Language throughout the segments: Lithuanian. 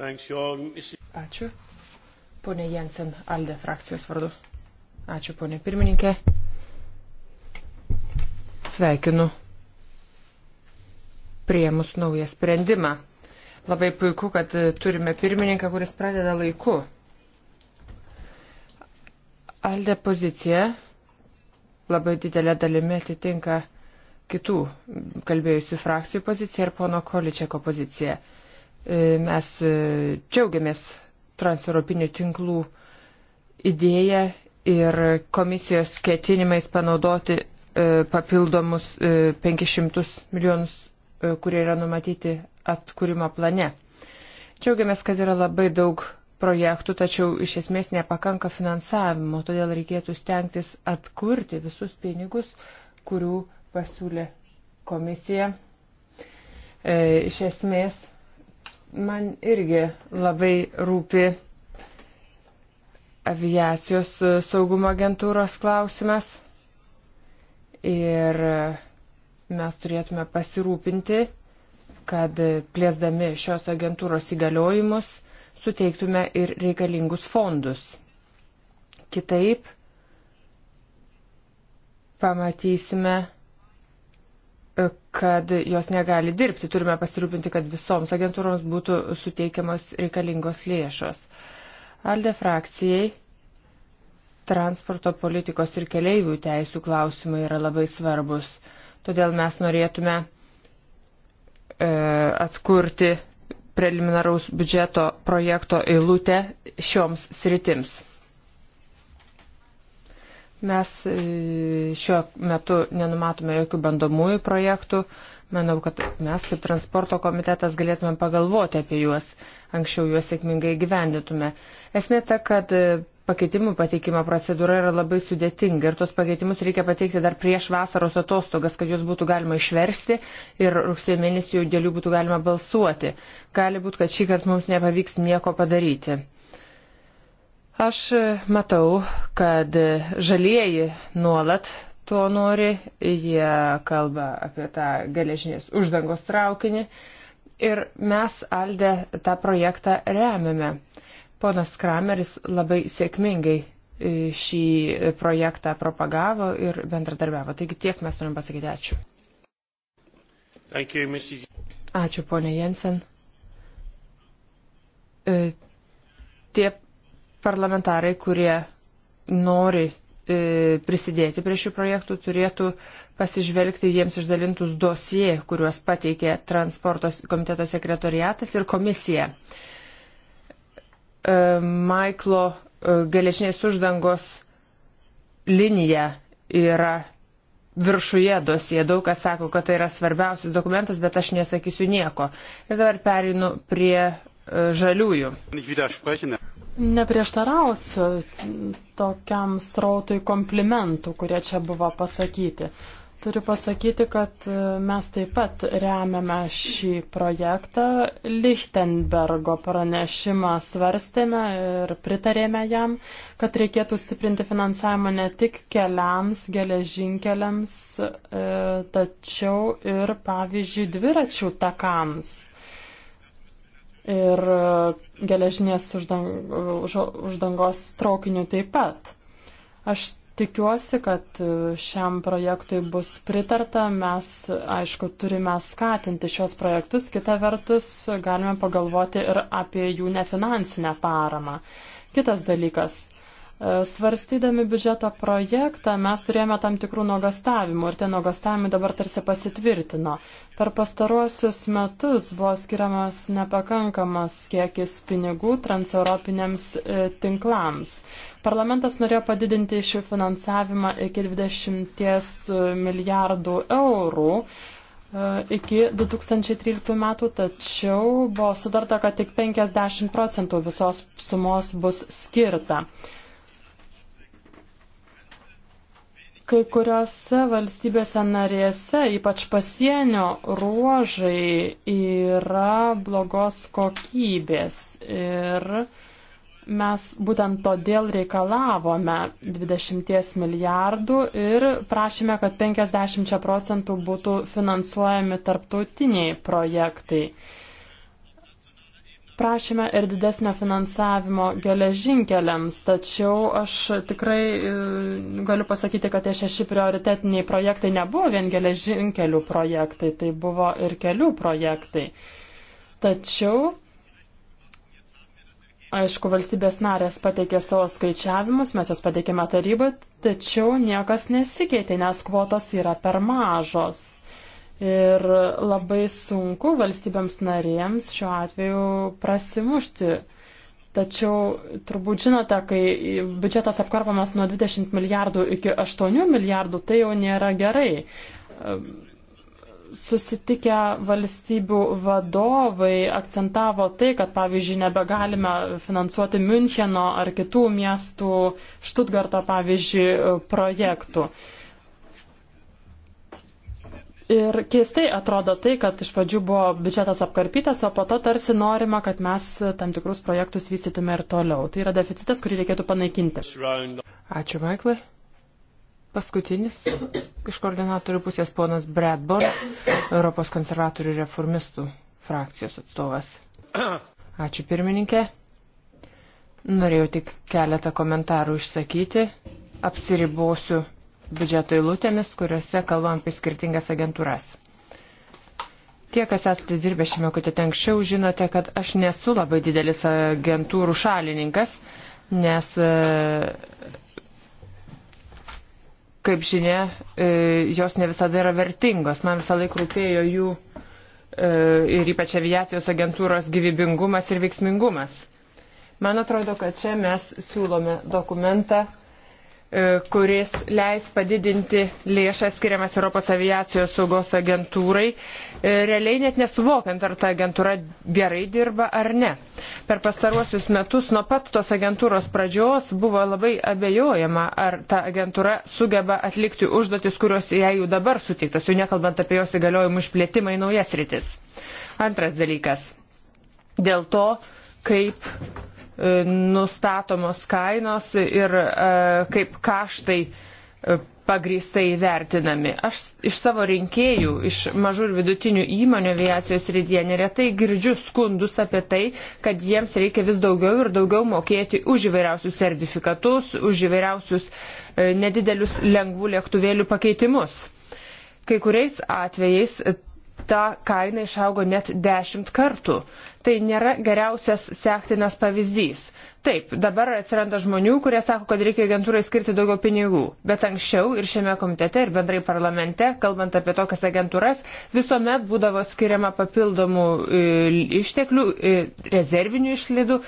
Ačiū. Pone Jensen, Alde frakcijos vardu. Ačiū, ponė pirmininkė. Sveikinu prieimus naują sprendimą. Labai puiku, kad turime pirmininką, kuris pradeda laiku. Alde pozicija labai didelė dalimi atitinka kitų kalbėjusių frakcijų poziciją ir pono Količeko poziciją. E, mes e, džiaugiamės transeuropinių tinklų idėją ir komisijos ketinimais panaudoti e, papildomus 500 milijonus, kurie yra numatyti atkūrimo plane. Džiaugiamės, kad yra labai daug projektų, tačiau iš esmės nepakanka finansavimo, todėl reikėtų stengtis atkurti visus pinigus, kurių pasiūlė komisija. E, iš esmės Man irgi labai rūpi aviacijos e, saugumo agentūros klausimas. Ir e, mes turėtume pasirūpinti, kad plėsdami šios agentūros įgaliojimus suteiktume ir reikalingus fondus. Kitaip pamatysime kad jos negali dirbti. Turime pasirūpinti, kad visoms agentūroms būtų suteikiamos reikalingos lėšos. Alde frakcijai transporto politikos ir keleivių teisų klausimai yra labai svarbus. Todėl mes norėtume e, atkurti preliminaraus biudžeto projekto eilutę šioms sritims. Mes e, šiuo metu nenumatome jokių bandomųjų projektų. Manau, kad mes kaip transporto komitetas galėtume pagalvoti apie juos, anksčiau juos sėkmingai gyvendytume. Esmė ta, kad e, pakeitimų pateikimo procedūra yra labai sudėtinga ir tos pakeitimus reikia pateikti dar prieš vasaros atostogas, kad juos būtų galima išversti ir rugsėjo mėnesį jau dėl jų būtų galima balsuoti. Gali būti, kad šį kartą mums nepavyks nieko padaryti. Aš matau, kad žalieji nuolat to nori, jie kalba apie tą geležinės uždangos traukinį ir mes Alde tą projektą remiame. Ponas Krameris labai sėkmingai e, šį projektą propagavo ir bendradarbiavo. Taigi tiek mes norim pasakyti ačiū. Thank you, Mrs. Ačiū, ponė Jensen. E, tie parlamentarai, kurie nori e, prisidėti prie šių projektų, turėtų pasižvelgti jiems išdalintus dosie, kuriuos pateikė transporto komiteto sekretoriatas ir komisija. E, Maiklo e, geležinės uždangos linija yra viršuje dosie. Daug kas sako, kad tai yra svarbiausias dokumentas, bet aš nesakysiu nieko. Ir dabar perinu prie žaliųjų. Neprieštarausiu tokiam strautui komplimentų, kurie čia buvo pasakyti. Turiu pasakyti, kad e, mes taip pat remiame šį projektą. Lichtenbergo pranešimą svarstėme ir pritarėme jam, kad reikėtų stiprinti finansavimą ne tik keliams, geležinkeliams, e, tačiau ir, pavyzdžiui, dviračių takams ir e, geležinės uždang, už, uždangos traukinių taip pat. Aš tikiuosi, kad e, šiam projektui bus pritarta. Mes, aišku, turime skatinti šios projektus. Kita vertus, galime pagalvoti ir apie jų nefinansinę paramą. Kitas dalykas Svarstydami biudžeto projektą mes turėjome tam tikrų nuogastavimų ir tie nuogastavimai dabar tarsi pasitvirtino. Per pastaruosius metus buvo skiriamas nepakankamas kiekis pinigų transeuropiniams e, tinklams. Parlamentas norėjo padidinti šių finansavimą iki 20 milijardų eurų e, iki 2013 metų, tačiau buvo sudarta, kad tik 50 procentų visos sumos bus skirta. Kai kuriuose valstybėse narėse, ypač pasienio ruožai, yra blogos kokybės ir mes būtent todėl reikalavome 20 milijardų ir prašėme, kad 50 procentų būtų finansuojami tarptautiniai projektai. Prašėme ir didesnio finansavimo geležinkeliams, tačiau aš tikrai e, galiu pasakyti, kad tie šeši prioritetiniai projektai nebuvo vien geležinkelių projektai, tai buvo ir kelių projektai. Tačiau Aišku, valstybės narės pateikė savo skaičiavimus, mes juos pateikėme tarybai, tačiau niekas nesikeitė, nes kvotos yra per mažos. Ir labai sunku valstybėms narėms šiuo atveju prasimušti. Tačiau turbūt žinote, kai biudžetas apkarpamas nuo 20 milijardų iki 8 milijardų, tai jau nėra gerai. Ehm, susitikę valstybių vadovai akcentavo tai, kad pavyzdžiui nebegalime finansuoti Müncheno ar kitų miestų, Štutgarto pavyzdžiui, projektų. Mhm. Ir keistai atrodo tai, kad iš pradžių buvo biudžetas apkarpytas, o po to tarsi norima, kad mes tam tikrus projektus vystytume ir toliau. Tai yra deficitas, kurį reikėtų panaikinti. Ačiū, Maiklai. Paskutinis iš koordinatorių pusės ponas Bradborn, Europos konservatorių reformistų frakcijos atstovas. Ačiū pirmininkė. Norėjau tik keletą komentarų išsakyti. Apsiribosiu biudžeto eilutėmis, kuriuose kalbam apie skirtingas agentūras. Tie, kas esate dirbę šiame kutete anksčiau, žinote, kad aš nesu labai didelis agentūrų šalininkas, nes, e, kaip žinia, e, jos ne visada yra vertingos. Man visą laiką rūpėjo jų e, ir ypač aviacijos agentūros gyvybingumas ir veiksmingumas. Man atrodo, kad čia mes siūlome dokumentą E, kuris leis padidinti lėšas skiriamas Europos aviacijos saugos agentūrai, e, realiai net nesuvokiant, ar ta agentūra gerai dirba ar ne. Per pastaruosius metus nuo pat tos agentūros pradžios buvo labai abejojama, ar ta agentūra sugeba atlikti užduotis, kurios jai jau dabar sutiktas, jau nekalbant apie jos įgaliojimų išplėtimą į naujas rytis. Antras dalykas. Dėl to, kaip nustatomos kainos ir e, kaip kaštai e, pagrįstai vertinami. Aš iš savo rinkėjų, iš mažų ir vidutinių įmonių aviacijos rydyje neretai girdžiu skundus apie tai, kad jiems reikia vis daugiau ir daugiau mokėti už įvairiausius sertifikatus, už įvairiausius e, nedidelius lengvų lėktuvėlių pakeitimus. Kai kuriais atvejais ta kaina išaugo net dešimt kartų. Tai nėra geriausias sektinas pavyzdys. Taip, dabar atsiranda žmonių, kurie sako, kad reikia agentūrai skirti daugiau pinigų. Bet anksčiau ir šiame komitete, ir bendrai parlamente, kalbant apie tokias agentūras, visuomet būdavo skiriama papildomų e, išteklių, e, rezervinių išlaidų,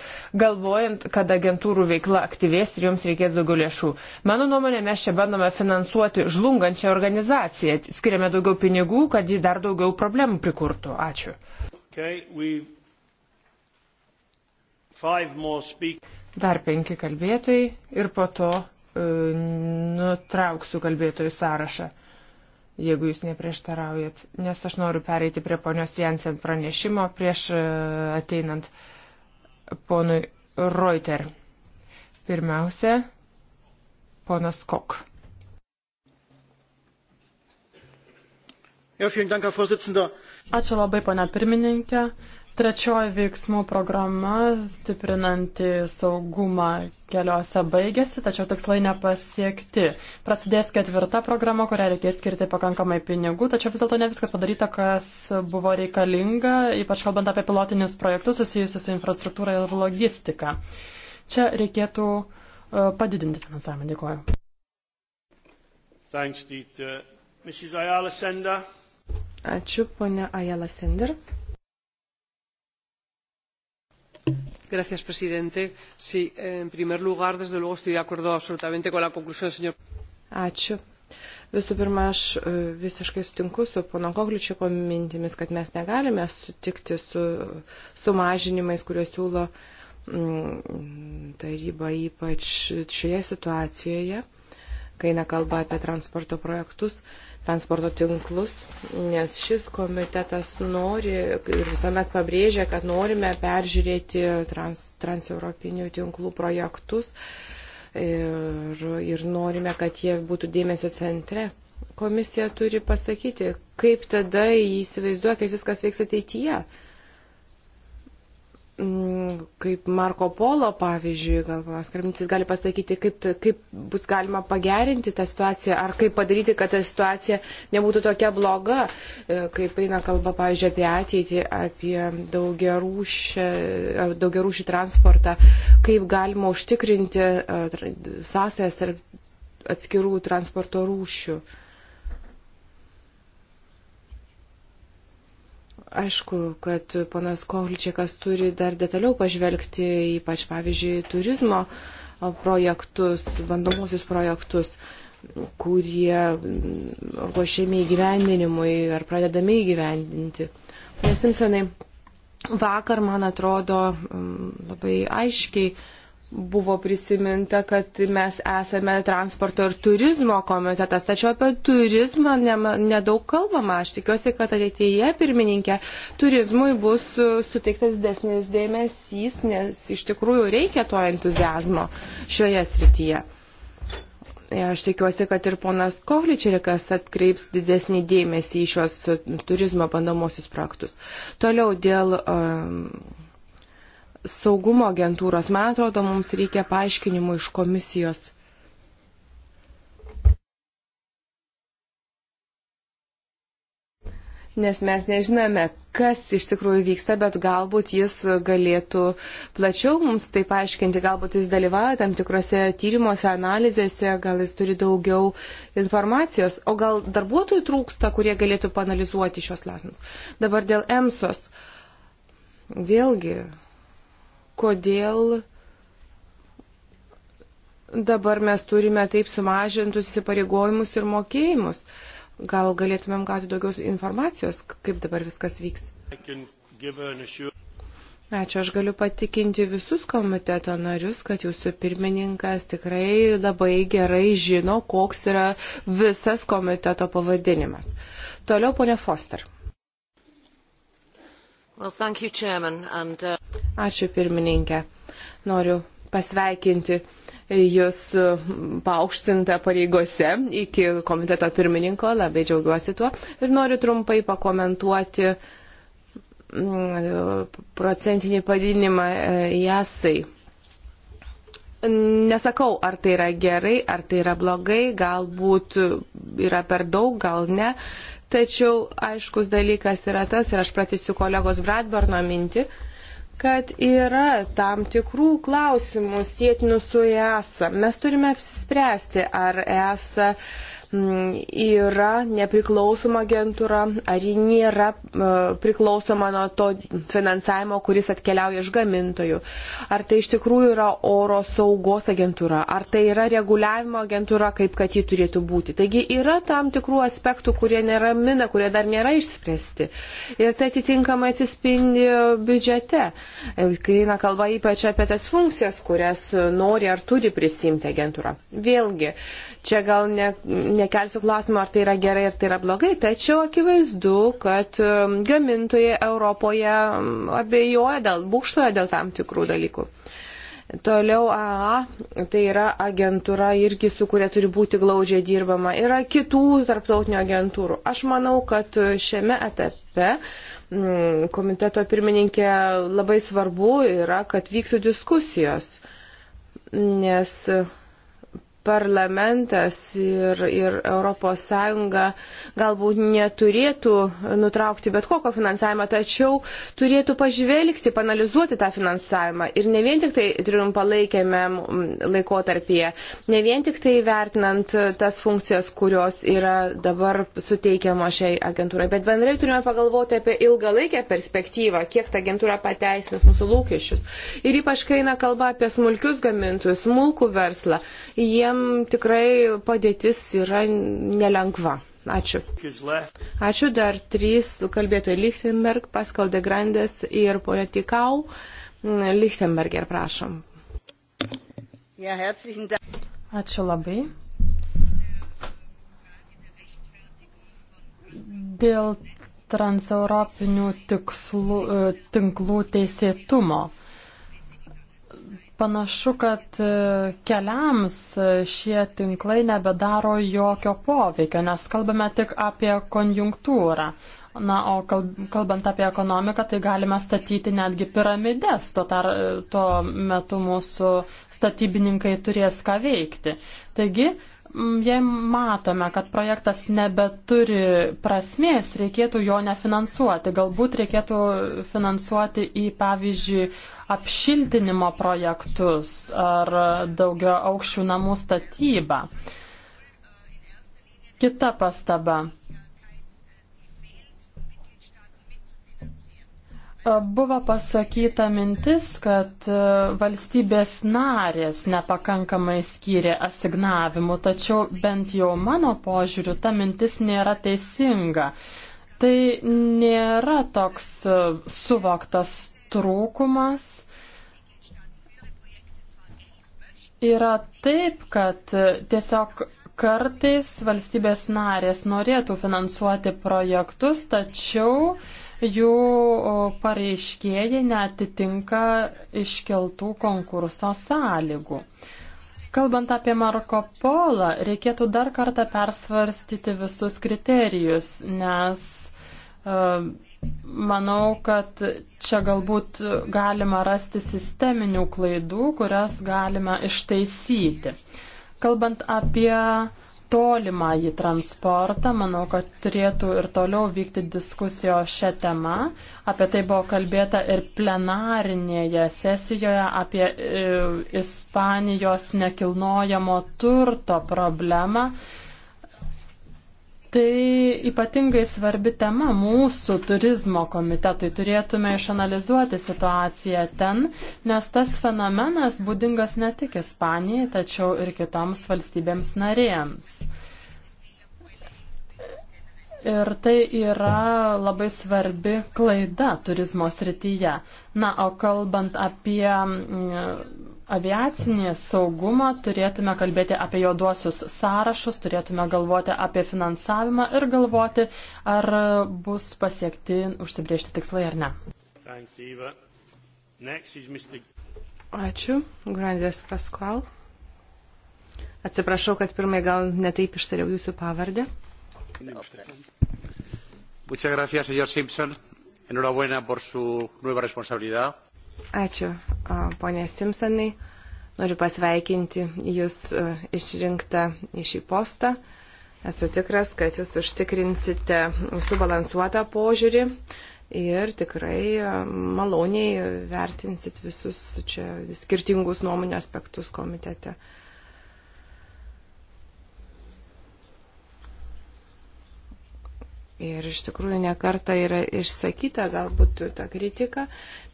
galvojant, kad agentūrų veikla aktyvės ir joms reikės daugiau lėšų. Mano nuomonė, mes čia bandome finansuoti žlungančią organizaciją, skiriame daugiau pinigų, kad ji dar daugiau problemų prikurtų. Ačiū. Okay, we've... Dar penki kalbėtojai ir po to e, nutrauksiu kalbėtojų sąrašą, jeigu jūs neprieštaraujat, nes aš noriu pereiti prie ponios Jansen pranešimo prieš e, ateinant ponui Reuter. Pirmiausia, ponas Kok. Ačiū labai, ponia pirmininkė. Trečioji veiksmų programa stiprinanti saugumą keliuose baigėsi, tačiau tikslai nepasiekti. Prasidės ketvirta programa, kurią reikės skirti pakankamai pinigų, tačiau vis dėlto ne viskas padaryta, kas buvo reikalinga, ypač kalbant apie pilotinius projektus susijusius su infrastruktūra ir logistika. Čia reikėtų e, padidinti finansavimą. Dėkuoju. Thanks, Ačiū, ponia Ajala Sender señor presidente sí en primer lugar desde luego estoy de acuerdo absolutamente con la conclusión del señor. ačiū. Visų pirma, aš e, visiškai sutinku su pono Kogličiko mintimis, kad mes negalime sutikti su sumažinimais, kuriuos siūlo mm, taryba ypač šioje situacijoje, kai nekalba apie transporto projektus. Uh, transporto tinklus, nes šis komitetas nori ir visuomet pabrėžia, kad norime peržiūrėti trans, transeuropinių tinklų projektus ir, ir norime, kad jie būtų dėmesio centre. Komisija turi pasakyti, kaip tada įsivaizduoja, kaip viskas veiks ateityje. Mm, kaip Marko Polo pavyzdžiui, gal ponas Karmintis gali pasakyti, kaip, kaip bus galima pagerinti tą situaciją, ar kaip padaryti, kad ta situacija nebūtų tokia bloga, e, kaip eina kalba, pavyzdžiui, apie ateitį, apie daugiarūšį, e, daugiarūšį transportą, kaip galima užtikrinti e, sąsajas tarp atskirų transporto rūšių. Uh, Aišku, kad panas Kohličiakas turi dar detaliau pažvelgti, ypač pavyzdžiui, turizmo projektus, bandomusius projektus, kurie ruošiami įgyvendinimui ar pradedami įgyvendinti. Nes Simpsonai vakar, man atrodo, labai aiškiai buvo prisiminta, kad mes esame transporto ir turizmo komitetas, tačiau apie turizmą nedaug kalbama. Aš tikiuosi, kad ateityje pirmininkė turizmui bus e, suteiktas desnis dėmesys, nes iš tikrųjų reikia to entuzijazmo šioje srityje. E, aš tikiuosi, kad ir ponas Kovličerikas atkreips didesnį dėmesį į šios turizmo bandomosius projektus. Toliau dėl. Um, saugumo agentūros. Man atrodo, mums reikia paaiškinimų iš komisijos. Nes mes nežinome, kas iš tikrųjų vyksta, bet galbūt jis galėtų plačiau mums tai paaiškinti, galbūt jis dalyvauja tam tikrose tyrimuose, analizėse, gal jis turi daugiau informacijos, o gal darbuotojų trūksta, kurie galėtų panalizuoti šios klausimus. Dabar dėl EMSOS. Vėlgi, kodėl dabar mes turime taip sumažintus įsipareigojimus ir mokėjimus. Gal galėtumėm gauti daugiau informacijos, kaip dabar viskas vyks. Ačiū, aš galiu patikinti visus komiteto narius, kad jūsų pirmininkas tikrai labai gerai žino, koks yra visas komiteto pavadinimas. Toliau, ponė Foster. Well, you, Chairman, and, uh... Ačiū pirmininkė. Noriu pasveikinti Jūs uh, paaukštintą pareigose iki komiteto pirmininko, labai džiaugiuosi tuo ir noriu trumpai pakomentuoti mm, procentinį padidinimą uh, jasai. Nesakau, ar tai yra gerai, ar tai yra blogai, galbūt yra per daug, gal ne. Tačiau aiškus dalykas yra tas, ir aš pratysiu kolegos Bradburno mintį, kad yra tam tikrų klausimų sėtinių su EASA. Mes turime apsispręsti, ar EASA uh, yra nepriklausoma agentūra, ar ji nėra e, priklausoma nuo to finansavimo, kuris atkeliauja iš gamintojų, ar tai iš tikrųjų yra oro saugos agentūra, ar tai yra reguliavimo agentūra, kaip kad ji turėtų būti. Taigi yra tam tikrų aspektų, kurie neramina, kurie dar nėra išspręsti. Ir tai atitinkamai atsispindi biudžete, e, kai eina kalba ypač apie tas funkcijas, kurias nori ar turi prisimti agentūra. Vėlgi, čia gal ne, ne nekelsiu klausimą, ar tai yra gerai, ar tai yra blogai, tačiau akivaizdu, kad um, gamintojai Europoje um, abejoja dėl, būkštoja dėl tam tikrų dalykų. Toliau AA, tai yra agentūra irgi su kuria turi būti glaudžiai dirbama. Yra kitų tarptautinių agentūrų. Aš manau, kad šiame etape mm, komiteto pirmininkė labai svarbu yra, kad vyktų diskusijos, nes parlamentas ir, ir ES galbūt neturėtų nutraukti bet kokio finansavimo, tačiau turėtų pažvelgti, panalizuoti tą finansavimą ir ne vien tik tai trumpalaikėme laikotarpyje, ne vien tik tai vertinant tas funkcijas, kurios yra dabar suteikiamos šiai agentūrai, bet bendrai turime pagalvoti apie ilgalaikę perspektyvą, kiek ta agentūra pateisins mūsų lūkesčius. Ir ypač, kai eina kalba apie smulkius gamintojus, smulkų verslą, jie jiem tikrai padėtis yra nelengva. Ačiū. Ačiū dar trys kalbėtojai Lichtenberg, Pascal de Grandes ir Politikau. Lichtenberger, prašom. Ačiū labai. Dėl transeuropinių tikslų, e, tinklų teisėtumo. Panašu, kad e, keliams e, šie tinklai nebedaro jokio poveikio, nes kalbame tik apie konjunktūrą. Na, o kalbant apie ekonomiką, tai galime statyti netgi piramides, tuo, tar, tuo metu mūsų statybininkai turės ką veikti. Taigi, jei matome, kad projektas nebeturi prasmės, reikėtų jo nefinansuoti. Galbūt reikėtų finansuoti į, pavyzdžiui, apšiltinimo projektus ar daugio aukščių namų statybą. Kita pastaba. Buvo pasakyta mintis, kad valstybės narės nepakankamai skyrė asignavimų, tačiau bent jau mano požiūriu ta mintis nėra teisinga. Tai nėra toks suvoktas trūkumas yra taip, kad tiesiog kartais valstybės narės norėtų finansuoti projektus, tačiau jų pareiškėjai netitinka iškeltų konkurso sąlygų. Kalbant apie Marko Polą, reikėtų dar kartą persvarstyti visus kriterijus, nes Manau, kad čia galbūt galima rasti sisteminių klaidų, kurias galima ištaisyti. Kalbant apie tolimą į transportą, manau, kad turėtų ir toliau vykti diskusijos šią temą. Apie tai buvo kalbėta ir plenarinėje sesijoje apie e, Ispanijos nekilnojamo turto problemą. Tai ypatingai svarbi tema mūsų turizmo komitetui. Turėtume išanalizuoti situaciją ten, nes tas fenomenas būdingas ne tik Ispanijai, tačiau ir kitoms valstybėms narėms. Ir tai yra labai svarbi klaida turizmo srityje. Na, o kalbant apie mm, aviacinį saugumą, turėtume kalbėti apie juoduosius sąrašus, turėtume galvoti apie finansavimą ir galvoti, ar bus pasiekti užsibriežti tikslai ar ne. Ačiū, Grandės Paskual. Atsiprašau, kad pirmai gal netaip ištariau jūsų pavardę. Muchas gracias, señor Simpson. Enhorabuena por su nueva responsabilidad. Ačiū, ponė Simpsonai. Noriu pasveikinti Jūs e, išrinktą į šį postą. Esu tikras, kad Jūs užtikrinsite subalansuotą požiūrį ir tikrai e, maloniai vertinsit visus čia skirtingus nuomonio aspektus komitete. Ir iš tikrųjų nekarta yra išsakyta galbūt ta kritika,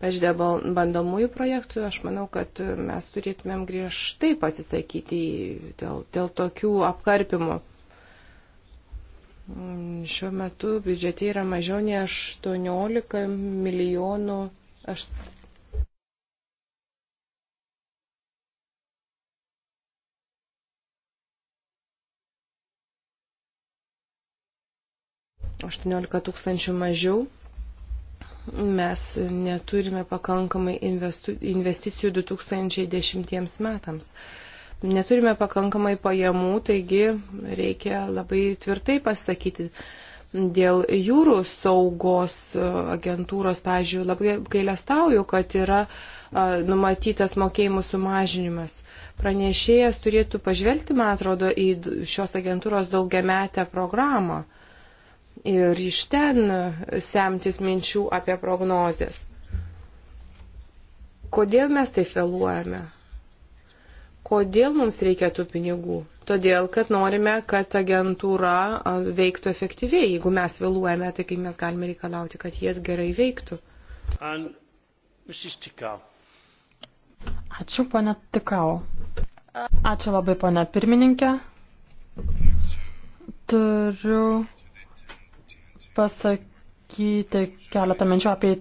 bet dėl bandomųjų projektų aš manau, kad mes turėtumėm griežtai pasisakyti dėl, dėl tokių apkarpimų. Šiuo metu biudžete yra mažiau nei 18 milijonų, aš, 18 tūkstančių mažiau. Mes neturime pakankamai investicijų 2010 metams. Neturime pakankamai pajamų, taigi reikia labai tvirtai pasakyti dėl jūrų saugos agentūros, pažiūrėjau, labai gailestauju, kad yra numatytas mokėjimų sumažinimas. Pranešėjas turėtų pažvelgti, man atrodo, į šios agentūros daugiametę programą ir iš ten semtis minčių apie prognozes. Kodėl mes taip vėluojame? Kodėl mums reikia tų pinigų? Todėl, kad norime, kad agentūra veiktų efektyviai. Jeigu mes vėluojame, tai kaip mes galime reikalauti, kad jie gerai veiktų. Ačiū, ponė Tikau. Ačiū labai, ponė pirmininkė. Turiu pasakyti keletą minčių apie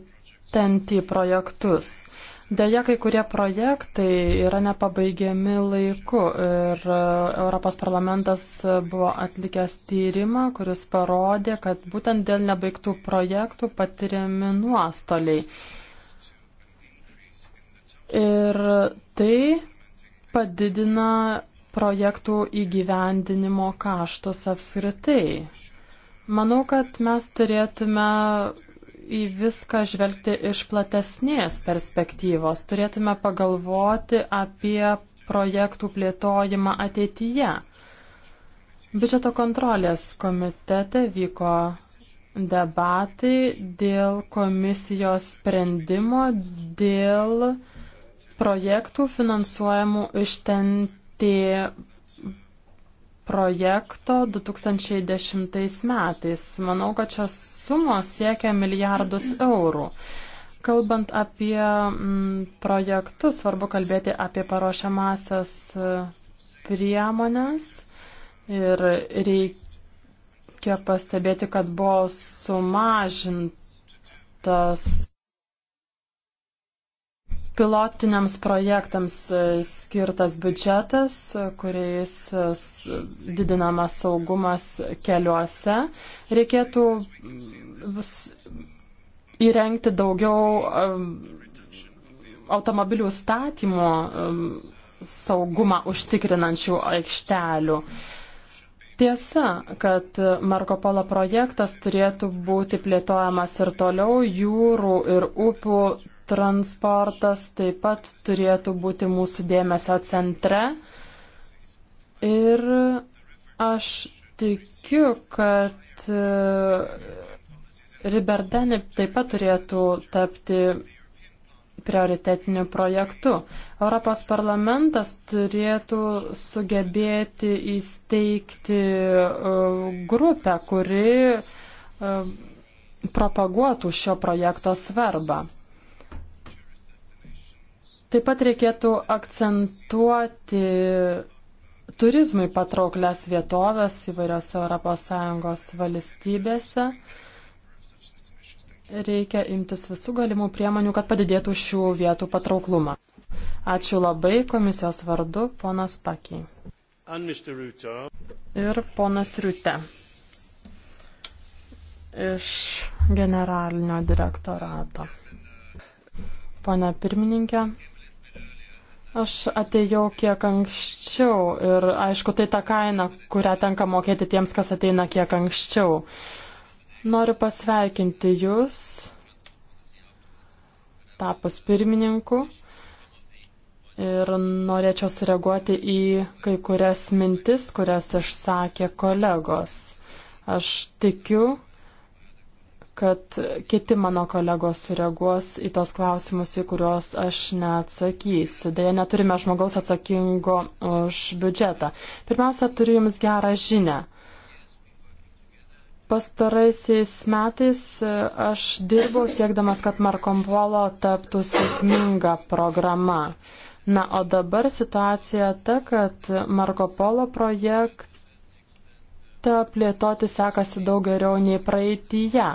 TNT projektus. Deja, kai kurie projektai yra nepabaigiami laiku ir e, Europos parlamentas buvo atlikęs tyrimą, kuris parodė, kad būtent dėl nebaigtų projektų patiriami nuostoliai. Ir tai padidina projektų įgyvendinimo kaštus apskritai. Manau, kad mes turėtume į viską žvelgti iš platesnės perspektyvos. Turėtume pagalvoti apie projektų plėtojimą ateityje. Biudžeto kontrolės komitete vyko debatai dėl komisijos sprendimo dėl projektų finansuojamų iš TNT projekto 2010 metais. Manau, kad šios sumos siekia milijardus eurų. Kalbant apie mm, projektus, svarbu kalbėti apie paruošiamasias e, priemonės ir reikia pastebėti, kad buvo sumažintas pilotiniams projektams e, skirtas biudžetas, e, kuriais e, didinamas saugumas keliuose. Reikėtų mm, vis, įrengti daugiau automobilių statymo saugumą užtikrinančių aikštelių. Tiesa, kad Marko Polo projektas turėtų būti plėtojamas ir toliau jūrų ir upių transportas taip pat turėtų būti mūsų dėmesio centre. Ir aš tikiu, kad e, Riberdani taip pat turėtų tapti prioritetiniu projektu. Europos parlamentas turėtų sugebėti įsteigti e, grupę, kuri e, propaguotų šio projekto svarbą. Taip pat reikėtų akcentuoti turizmui patrauklias vietovės įvairiose ES valstybėse. Reikia imtis visų galimų priemonių, kad padidėtų šių vietų patrauklumą. Ačiū labai komisijos vardu, ponas Pakiai. Ir ponas Riute iš generalinio direktorato. Pone pirmininkė, Aš atėjau kiek anksčiau ir aišku, tai ta kaina, kurią tenka mokėti tiems, kas ateina kiek anksčiau. Noriu pasveikinti Jūs, tapus pirmininku, ir norėčiau sureaguoti į kai kurias mintis, kurias išsakė kolegos. Aš tikiu, kad kiti mano kolegos sureaguos į tos klausimus, į kuriuos aš neatsakysiu. Deja, neturime žmogaus atsakingo už biudžetą. Pirmiausia, turiu Jums gerą žinę. Pastaraisiais metais e, aš dirbau siekdamas, kad Markompolo taptų sėkminga programa. Na, o dabar situacija ta, kad Marko Polo projekt projektą plėtoti sekasi daug geriau nei praeitįje.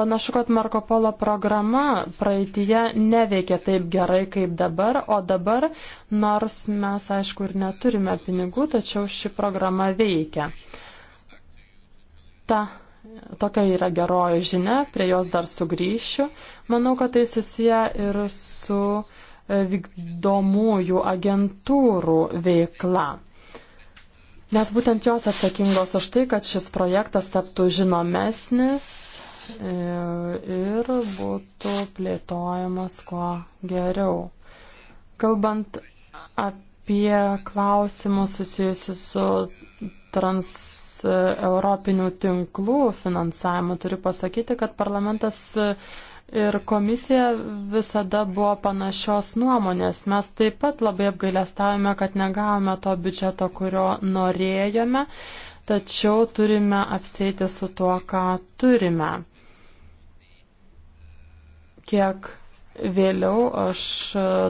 Panašu, kad Marko Polo programa praeitįje neveikė taip gerai kaip dabar, o dabar, nors mes aišku ir neturime pinigų, tačiau ši programa veikia. Ta Tokia yra geroji žinia, prie jos dar sugrįšiu. Manau, kad tai susiję ir su vykdomųjų agentūrų veikla. Nes būtent jos atsakingos už tai, kad šis projektas taptų žinomesnis e, ir būtų plėtojamas kuo geriau. Kalbant apie klausimus susijusius su transeuropinių tinklų finansavimu, turiu pasakyti, kad parlamentas ir komisija visada buvo panašios nuomonės. Mes taip pat labai apgailestavome, kad negavome to biudžeto, kurio norėjome, tačiau turime apsėti su tuo, ką turime. Kiek Vėliau aš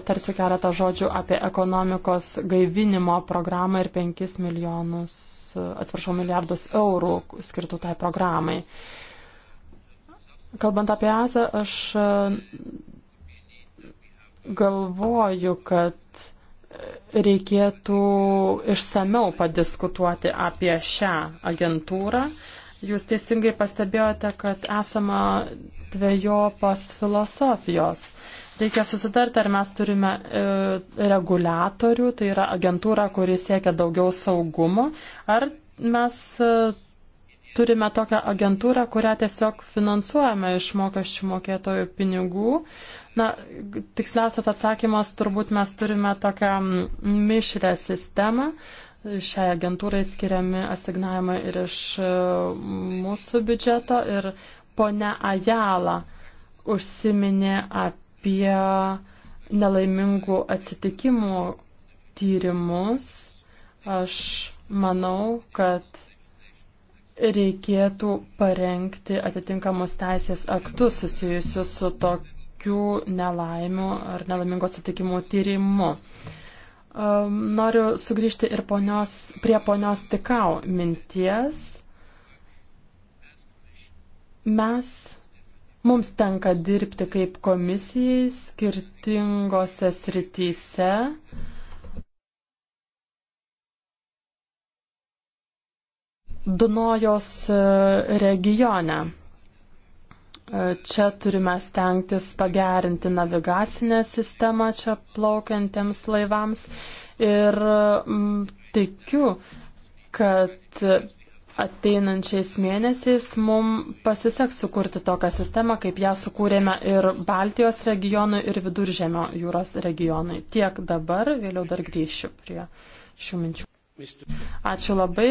tarsiu keletą žodžių apie ekonomikos gaivinimo programą ir 5 milijonus, atsiprašau, milijardus eurų skirtų tai programai. Uh, Kalbant apie esą, aš e, galvoju, kad reikėtų išsameu padiskutuoti apie šią agentūrą. Jūs teisingai pastebėjote, kad esama dviejopos filosofijos. Reikia susitarti, ar mes turime e, reguliatorių, tai yra agentūra, kuri siekia daugiau saugumo, ar mes e, turime tokią agentūrą, kurią tiesiog finansuojame iš mokesčių mokėtojų pinigų. Na, tiksliausias atsakymas turbūt mes turime tokią mišrę sistemą. Šiai agentūrai skiriami asignavimai ir iš e, mūsų biudžeto. Ir ponia Ajala užsiminė apie nelaimingų atsitikimų tyrimus. Aš manau, kad reikėtų parengti atitinkamus teisės aktus susijusius su tokių nelaimių ar nelaimingų atsitikimų tyrimu. Um, noriu sugrįžti ir ponios, prie ponios tikau minties. Mes Mums tenka dirbti kaip komisijai skirtingose srityse. Dunojos e, regione. E, čia turime stengtis pagerinti navigacinę sistemą čia plaukiantiems laivams ir m, tikiu, kad ateinančiais mėnesiais mums pasiseks sukurti tokią sistemą, kaip ją sukūrėme ir Baltijos regionui, ir Viduržemio jūros regionui. Tiek dabar, vėliau dar grįšiu prie šių minčių. Ačiū labai,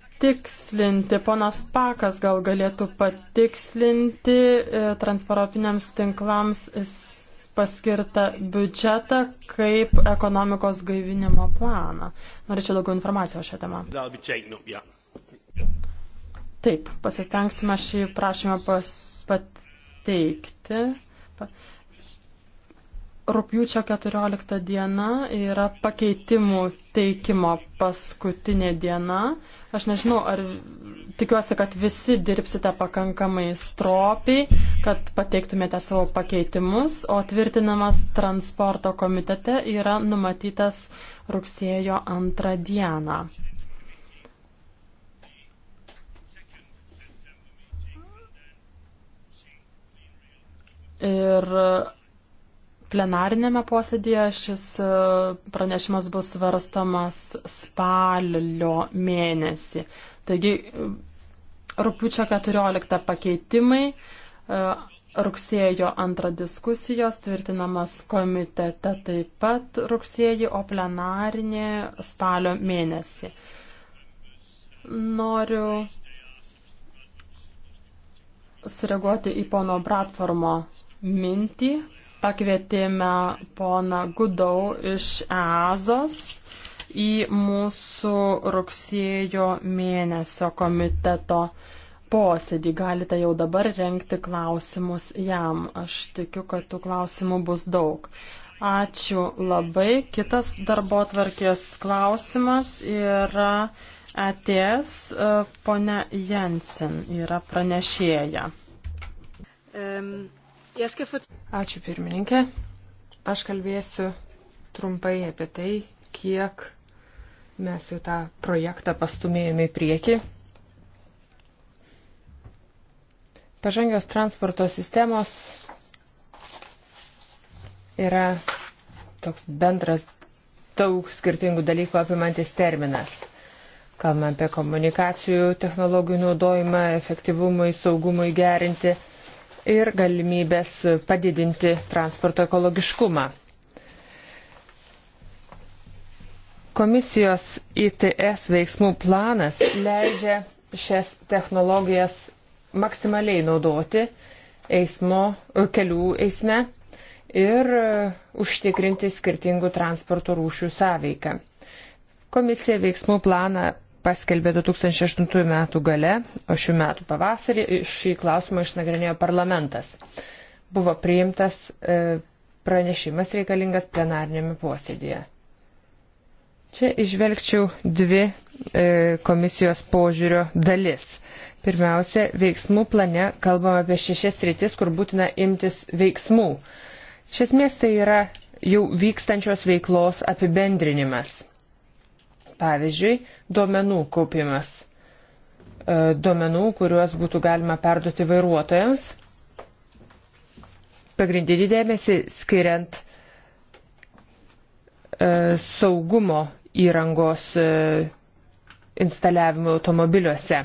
patikslinti, ponas Pakas gal galėtų patikslinti e, transeuropiniams tinklams paskirtą biudžetą kaip ekonomikos gaivinimo planą. Norėčiau daugiau informacijos šią temą. Nu, Taip, pasistengsime šį prašymą pas, pateikti. Pa, Rūpjūčio 14 diena yra pakeitimų teikimo paskutinė diena. Aš nežinau, ar tikiuosi, kad visi dirbsite pakankamai stropiai, kad pateiktumėte savo pakeitimus, o tvirtinamas transporto komitete yra numatytas rugsėjo antrą dieną. Ir plenarinėme posėdėje šis e, pranešimas bus svarstamas spalio mėnesį. Taigi, e, rūpiučio 14 pakeitimai, e, rugsėjo 2 diskusijos, tvirtinamas komitete taip pat rugsėjį, o plenarinė spalio mėnesį. Noriu sureaguoti į pono Bratformo mintį, pakvietėme poną Gudau iš EASOS į mūsų rugsėjo mėnesio komiteto posėdį. Galite jau dabar renkti klausimus jam. Aš tikiu, kad tų klausimų bus daug. Ačiū labai. Kitas darbo tvarkės klausimas yra atės e ponia Jensen, yra pranešėja. Um. Ačiū pirmininkė. Aš kalbėsiu trumpai apie tai, kiek mes jau tą projektą pastumėjome į priekį. Pažangios transporto sistemos yra toks bendras daug skirtingų dalykų apimantis terminas. Kalbame apie komunikacijų technologijų naudojimą, efektyvumui, saugumui gerinti ir galimybės padidinti transporto ekologiškumą. Komisijos ITS veiksmų planas leidžia šias technologijas maksimaliai naudoti eismo, kelių eisme ir e, užtikrinti skirtingų transporto rūšių sąveiką. Komisija veiksmų planą paskelbė 2008 metų gale, o šių metų pavasarį šį klausimą išnagrinėjo parlamentas. Buvo priimtas e, pranešimas reikalingas plenarnėme posėdėje. Čia išvelgčiau dvi e, komisijos požiūrio dalis. Pirmiausia, veiksmų plane kalbam apie šešias rytis, kur būtina imtis veiksmų. Iš esmės tai yra jau vykstančios veiklos apibendrinimas Pavyzdžiui, duomenų kaupimas. E, duomenų, kuriuos būtų galima perduoti vairuotojams. Pagrindinį dėmesį skiriant e, saugumo įrangos e, instaliavimui automobiliuose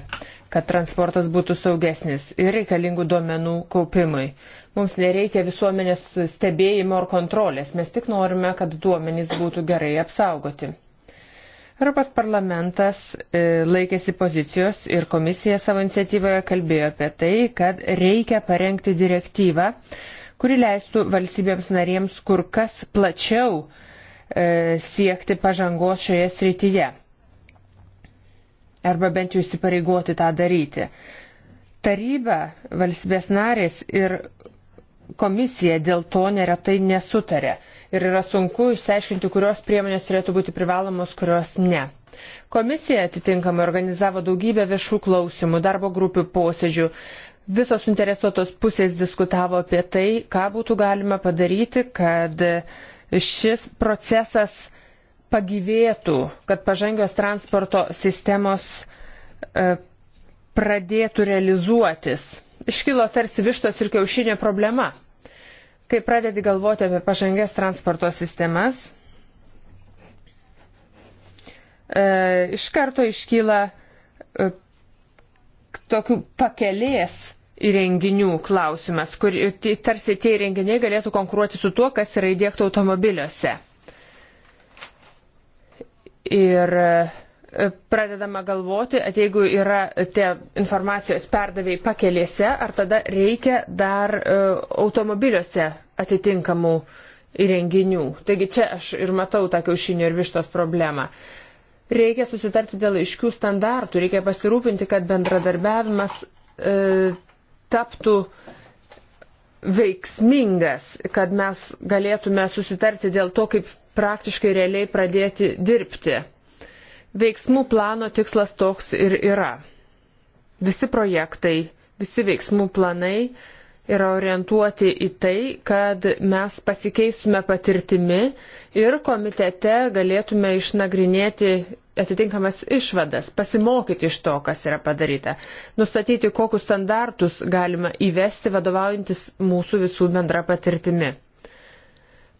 kad transportas būtų saugesnis ir reikalingų duomenų kaupimui. Mums nereikia visuomenės stebėjimo ar kontrolės, mes tik norime, kad duomenys būtų gerai apsaugoti. Europos parlamentas e, laikėsi pozicijos ir komisija savo iniciatyvoje kalbėjo apie tai, kad reikia parengti direktyvą, kuri leistų valstybėms narėms kur kas plačiau e, siekti pažangos šioje srityje. Arba bent jau įsipareigoti tą daryti. Taryba, valstybės narės ir komisija dėl to neretai nesutarė ir yra sunku išsiaiškinti, kurios priemonės turėtų būti privalomos, kurios ne. Komisija atitinkamai organizavo daugybę viešų klausimų, darbo grupių posėdžių. Visos interesuotos pusės diskutavo apie tai, ką būtų galima padaryti, kad šis procesas pagyvėtų, kad pažangios transporto sistemos e, pradėtų realizuotis iškilo tarsi vištos ir kiaušinė problema. Kai pradedi galvoti apie pažangės transporto sistemas, e, iš karto iškyla e, tokių pakelės įrenginių klausimas, kur tarsi tie įrenginiai galėtų konkuruoti su tuo, kas yra įdėkta automobiliuose. Ir e, pradedama galvoti, at jeigu yra tie informacijos perdavėjai pakelėse, ar tada reikia dar e, automobiliuose atitinkamų įrenginių. Taigi čia aš ir matau tą kiaušinio ir vištos problemą. Reikia susitarti dėl aiškių standartų, reikia pasirūpinti, kad bendradarbiavimas e, taptų veiksmingas, kad mes galėtume susitarti dėl to, kaip praktiškai realiai pradėti dirbti. Veiksmų plano tikslas toks ir yra. Visi projektai, visi veiksmų planai yra orientuoti į tai, kad mes pasikeisime patirtimi ir komitete galėtume išnagrinėti atitinkamas išvadas, pasimokyti iš to, kas yra padaryta, nustatyti, kokius standartus galima įvesti vadovaujantis mūsų visų bendra patirtimi.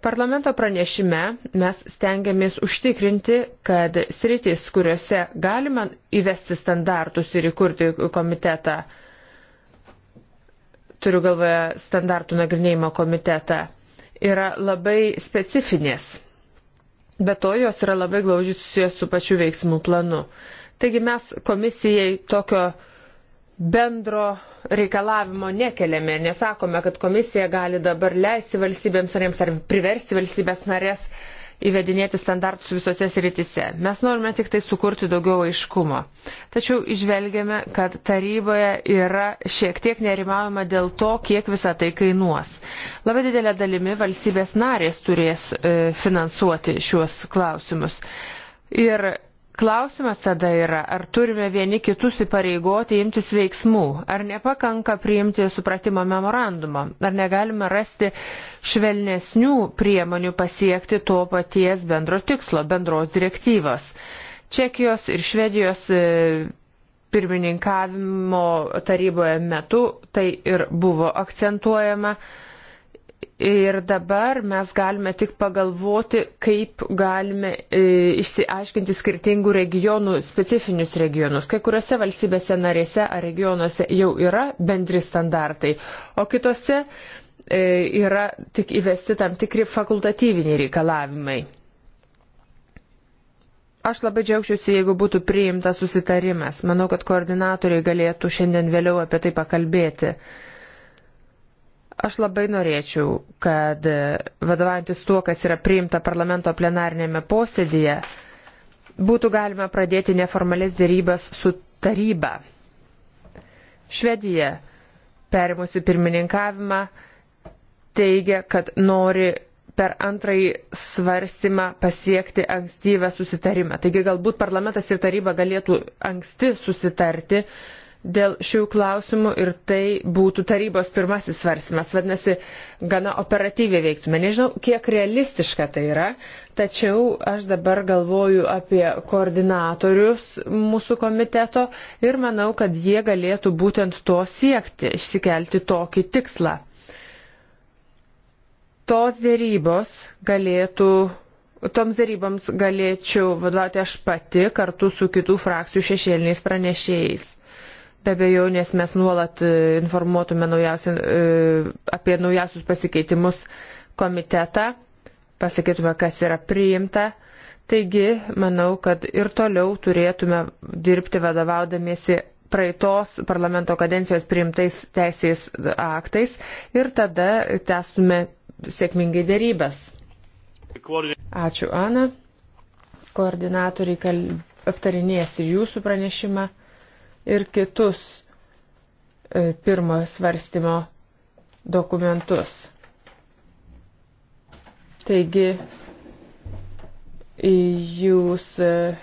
Parlamento pranešime mes stengiamės užtikrinti, kad sritis, kuriuose galima įvesti standartus ir įkurti komitetą, turiu galvoje standartų nagrinėjimo komitetą, yra labai specifinės. Be to, jos yra labai glaužiai susijęs su pačiu veiksmų planu. Taigi mes komisijai tokio uh, bendro reikalavimo nekeliame, nesakome, kad komisija gali dabar leisti valstybėms narėms ar priversti valstybės narės įvedinėti standartus visose sritise. Mes norime tik tai sukurti daugiau aiškumo. Tačiau išvelgiame, kad taryboje yra šiek tiek nerimaujama dėl to, kiek visą tai kainuos. Labai didelė dalimi valstybės narės turės e, finansuoti šiuos klausimus. Ir Klausimas tada yra, ar turime vieni kitus įpareigoti imtis veiksmų, ar nepakanka priimti supratimo memorandumą, ar negalime rasti švelnesnių priemonių pasiekti to paties bendro tikslo, bendros direktyvos. Čekijos ir Švedijos e, pirmininkavimo taryboje metu tai ir buvo akcentuojama. Ir dabar mes galime tik pagalvoti, kaip galime e, išsiaiškinti skirtingų regionų specifinius regionus. Kai kuriuose valstybėse narėse ar regionuose jau yra bendri standartai, o kitose e, yra tik įvesti tam tikri fakultatyviniai reikalavimai. Aš labai džiaugčiausi, jeigu būtų priimtas susitarimas. Manau, kad koordinatoriai galėtų šiandien vėliau apie tai pakalbėti. Aš labai norėčiau, kad e, vadovantis tuo, kas yra priimta parlamento plenarinėme posėdėje, būtų galima pradėti neformalės dėrybas su taryba. Švedija, perimusi pirmininkavimą, teigia, kad nori per antrąjį svarstymą pasiekti ankstyvę susitarimą. Taigi galbūt parlamentas ir taryba galėtų anksti susitarti, uh, dėl šių klausimų ir tai būtų tarybos pirmasis svarsimas. Vadinasi, gana operatyviai veiktume. Nežinau, kiek realistiška tai yra, tačiau aš dabar galvoju apie koordinatorius mūsų komiteto ir manau, kad jie galėtų būtent to siekti, išsikelti tokį tikslą. Tos dėrybos galėtų toms daryboms galėčiau vadovauti aš pati kartu su kitų frakcijų šešėliniais pranešėjais. Be abejo, nes mes nuolat e, informuotume naujausi, e, apie naujausius pasikeitimus komitetą, pasakytume, kas yra priimta. Taigi, manau, kad ir toliau turėtume dirbti vadovaudamiesi praeitos parlamento kadencijos priimtais teisės aktais ir tada tęstume sėkmingai dėrybės. Ačiū, Ana. Koordinatoriai kal... aptarinės ir jūsų pranešimą ir kitus e, pirmo svarstymo dokumentus. Taigi jūs mm,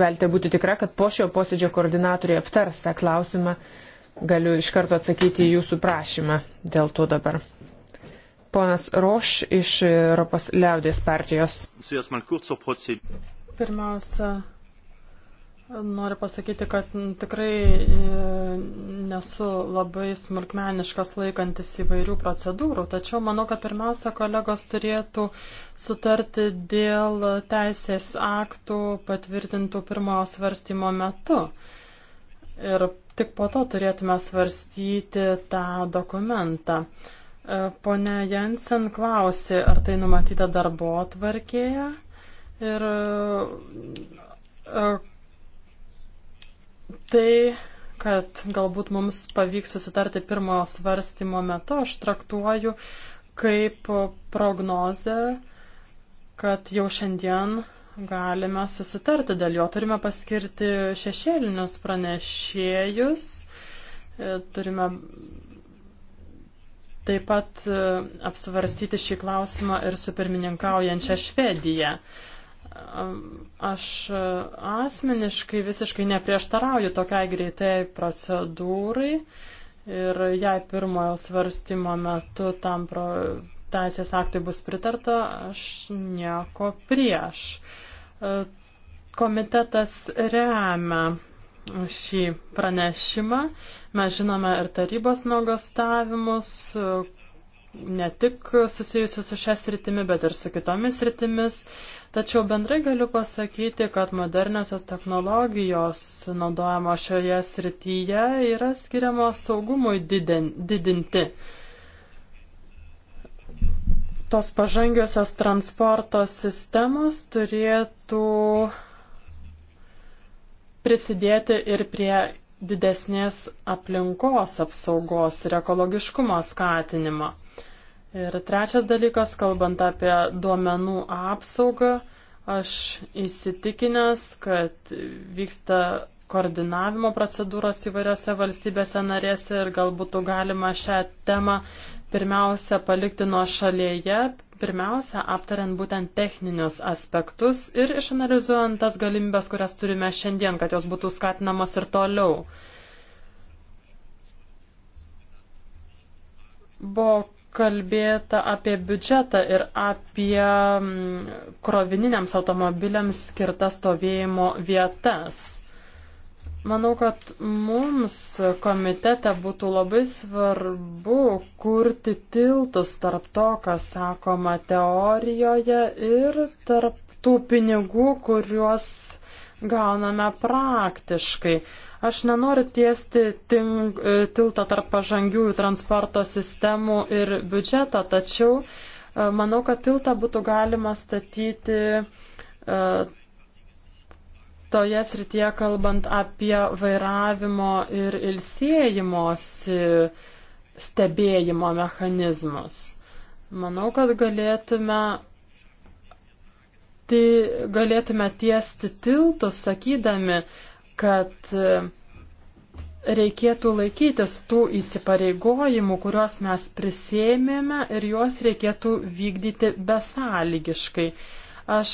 galite būti tikra, kad po šio posėdžio koordinatoriai aptars tą klausimą. Galiu iš karto atsakyti jūsų prašymą dėl to dabar. Ponas Roš iš Europos liaudės partijos. Pirmiausia, Noriu pasakyti, kad tikrai e, nesu labai smulkmeniškas laikantis įvairių procedūrų, tačiau manau, kad pirmiausia kolegos turėtų sutarti dėl teisės aktų patvirtintų pirmojo svarstymo metu. Ir tik po to turėtume svarstyti tą dokumentą. E, pone Jensen klausė, ar tai numatyta darbo atvarkėje. Ir e, tai, kad galbūt mums pavyks susitarti pirmojo svarstymo metu, aš traktuoju kaip prognozę, kad jau šiandien galime susitarti dėl jo. Turime paskirti šešėlinius pranešėjus, e, turime taip pat e, apsvarstyti šį klausimą ir su pirmininkaujančia Švedija. Aš asmeniškai visiškai neprieštarauju tokiai greitai procedūrai ir jei pirmojo svarstymo metu tam pro, teisės aktui bus pritarta, aš nieko prieš. E, komitetas remia šį pranešimą. Mes žinome ir tarybos nuogastavimus, ne tik susijusių su šią sritimi, bet ir su kitomis sritimis. Tačiau bendrai galiu pasakyti, kad moderniosios technologijos naudojamo šioje srityje yra skiriamos saugumui didin, didinti. Tos pažangiosios transporto sistemos turėtų prisidėti ir prie didesnės aplinkos apsaugos ir ekologiškumo skatinimo. Ir trečias dalykas, kalbant apie duomenų apsaugą, aš įsitikinęs, kad vyksta koordinavimo procedūros įvairiose valstybėse narėse ir galbūt galima šią temą pirmiausia palikti nuo šalyje, pirmiausia aptariant būtent techninius aspektus ir išanalizuojant tas galimybės, kurias turime šiandien, kad jos būtų skatinamos ir toliau. Buvo kalbėta apie biudžetą ir apie mm, krovininiams automobiliams skirtas stovėjimo vietas. Manau, kad mums komitete būtų labai svarbu kurti tiltus tarp to, kas sakoma teorijoje ir tarp tų pinigų, kuriuos gauname praktiškai. Aš nenoriu tiesti tink, e, tilto tarp pažangiųjų transporto sistemų ir biudžeto, tačiau e, manau, kad tiltą būtų galima statyti e, toje srityje, kalbant apie vairavimo ir ilsėjimosi stebėjimo mechanizmus. Manau, kad galėtume tai galėtume tiesti tiltus, sakydami, kad e, reikėtų laikytis tų įsipareigojimų, kuriuos mes prisėmėme ir juos reikėtų vykdyti besąlygiškai. Aš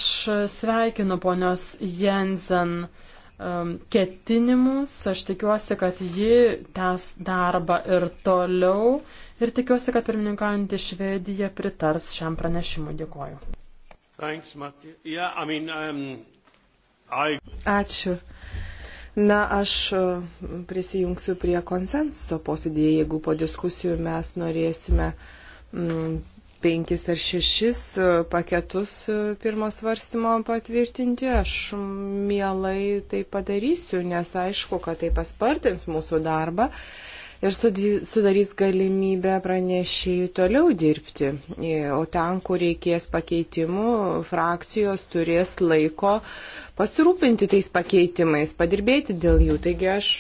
sveikinu ponios Jensen um, ketinimus, aš tikiuosi, kad ji tęs darbą ir toliau ir tikiuosi, kad pirmininkaujantį Švediją pritars šiam pranešimui. Dėkoju. Thanks, yeah, I mean, um, I... Ačiū. Na, aš e, prisijungsiu prie konsensuso posėdėje, jeigu po diskusijų mes norėsime mm, penkis ar šešis e, paketus e, pirmo svarstymo patvirtinti, aš mielai tai padarysiu, nes aišku, kad tai paspartins mūsų darbą ir sudarys galimybę pranešėjų toliau dirbti. E, o ten, kur reikės pakeitimų, frakcijos turės laiko pasirūpinti tais pakeitimais, padirbėti dėl jų. Taigi aš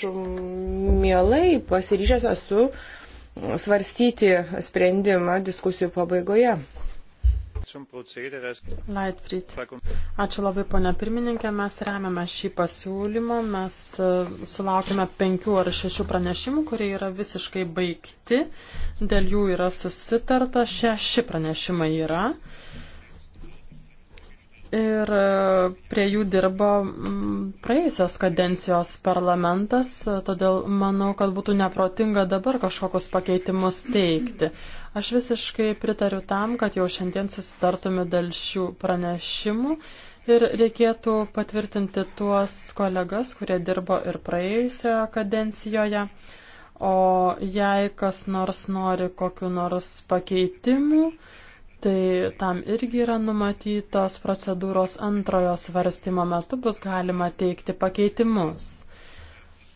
mielai pasiryžęs esu svarstyti sprendimą diskusijų pabaigoje. Lightfried. Ačiū labai, ponia pirmininkė. Mes remiame šį pasiūlymą. Mes e, sulaukime penkių ar šešių pranešimų, kurie yra visiškai baigti. Dėl jų yra susitarta. Šeši pranešimai yra. Ir e, prie jų dirbo praėjusios kadencijos parlamentas, todėl manau, kad būtų neprotinga dabar kažkokius pakeitimus teikti. Aš visiškai pritariu tam, kad jau šiandien susitartume dėl šių pranešimų ir reikėtų patvirtinti tuos kolegas, kurie dirbo ir praėjusioje kadencijoje. O jei kas nors nori kokiu nors pakeitimu, tai tam irgi yra numatytos procedūros antrojo svarstymo metu bus galima teikti pakeitimus.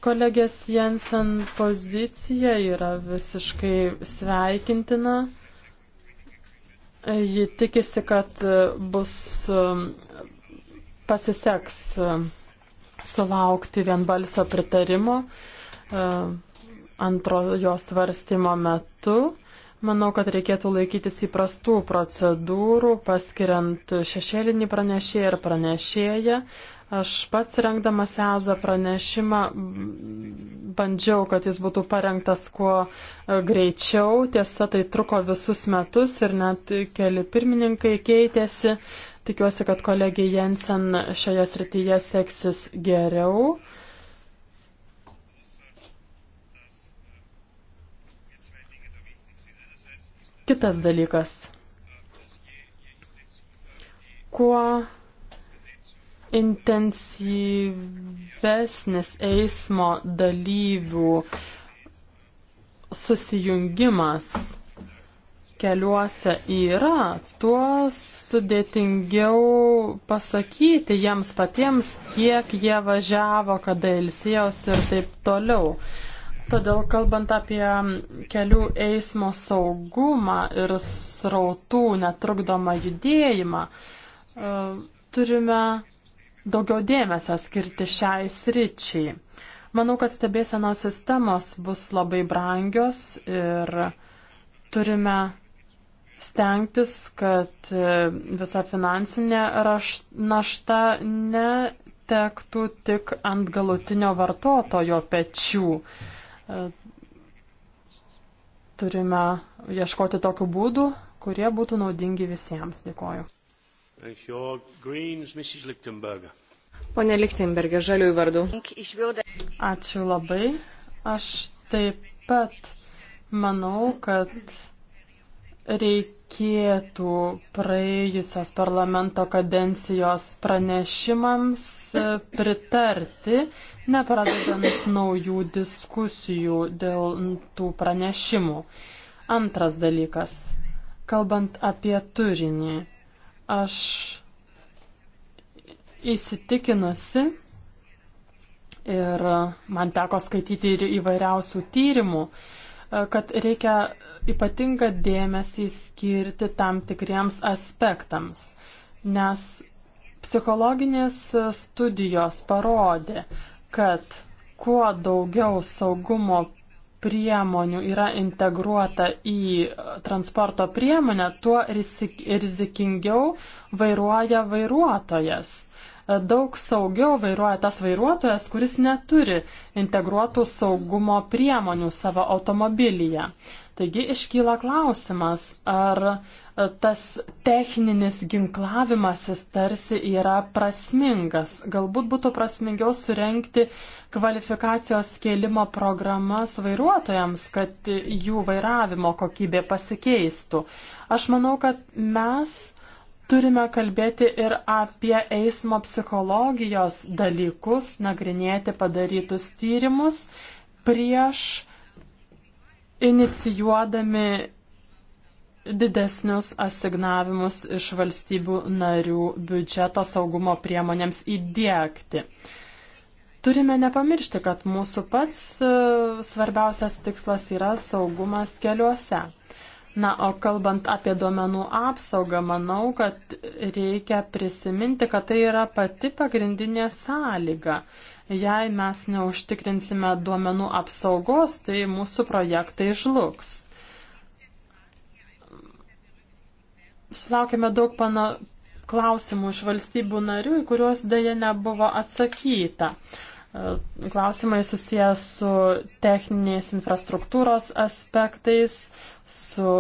Kolegės Jensen pozicija yra visiškai sveikintina. Ji tikisi, kad bus um, pasiseks um, sulaukti vienbalsio pritarimo um, antrojo svarstymo metu. Manau, kad reikėtų laikytis įprastų procedūrų, paskiriant šešėlinį pranešėją ir pranešėją. Aš pats rengdamas EZA pranešimą bandžiau, kad jis būtų parengtas kuo e, greičiau. Tiesa, tai truko visus metus ir net keli pirmininkai keitėsi. Tikiuosi, kad kolegija Jensen šioje srityje seksis geriau. Kitas dalykas. Kuo intensyvesnis eismo dalyvių susijungimas keliuose yra, tuo sudėtingiau pasakyti jiems patiems, kiek jie važiavo, kada ilsėjos ir taip toliau. Todėl kalbant apie kelių eismo saugumą ir srautų netrukdomą judėjimą, e, turime daugiau dėmesio skirti šiai sričiai. Manau, kad stebėsenos sistemos bus labai brangios ir turime stengtis, kad e, visa finansinė našta netektų tik ant galutinio vartotojo pečių. E, turime ieškoti tokių būdų, kurie būtų naudingi visiems. Dėkoju. Greens, Pone Lichtenbergė, žaliųjų vardų. Ačiū labai. Aš taip pat manau, kad reikėtų praėjusios parlamento kadencijos pranešimams pritarti, nepradedant naujų diskusijų dėl tų pranešimų. Antras dalykas, kalbant apie turinį. Aš įsitikinusi ir man teko skaityti ir įvairiausių tyrimų, kad reikia ypatingą dėmesį skirti tam tikriems aspektams, nes psichologinės studijos parodė, kad kuo daugiau saugumo priemonių yra integruota į transporto priemonę, tuo rizikingiau vairuoja vairuotojas. Daug saugiau vairuoja tas vairuotojas, kuris neturi integruotų saugumo priemonių savo automobilyje. Taigi iškyla klausimas, ar tas techninis ginklavimasis tarsi yra prasmingas. Galbūt būtų prasmingiau surenkti kvalifikacijos kėlimo programas vairuotojams, kad jų vairavimo kokybė pasikeistų. Aš manau, kad mes turime kalbėti ir apie eismo psichologijos dalykus, nagrinėti padarytus tyrimus prieš inicijuodami didesnius asignavimus iš valstybių narių biudžeto saugumo priemonėms įdėkti. Turime nepamiršti, kad mūsų pats e, svarbiausias tikslas yra saugumas keliuose. Na, o kalbant apie duomenų apsaugą, manau, kad reikia prisiminti, kad tai yra pati pagrindinė sąlyga. Jei mes neužtikrinsime duomenų apsaugos, tai mūsų projektai žlugs. Sulaukėme daug pana klausimų iš valstybių narių, į kuriuos dėje nebuvo atsakyta. E, klausimai susijęs su techniniais infrastruktūros aspektais, su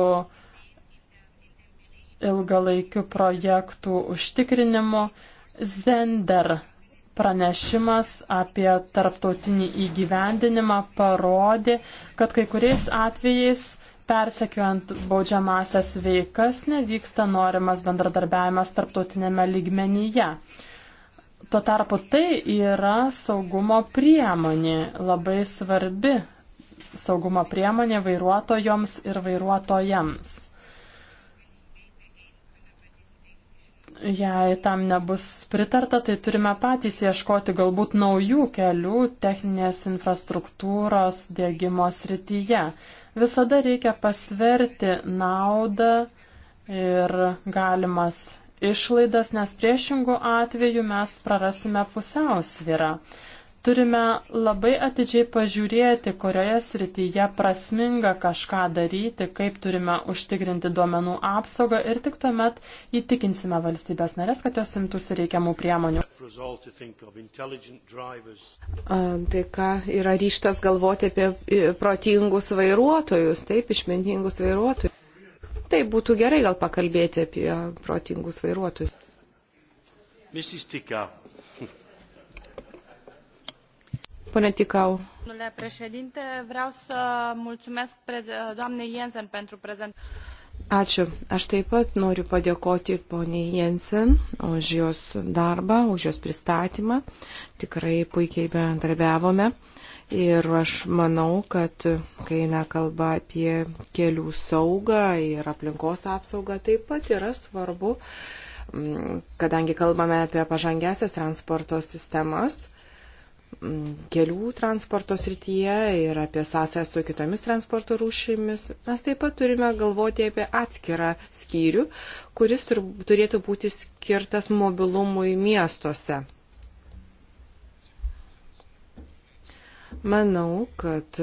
ilgalaikių projektų užtikrinimu. Zender pranešimas apie tarptautinį įgyvendinimą parodė, kad kai kuriais atvejais Persekiojant baudžiamasias veikas nevyksta norimas bendradarbiavimas tarptautinėme lygmenyje. Tuo tarpu tai yra saugumo priemonė, labai svarbi saugumo priemonė vairuotojoms ir vairuotojams. Jei tam nebus pritarta, tai turime patys ieškoti galbūt naujų kelių techninės infrastruktūros dėgymo srityje. Visada reikia pasverti naudą ir galimas išlaidas, nes priešingų atveju mes prarasime pusiausvyrą. Turime labai atidžiai pažiūrėti, kurioje srityje prasminga kažką daryti, kaip turime užtikrinti duomenų apsaugą ir tik tuomet įtikinsime valstybės narės, kad jos imtųsi reikiamų priemonių. Tai ką yra ryštas galvoti apie e, protingus vairuotojus, taip, išmintingus vairuotojus. Tai būtų gerai gal pakalbėti apie protingus vairuotojus. Mrs. Tikau. Până Ticau. Domnule președinte, vreau să mulțumesc doamnei Jensen pentru prezent. Ačiū. Aš taip pat noriu padėkoti poniai Jensen už jos darbą, už jos pristatymą. Tikrai puikiai bendradarbiavome. Ir aš manau, kad kai eina kalba apie kelių saugą ir aplinkos apsaugą, taip pat yra svarbu, mm, kadangi kalbame apie pažangesias transporto sistemas, kelių transporto srityje ir apie sąsąją su kitomis transporto rūšimis. Mes taip pat turime galvoti apie atskirą skyrių, kuris turėtų būti skirtas mobilumui miestuose. Manau, kad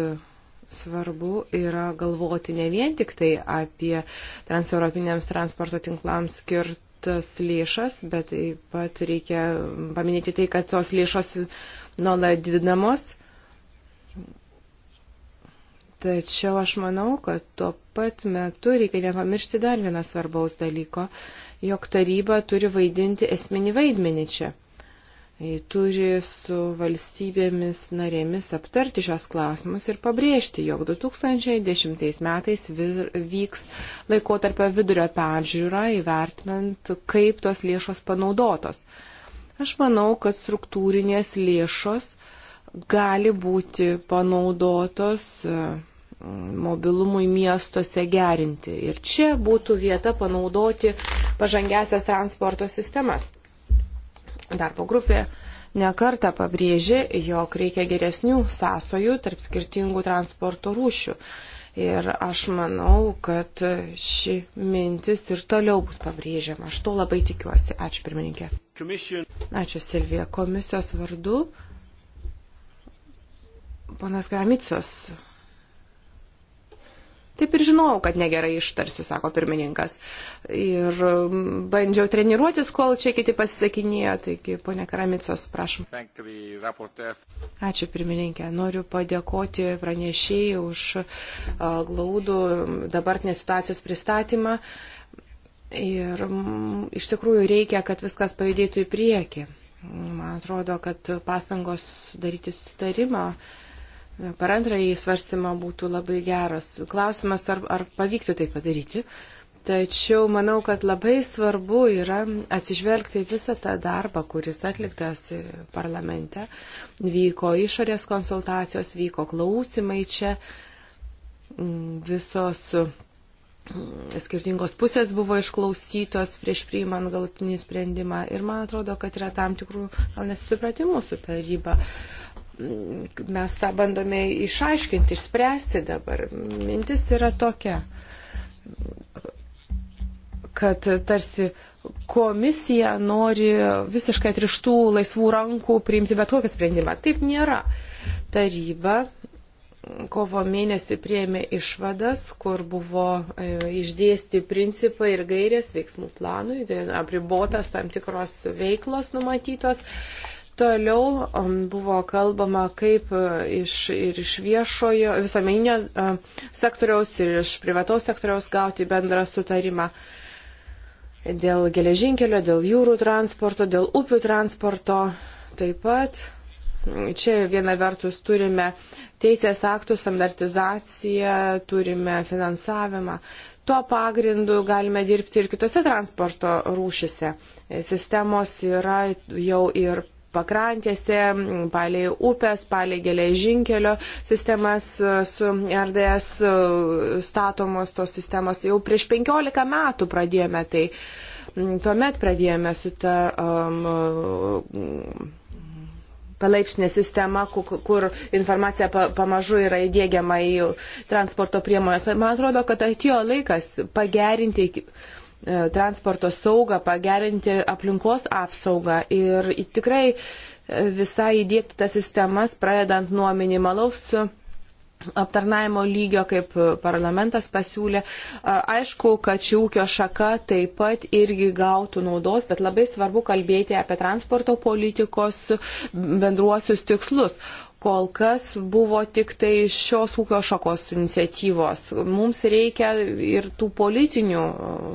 svarbu yra galvoti ne vien tik tai apie transeuropiniams transporto tinklams skirtas lėšas, bet taip pat reikia paminėti tai, kad tos lėšos nuolat didinamos. Tačiau aš manau, kad tuo pat metu reikia nepamiršti dar vieną svarbaus dalyko, jog taryba turi vaidinti esminį vaidmenį čia. Ji turi su valstybėmis narėmis aptarti šios klausimus ir pabrėžti, jog 2010 metais vyks laikotarpio vidurio peržiūra įvertinant, kaip tos lėšos panaudotos. Aš manau, kad struktūrinės lėšos gali būti panaudotos e, mobilumui miestuose gerinti. Ir čia būtų vieta panaudoti pažangesias transporto sistemas. Darbo grupė nekarta pabrėžė, jog reikia geresnių sąsojų tarp skirtingų transporto rūšių. Ir aš manau, kad ši mintis ir toliau bus pabrėžiama. Aš to labai tikiuosi. Ačiū pirmininkė. Ačiū Silvija. Komisijos vardu. Ponas Gramicos Taip ir žinojau, kad negerai ištarsiu, sako pirmininkas. Ir um, bandžiau treniruotis, kol čia kiti pasisakinėjo. Taigi, ponė Karamicos, prašom. Ačiū pirmininkė. Noriu padėkoti pranešėjai už uh, glaudų um, dabartinės situacijos pristatymą. Ir mm, iš tikrųjų reikia, kad viskas pajudėtų į priekį. Man atrodo, kad pastangos daryti sutarimą per antrąjį svarstymą būtų labai geras. Klausimas, ar, ar pavyktų tai padaryti. Tačiau manau, kad labai svarbu yra atsižvelgti visą tą darbą, kuris atliktas parlamente. Vyko išorės konsultacijos, vyko klausimai čia, visos mm, skirtingos pusės buvo išklausytos prieš priimant galutinį sprendimą. Ir man atrodo, kad yra tam tikrų gal nesusipratimų su taryba mes tą bandome išaiškinti, išspręsti dabar. Mintis yra tokia, kad tarsi komisija nori visiškai atrištų laisvų rankų priimti bet kokį sprendimą. Taip nėra. Taryba kovo mėnesį prieėmė išvadas, kur buvo e, išdėsti principai ir gairės veiksmų planui, tai apribotas tam tikros veiklos numatytos. Toliau um, buvo kalbama, kaip uh, iš, ir iš viešojo, visuomeninio uh, sektoriaus, ir iš privataus sektoriaus gauti bendrą sutarimą dėl geležinkelio, dėl jūrų transporto, dėl upių transporto. Taip pat mm, čia viena vertus turime teisės aktų standartizaciją, turime finansavimą. Tuo pagrindu galime dirbti ir kitose transporto rūšise. Sistemos yra jau ir pakrantėse, palei upės, palei geležinkelio sistemas e, su RDS e, statomos tos sistemos. Jau prieš 15 metų pradėjome tai. Tuomet pradėjome su ta um, palaipsnė sistema, kur, kur informacija pa, pamažu yra įdėgiama į transporto priemonės. Man atrodo, kad atėjo laikas pagerinti E, transporto saugą, pagerinti aplinkos apsaugą ir tikrai e, visai įdėkti tas sistemas, pradedant nuo minimalaus aptarnaimo lygio, kaip parlamentas pasiūlė. Aišku, kad ši ūkio šaka taip pat irgi gautų naudos, bet labai svarbu kalbėti apie transporto politikos bendruosius tikslus kol kas buvo tik tai šios ūkio šakos iniciatyvos. Mums reikia ir tų politinių e,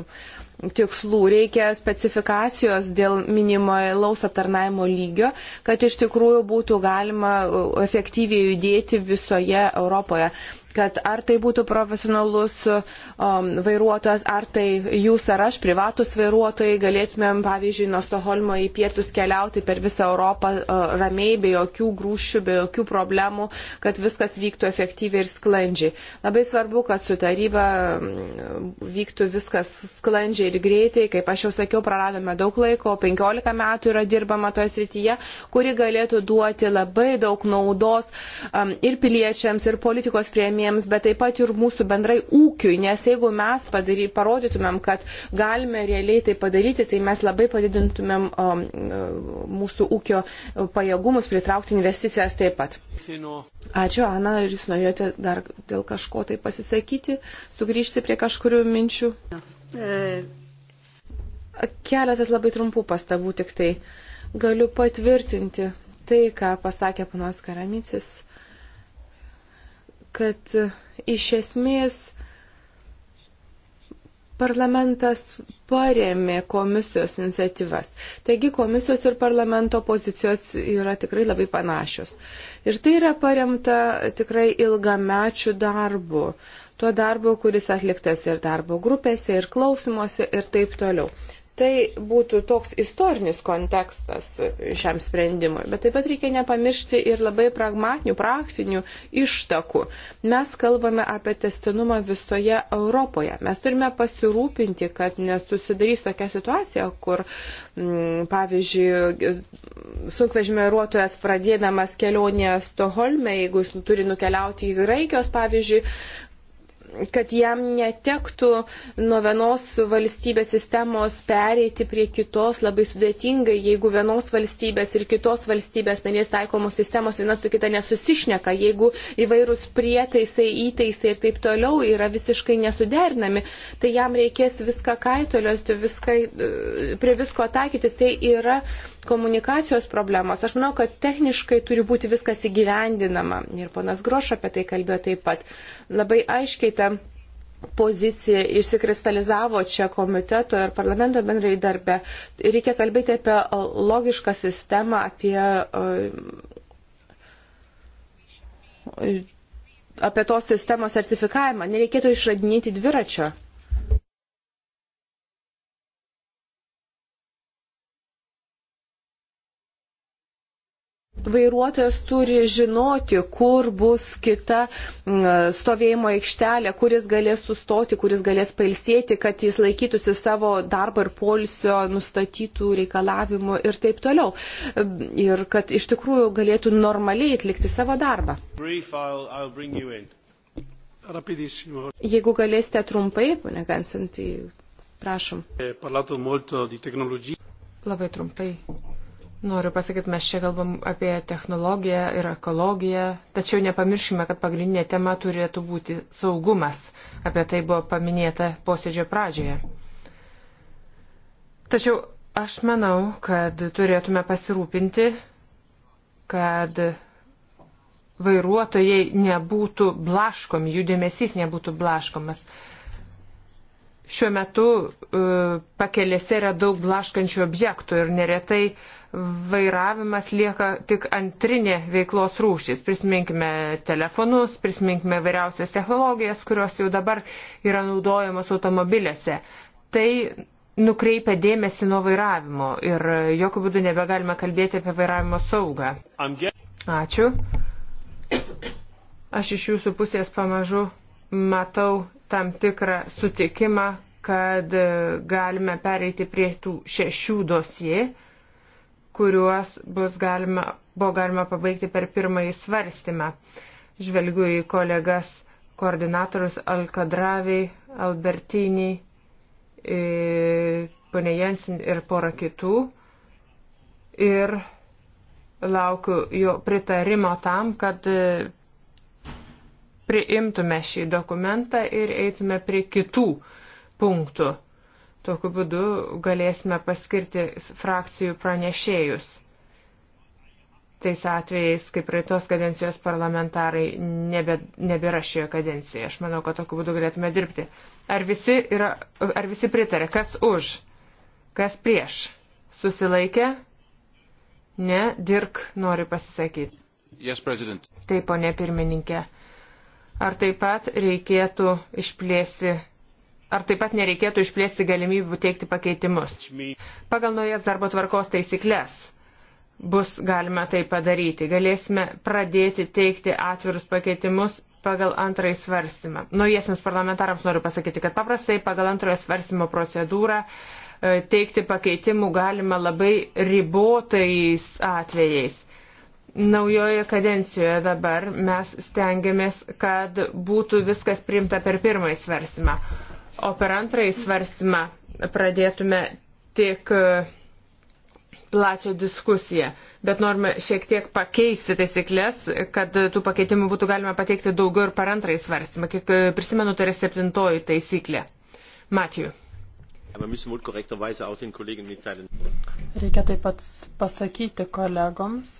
tikslų, reikia specifikacijos dėl minimalaus aptarnaimo lygio, kad iš tikrųjų būtų galima e, efektyviai judėti visoje Europoje kad ar tai būtų profesionalus um, vairuotojas, ar tai jūs ar aš, privatus vairuotojai, galėtumėm, pavyzdžiui, nuo Stoholmo į pietus keliauti per visą Europą uh, ramiai, be jokių grūšių, be jokių problemų, kad viskas vyktų efektyviai ir sklandžiai. Labai svarbu, kad su taryba um, vyktų viskas sklandžiai ir greitai. Kaip aš jau sakiau, praradome daug laiko, 15 metų yra dirbama toje srityje, kuri galėtų duoti labai daug naudos um, ir piliečiams, ir politikos prieimėjams žmonėms, bet taip pat ir mūsų bendrai ūkiui, nes jeigu mes padary, parodytumėm, kad galime realiai tai padaryti, tai mes labai padidintumėm um, uh, mūsų ūkio pajėgumus pritraukti investicijas taip pat. Ačiū, Ana, ir jūs norėjote dar dėl kažko tai pasisakyti, sugrįžti prie kažkurių minčių. E. Keletas labai trumpų pastabų tik tai. Galiu patvirtinti tai, ką pasakė panas Karamicis kad e, iš esmės parlamentas paremė komisijos iniciatyvas. Taigi komisijos ir parlamento pozicijos yra tikrai labai panašios. Ir tai yra paremta tikrai ilgamečių darbų. Tuo darbu, kuris atliktas ir darbo grupėse, ir klausimuose, ir taip toliau. Tai būtų toks istorinis kontekstas šiam sprendimui, bet taip pat reikia nepamiršti ir labai pragmatinių, praktinių ištakų. Mes kalbame apie testinumą visoje Europoje. Mes turime pasirūpinti, kad nesusidarys tokia situacija, kur, m, mm, pavyzdžiui, sunkvežimio ruotojas pradėdamas kelionę Stoholme, jeigu jis turi nukeliauti į Graikijos, pavyzdžiui, kad jam netektų nuo vienos valstybės sistemos pereiti prie kitos labai sudėtingai, jeigu vienos valstybės ir kitos valstybės narės taikomos sistemos viena su kita nesusišneka, jeigu įvairūs prietaisai, įtaisai ir taip toliau yra visiškai nesuderinami, tai jam reikės viską kaitolioti, viską, e, prie visko taikytis. Tai yra komunikacijos problemos. Aš manau, kad techniškai turi būti viskas įgyvendinama. Ir ponas Groš apie tai kalbėjo taip pat. Labai aiškiai kokią pozicija išsikristalizavo čia komiteto ir parlamento bendrai darbe. Reikia kalbėti apie logišką sistemą, apie, e, apie tos sistemos sertifikavimą. Nereikėtų išradinėti dviračio. vairuotojas turi žinoti, kur bus kita stovėjimo aikštelė, kuris galės sustoti, kuris galės pailsėti, kad jis laikytųsi savo darbo ir polsio nustatytų reikalavimų ir taip toliau. Ir kad iš tikrųjų galėtų normaliai atlikti savo darbą. Brief, I'll, I'll Jeigu galėsite trumpai, pane Gansant, tai prašom. Labai trumpai Noriu pasakyti, mes čia kalbam apie technologiją ir ekologiją, tačiau nepamirškime, kad pagrindinė tema turėtų būti saugumas. Apie tai buvo paminėta posėdžio pradžioje. Tačiau aš manau, kad turėtume pasirūpinti, kad vairuotojai nebūtų blaškomi, jų dėmesys nebūtų blaškomas šiuo metu e, pakelėse yra daug blaškančių objektų ir neretai vairavimas lieka tik antrinė veiklos rūšis. Prisiminkime telefonus, prisiminkime vairiausias technologijas, kurios jau dabar yra naudojamos automobilėse. Tai nukreipia dėmesį nuo vairavimo ir jokių būdų nebegalime kalbėti apie vairavimo saugą. Ačiū. Aš iš jūsų pusės pamažu matau tam tikrą sutikimą, kad e, galime pereiti prie tų šešių dosie, kuriuos bus galima, buvo galima pabaigti per pirmąjį svarstymą. Žvelgiu į kolegas koordinatorius Alkadraviai, Albertiniai, e, ponė Jensin ir pora kitų. Ir laukiu jo pritarimo tam, kad e, priimtume šį dokumentą ir eitume prie kitų punktų. Tokiu būdu galėsime paskirti frakcijų pranešėjus. Tais atvejais, kai praeitos kadencijos parlamentarai nebe, nebėra šioje kadencijoje. Aš manau, kad tokiu būdu galėtume dirbti. Ar visi, yra, ar visi pritarė? Kas už? Kas prieš? Susilaikė? Ne, Dirk nori pasisakyti. Yes, president. Taip, ponė pirmininkė. Ar taip pat reikėtų išplėsti ar taip pat nereikėtų išplėsti galimybių teikti pakeitimus. Pagal naujas darbo tvarkos taisyklės bus galima tai padaryti. Galėsime pradėti teikti atvirus pakeitimus pagal antrąjį svarstymą. Naujiesiams parlamentarams noriu pasakyti, kad paprastai pagal antrojo svarstymo procedūrą e, teikti pakeitimų galima labai ribotais atvejais. Naujoje kadencijoje dabar mes stengiamės, kad būtų viskas priimta per pirmąjį svarstymą, o per antrąjį svarstymą pradėtume tik e, plačią diskusiją, bet norime šiek tiek pakeisti taisyklės, kad tų pakeitimų būtų galima pateikti daugiau ir per antrąjį svarstymą. Kiek e, prisimenu, tai yra septintoji taisyklė. Matiju. Reikia taip pat pasakyti kolegoms,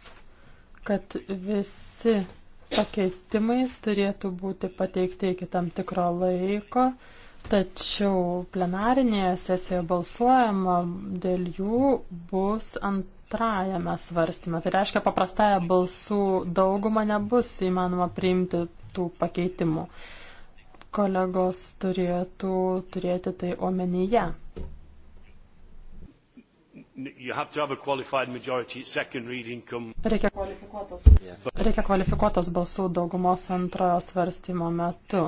kad visi pakeitimai turėtų būti pateikti iki tam tikro laiko, tačiau plenarinėje sesijoje balsuojama dėl jų bus antrajame svarstyme. Tai reiškia, paprastąją balsų daugumą nebus įmanoma priimti tų pakeitimų. Kolegos turėtų turėti tai omenyje. Reikia kvalifikuotos, reikia kvalifikuotos balsų daugumos antrojo svarstymo metu.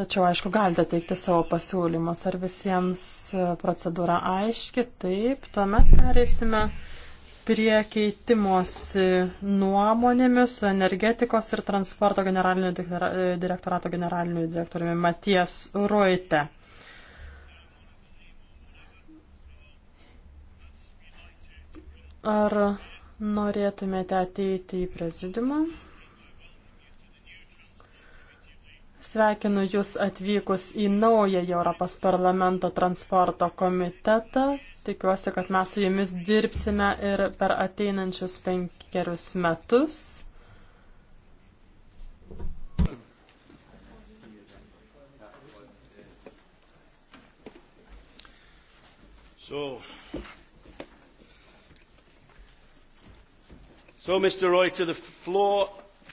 Tačiau, aišku, galite teikti savo pasiūlymus. Ar visiems e, procedūra aiški? Taip, tuomet pereisime prie keitimosi nuomonėmis su energetikos ir transporto generalinio e, direktorato generaliniu direktoriumi Matijas Ruite. Ar norėtumėte ateiti į prezidiumą? Sveikinu Jūs atvykus į naują Europos parlamento transporto komitetą. Tikiuosi, kad mes su Jumis dirbsime ir per ateinančius penkerius metus. So, So, Mr. Reuter, the floor.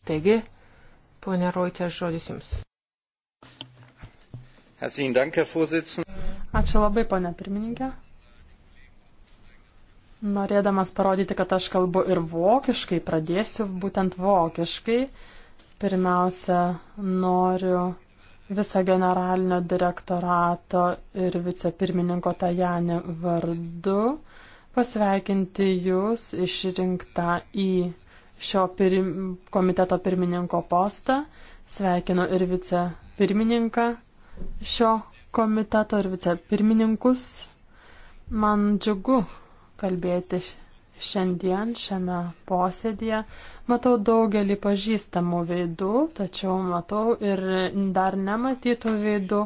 Taigi, ponė Reuter, žodis jums. Ačiū labai, ponė pirmininkė. Norėdamas parodyti, kad aš kalbu ir vokiškai, pradėsiu būtent vokiškai. Pirmiausia, noriu visą generalinio direktorato ir vicepirmininko Tajani vardu pasveikinti Jūs išrinktą į šio pirim, komiteto pirmininko postą. Sveikinu ir vicepirmininką šio komiteto ir vicepirmininkus. Man džiugu kalbėti šiandien šiame posėdėje. Matau daugelį pažįstamų veidų, tačiau matau ir dar nematytų veidų.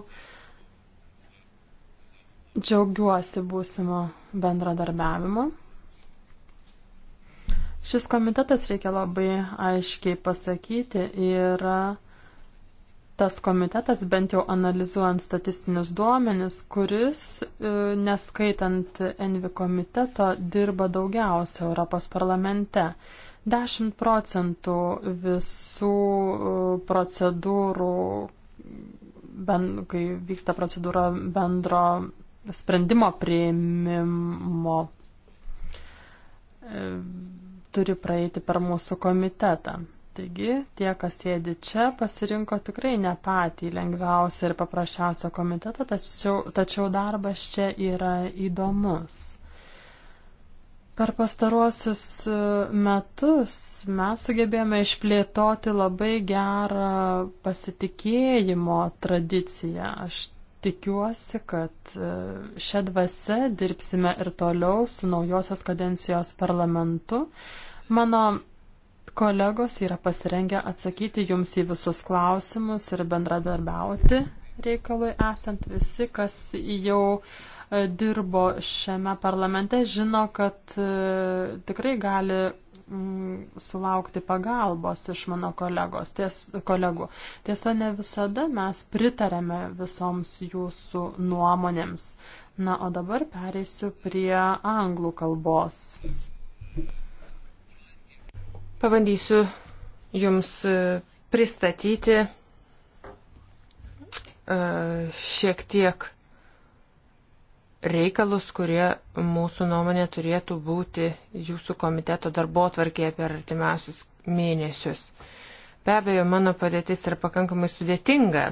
Džiaugiuosi būsimo bendradarbiavimą. Šis komitetas, reikia labai aiškiai pasakyti, yra tas komitetas, bent jau analizuojant statistinius duomenis, kuris, e, neskaitant Envi komiteto, dirba daugiausia Europos parlamente. 10 procentų visų e, procedūrų, ben, kai vyksta procedūra bendro sprendimo prieimimo e, turi praeiti per mūsų komitetą. Taigi tie, kas sėdi čia, pasirinko tikrai ne patį lengviausią ir paprasčiausią komitetą, tačiau, tačiau darbas čia yra įdomus. Per pastaruosius e, metus mes sugebėjome išplėtoti labai gerą pasitikėjimo tradiciją. Aš Tikiuosi, kad e, šią dvasę dirbsime ir toliau su naujosios kadencijos parlamentu. Mano kolegos yra pasirengę atsakyti jums į visus klausimus ir bendradarbiauti reikalui esant visi, kas jau e, dirbo šiame parlamente, žino, kad e, tikrai gali Mm, sulaukti pagalbos iš mano kolegos, ties, kolegų. Tiesa, ne visada mes pritarėme visoms jūsų nuomonėms. Na, o dabar pereisiu prie anglų kalbos. Pabandysiu jums e, pristatyti e, šiek tiek reikalus, kurie mūsų nuomonė turėtų būti jūsų komiteto darbo tvarkėje per artimiausius mėnesius. Be abejo, mano padėtis yra pakankamai sudėtinga.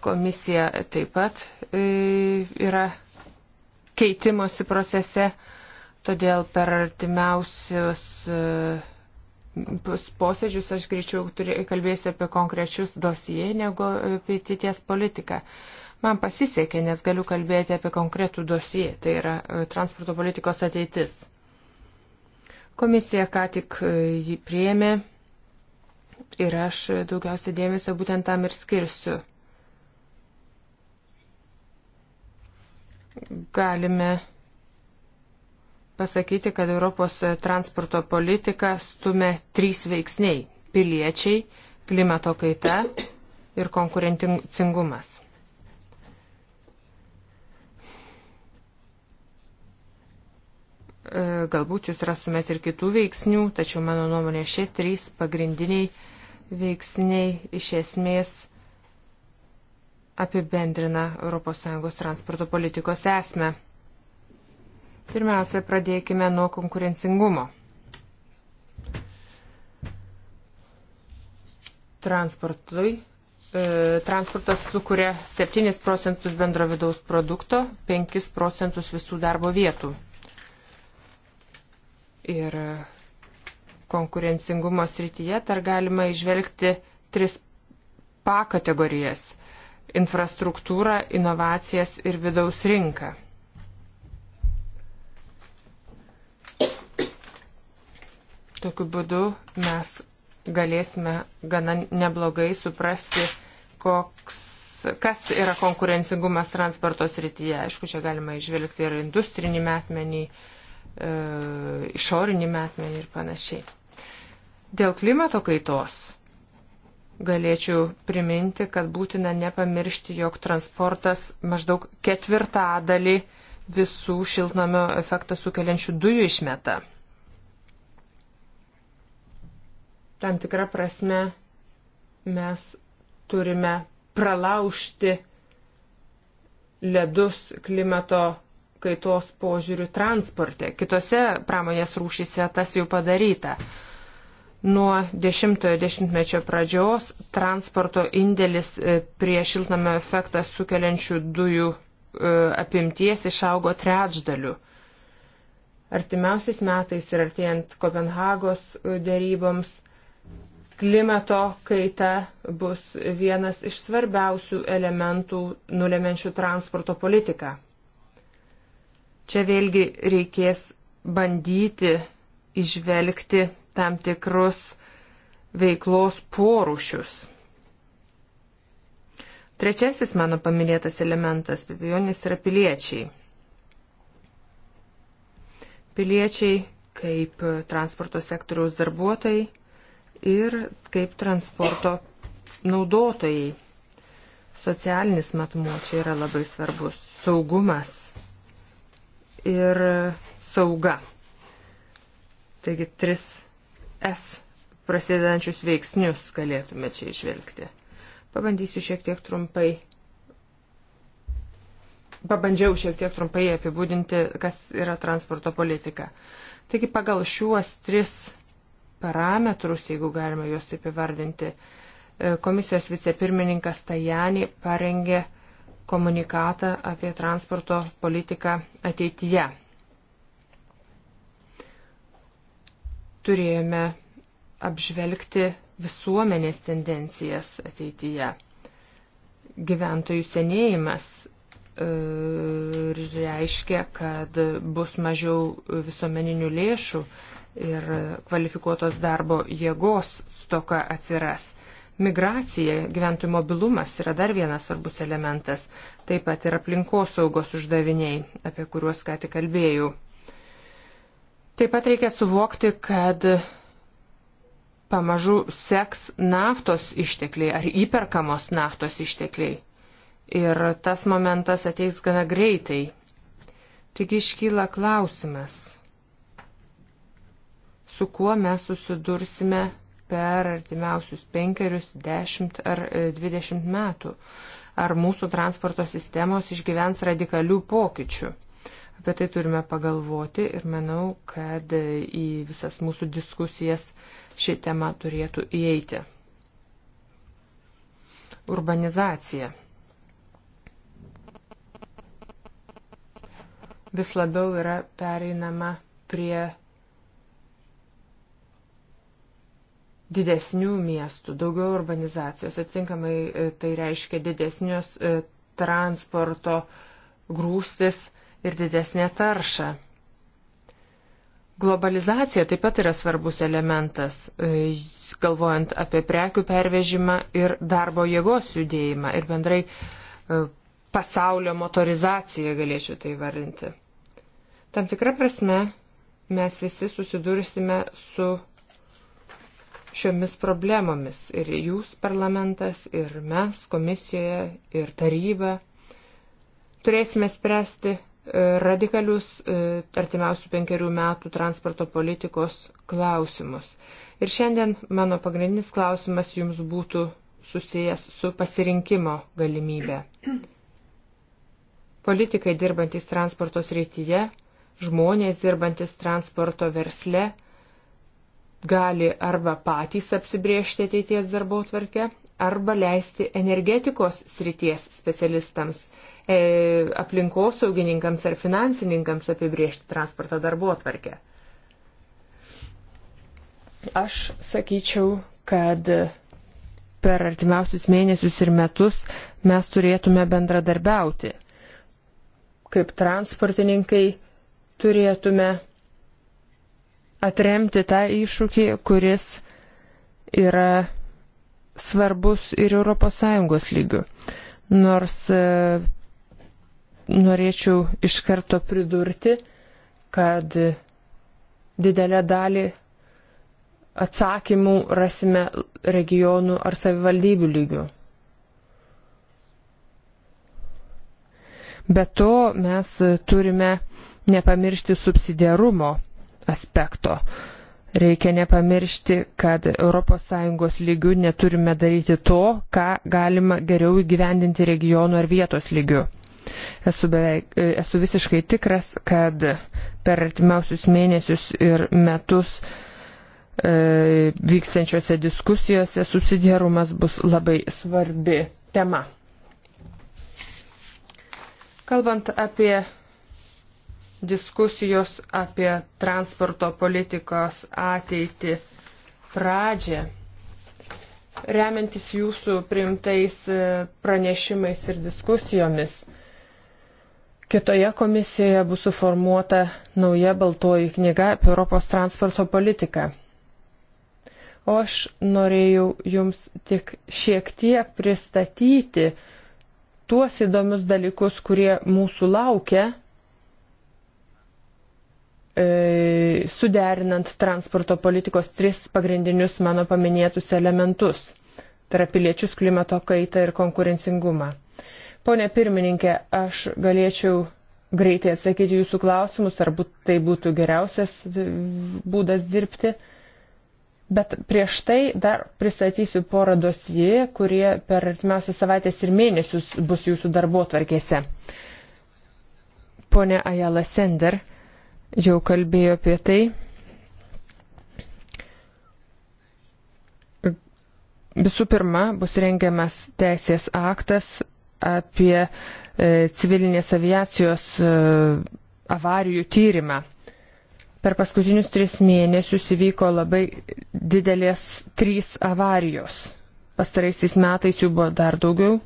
Komisija taip pat e, yra keitimosi procese, todėl per artimiausius e, posėdžius aš greičiau kalbėsiu apie konkrečius dosijai negu apie ateities politiką. Man pasisekė, nes galiu kalbėti apie konkretų dosiją, tai yra e, transporto politikos ateitis. Komisija ką tik e, jį priėmė ir aš daugiausiai dėmesio būtent tam ir skirsiu. Galime pasakyti, kad Europos transporto politiką stumia trys veiksniai - piliečiai, klimato kaita ir konkurencingumas. E, galbūt jūs rastumėt ir kitų veiksnių, tačiau mano nuomonė šie trys pagrindiniai veiksniai iš esmės apibendrina ES transporto politikos esmę. Pirmiausia, pradėkime nuo konkurencingumo. Transportui e, transportas sukuria 7 procentus bendro vidaus produkto, 5 procentus visų darbo vietų. Ir konkurencingumo srityje dar tai galima išvelgti tris PA kategorijas - infrastruktūrą, inovacijas ir vidaus rinką. Tokiu būdu mes galėsime gana neblogai suprasti, koks, kas yra konkurencingumas transporto srityje. Aišku, čia galima išvelgti ir industrinį metmenį, uh, E, išorinį metmenį ir panašiai. Dėl klimato kaitos galėčiau priminti, kad būtina nepamiršti, jog transportas maždaug ketvirtadalį visų šiltnamio efektą sukeliančių dujų išmeta. Tam tikrą prasme mes turime pralaužti ledus klimato kaitos požiūrių transporte. Kitose pramonės rūšyse tas jau padaryta. Nuo 10-ojo dešimtmečio pradžios transporto indėlis e, prie šiltnamio efektą sukeliančių dujų e, apimties išaugo trečdaliu. Artimiausiais metais ir artėjant Kopenhagos e, dėryboms klimato kaita bus vienas iš svarbiausių elementų nulemenčių transporto politiką. Čia vėlgi reikės bandyti išvelgti tam tikrus veiklos porušius. Trečiasis mano paminėtas elementas - abejonės yra piliečiai. Piliečiai kaip transporto sektoriaus darbuotojai ir kaip transporto naudotojai. Socialinis matmuo čia yra labai svarbus. Saugumas ir sauga. Taigi tris S prasidedančius veiksnius galėtume čia išvelgti. Pabandysiu šiek tiek trumpai. Pabandžiau šiek tiek trumpai apibūdinti, kas yra transporto politika. Taigi pagal šiuos tris parametrus, jeigu galima juos taip įvardinti, e, komisijos vicepirmininkas Tajani parengė komunikatą apie transporto politiką ateityje. Turėjome apžvelgti visuomenės tendencijas ateityje. Gyventojų senėjimas e, reiškia, kad bus mažiau visuomeninių lėšų ir kvalifikuotos darbo jėgos stoka atsiras. Migracija, gyventojų mobilumas yra dar vienas svarbus elementas, taip pat ir aplinkosaugos uždaviniai, apie kuriuos ką tik kalbėjau. Taip pat reikia suvokti, kad pamažu seks naftos ištekliai ar įperkamos naftos ištekliai. Ir tas momentas ateis gana greitai. Taigi iškyla klausimas, su kuo mes susidursime per artimiausius penkerius, dešimt ar e, dvidešimt metų? Ar mūsų transporto sistemos išgyvens radikalių pokyčių? Apie tai turime pagalvoti ir manau, kad e, į visas mūsų diskusijas ši tema turėtų įeiti. Urbanizacija. Vis labiau yra pereinama prie didesnių miestų, daugiau urbanizacijos. Atsinkamai e, tai reiškia didesnius e, transporto grūstis ir didesnė tarša. Globalizacija taip pat yra svarbus elementas, e, galvojant apie prekių pervežimą ir darbo jėgos judėjimą ir bendrai pasaulio motorizaciją galėčiau tai vardinti. Tam tikrą prasme mes visi susidursime su šiomis problemomis. Ir jūs parlamentas, ir mes komisijoje, ir taryba turėsime spręsti e, radikalius e, artimiausių penkerių metų transporto politikos klausimus. Ir šiandien mano pagrindinis klausimas jums būtų susijęs su pasirinkimo galimybė. Politikai dirbantis transporto srityje, žmonės dirbantis transporto versle gali arba patys apsibriežti ateities darbo tvarkę, arba leisti energetikos srities specialistams, e, aplinkosaugininkams ar finansininkams apibriežti transporto darbo tvarkę. Aš sakyčiau, kad per artimiausius mėnesius ir metus mes turėtume bendradarbiauti. Kaip transportininkai turėtume atremti tą iššūkį, kuris yra svarbus ir ES lygių. Nors e, norėčiau iš karto pridurti, kad didelę dalį atsakymų rasime regionų ar savivaldybių lygių. Be to mes turime nepamiršti subsidiarumo aspekto. Reikia nepamiršti, kad ES lygių neturime daryti to, ką galima geriau įgyvendinti regionų ar vietos lygių. Esu, beveik, esu visiškai tikras, kad per artimiausius mėnesius ir metus e, vyksiančiose diskusijose subsidiarumas bus labai svarbi tema. Kalbant apie diskusijos apie transporto politikos ateitį pradžią. Remiantis jūsų primtais e, pranešimais ir diskusijomis, kitoje komisijoje bus suformuota nauja baltoji knyga apie Europos transporto politiką. O aš norėjau jums tik šiek tiek pristatyti tuos įdomius dalykus, kurie mūsų laukia E, suderinant transporto politikos tris pagrindinius mano paminėtus elementus - tai yra piliečius, klimato kaitą ir konkurencingumą. Pone pirmininkė, aš galėčiau greitai atsakyti jūsų klausimus, ar būt, tai būtų geriausias būdas dirbti, bet prieš tai dar pristatysiu porą dosijų, kurie per artimiausias savaitės ir mėnesius bus jūsų darbo tvarkėse. Pone Ajala Sender, jau kalbėjo apie tai. Visų pirma, bus rengiamas teisės aktas apie e, civilinės aviacijos e, avarijų tyrimą. Per paskutinius tris mėnesius įvyko labai didelės trys avarijos. Pastaraisiais metais jų buvo dar daugiau.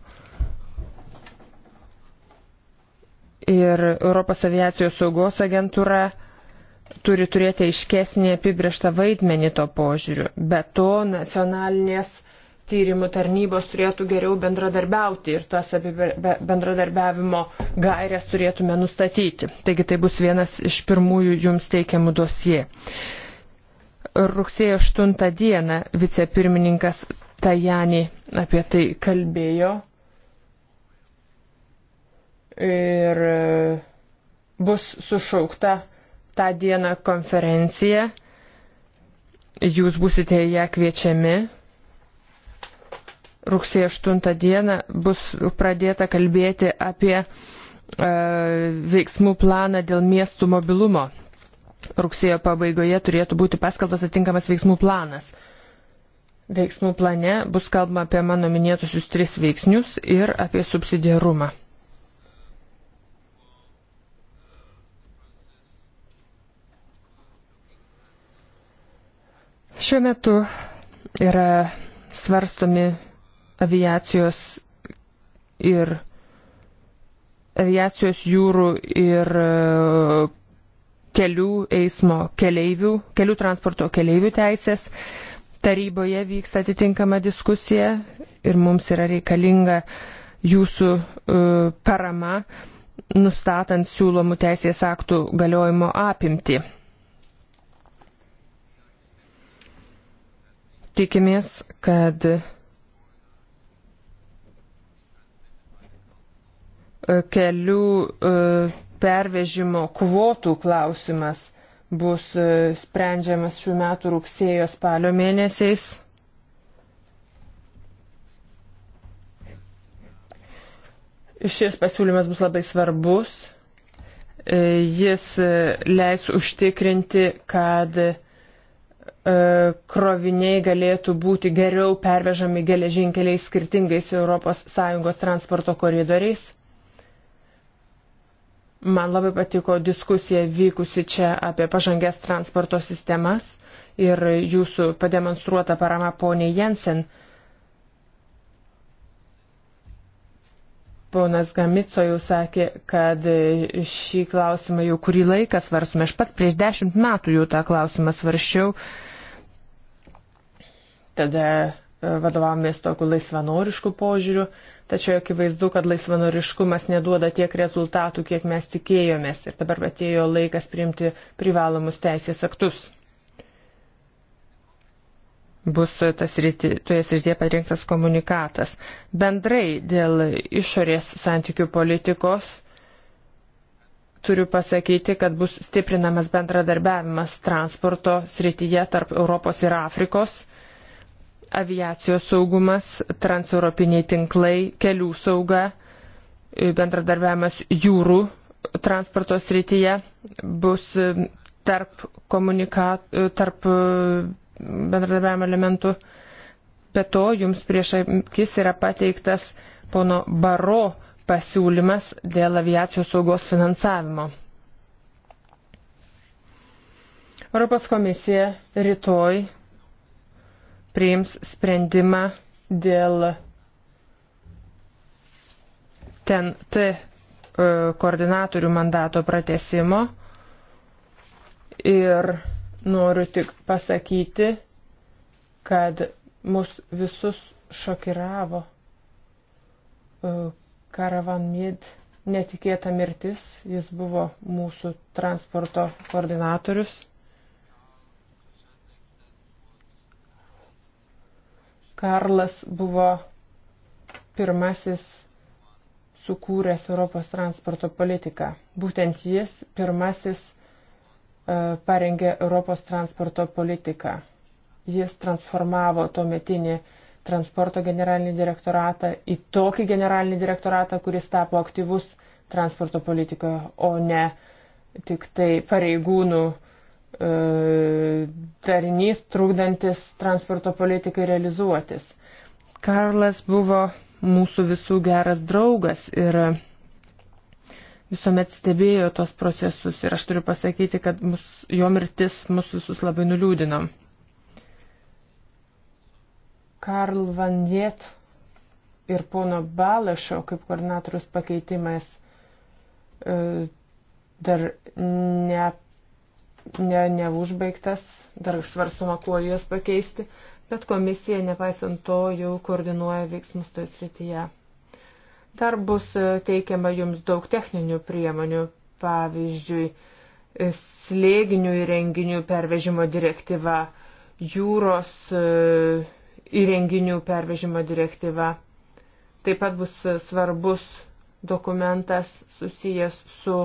ir Europos aviacijos saugos agentūra turi turėti aiškesnį apibrieštą vaidmenį to požiūriu. Be to, nacionalinės tyrimų tarnybos turėtų geriau bendradarbiauti ir tas bendradarbiavimo gairias turėtume nustatyti. Taigi tai bus vienas iš pirmųjų jums teikiamų dosie. Rugsėjo 8 dieną vicepirmininkas Tajani apie tai kalbėjo ir e, bus sušaukta tą dieną konferencija. Jūs būsite į ją kviečiami. Rugsėjo 8 dieną bus pradėta kalbėti apie e, veiksmų planą dėl miestų mobilumo. Rugsėjo pabaigoje turėtų būti paskaltas atinkamas veiksmų planas. Veiksmų plane bus kalbama apie mano minėtusius tris veiksnius ir apie subsidiarumą. Šiuo metu yra svarstomi aviacijos ir aviacijos jūrų ir e, kelių eismo keleivių, kelių transporto keleivių teisės. Taryboje vyksta atitinkama diskusija ir mums yra reikalinga jūsų e, parama, nustatant siūlomų teisės aktų galiojimo apimti. Tikimės, kad e, kelių e, pervežimo kvotų klausimas bus e, sprendžiamas šių metų rugsėjo spalio mėnesiais. Šis pasiūlymas bus labai svarbus. Jis leis užtikrinti, kad E, kroviniai galėtų būti geriau pervežami geležinkeliais skirtingais ES transporto koridoriais. Man labai patiko diskusija vykusi čia apie pažangės transporto sistemas ir jūsų pademonstruota parama poniai Jensen. Ponas Gamico jau sakė, kad šį klausimą jau kurį laiką svarsime. Aš pats prieš dešimt metų jau tą klausimą svarščiau. Uh, tada e, vadovavomės tokiu laisvanorišku požiūriu, tačiau akivaizdu, kad laisvanoriškumas neduoda tiek rezultatų, kiek mes tikėjomės ir dabar atėjo laikas priimti privalomus teisės aktus. Bus tas ryti, toje srityje parinktas komunikatas. Bendrai dėl išorės santykių politikos turiu pasakyti, kad bus stiprinamas bendradarbiavimas transporto srityje tarp Europos ir Afrikos aviacijos saugumas, transeuropiniai tinklai, kelių sauga, e, bendradarbiavimas jūrų transporto srityje bus e, tarp, e, tarp bendradarbiavimo elementų. Be to, jums prieš akis yra pateiktas pono Baro pasiūlymas dėl aviacijos saugos finansavimo. Europos komisija rytoj priims sprendimą dėl ten T e, koordinatorių mandato pratesimo. Ir noriu tik pasakyti, kad mus visus šokiravo e, Karavan Mid netikėta mirtis. Jis buvo mūsų transporto koordinatorius. Karlas buvo pirmasis sukūręs Europos transporto politiką. Būtent jis pirmasis e, parengė Europos transporto politiką. Jis transformavo tuo metinį transporto generalinį direktoratą į tokį generalinį direktoratą, kuris tapo aktyvus transporto politikoje, o ne tik tai pareigūnų uh, E, darinys trukdantis transporto politikai realizuotis. Karlas buvo mūsų visų geras draugas ir visuomet stebėjo tos procesus ir aš turiu pasakyti, kad mus, jo mirtis mus visus labai nuliūdino. Karl Van Jet ir pono Balašo kaip koordinatorius pakeitimas e, dar net ne, neužbaigtas, dar svarsoma, kuo juos pakeisti, bet komisija, nepaisant to, jau koordinuoja veiksmus toje srityje. Dar bus e, teikiama jums daug techninių priemonių, pavyzdžiui, e, slėginių įrenginių pervežimo direktyva, jūros e, įrenginių pervežimo direktyva. Taip pat bus svarbus dokumentas susijęs su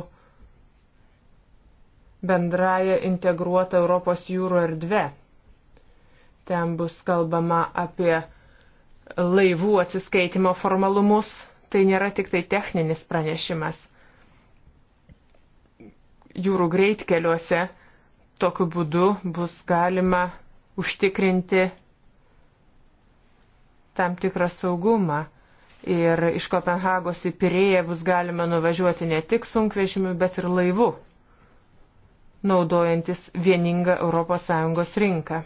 bendraja integruota Europos jūrų erdve. Ten bus kalbama apie laivų atsiskaitimo formalumus. Tai nėra tik tai techninis pranešimas. Jūrų greitkeliuose tokiu būdu bus galima užtikrinti tam tikrą saugumą. Ir iš Kopenhagos į Pirėją bus galima nuvažiuoti ne tik sunkvežimiu, bet ir laivu naudojantis vieningą ES rinką.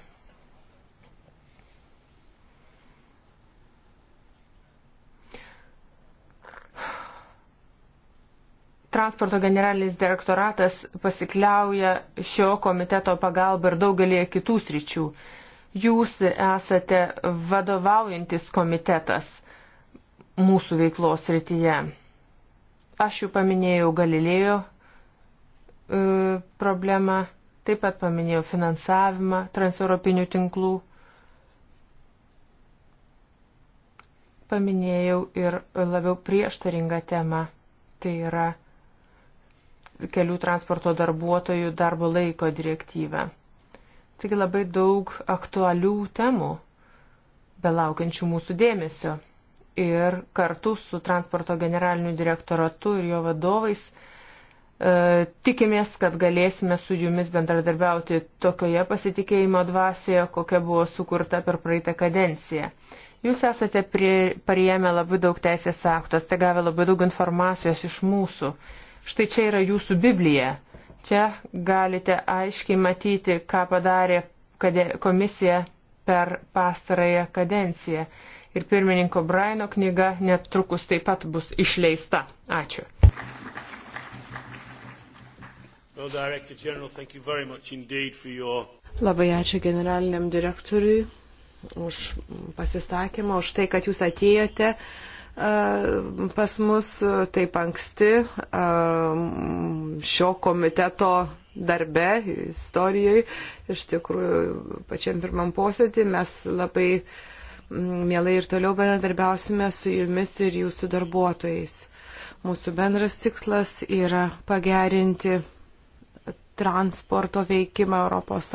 Transporto generalinis direktoratas pasikliauja šio komiteto pagalba ir daugelį kitų sričių. Jūs esate vadovaujantis komitetas mūsų veiklos srityje. Aš jau paminėjau Galilėjo E, problemą, taip pat paminėjau finansavimą transeuropinių tinklų, paminėjau ir labiau prieštaringą temą, tai yra kelių transporto darbuotojų darbo laiko direktyvą. Taigi labai daug aktualių temų belaukiančių mūsų dėmesio. Ir kartu su transporto generaliniu direktoratu ir jo vadovais uh, E, tikimės, kad galėsime su jumis bendradarbiauti tokioje pasitikėjimo dvasioje, kokia buvo sukurta per praeitą kadenciją. Jūs esate prie, parijėmę labai daug teisės aktų, esate tai gavę labai daug informacijos iš mūsų. Štai čia yra jūsų Biblija. Čia galite aiškiai matyti, ką padarė komisija per pastarąją kadenciją. Ir pirmininko Braino knyga netrukus taip pat bus išleista. Ačiū. Well, Director General, thank you very much indeed for your... Labai ačiū generaliniam direktoriui už pasistakymą, už tai, kad jūs atėjote pas mus taip anksti šio komiteto darbe, istorijoje. Iš tikrųjų, pačiam pirmam posėdį mes labai mielai ir toliau bendradarbiausime su jumis ir jūsų darbuotojais. Mūsų bendras tikslas yra pagerinti transporto veikimą ES,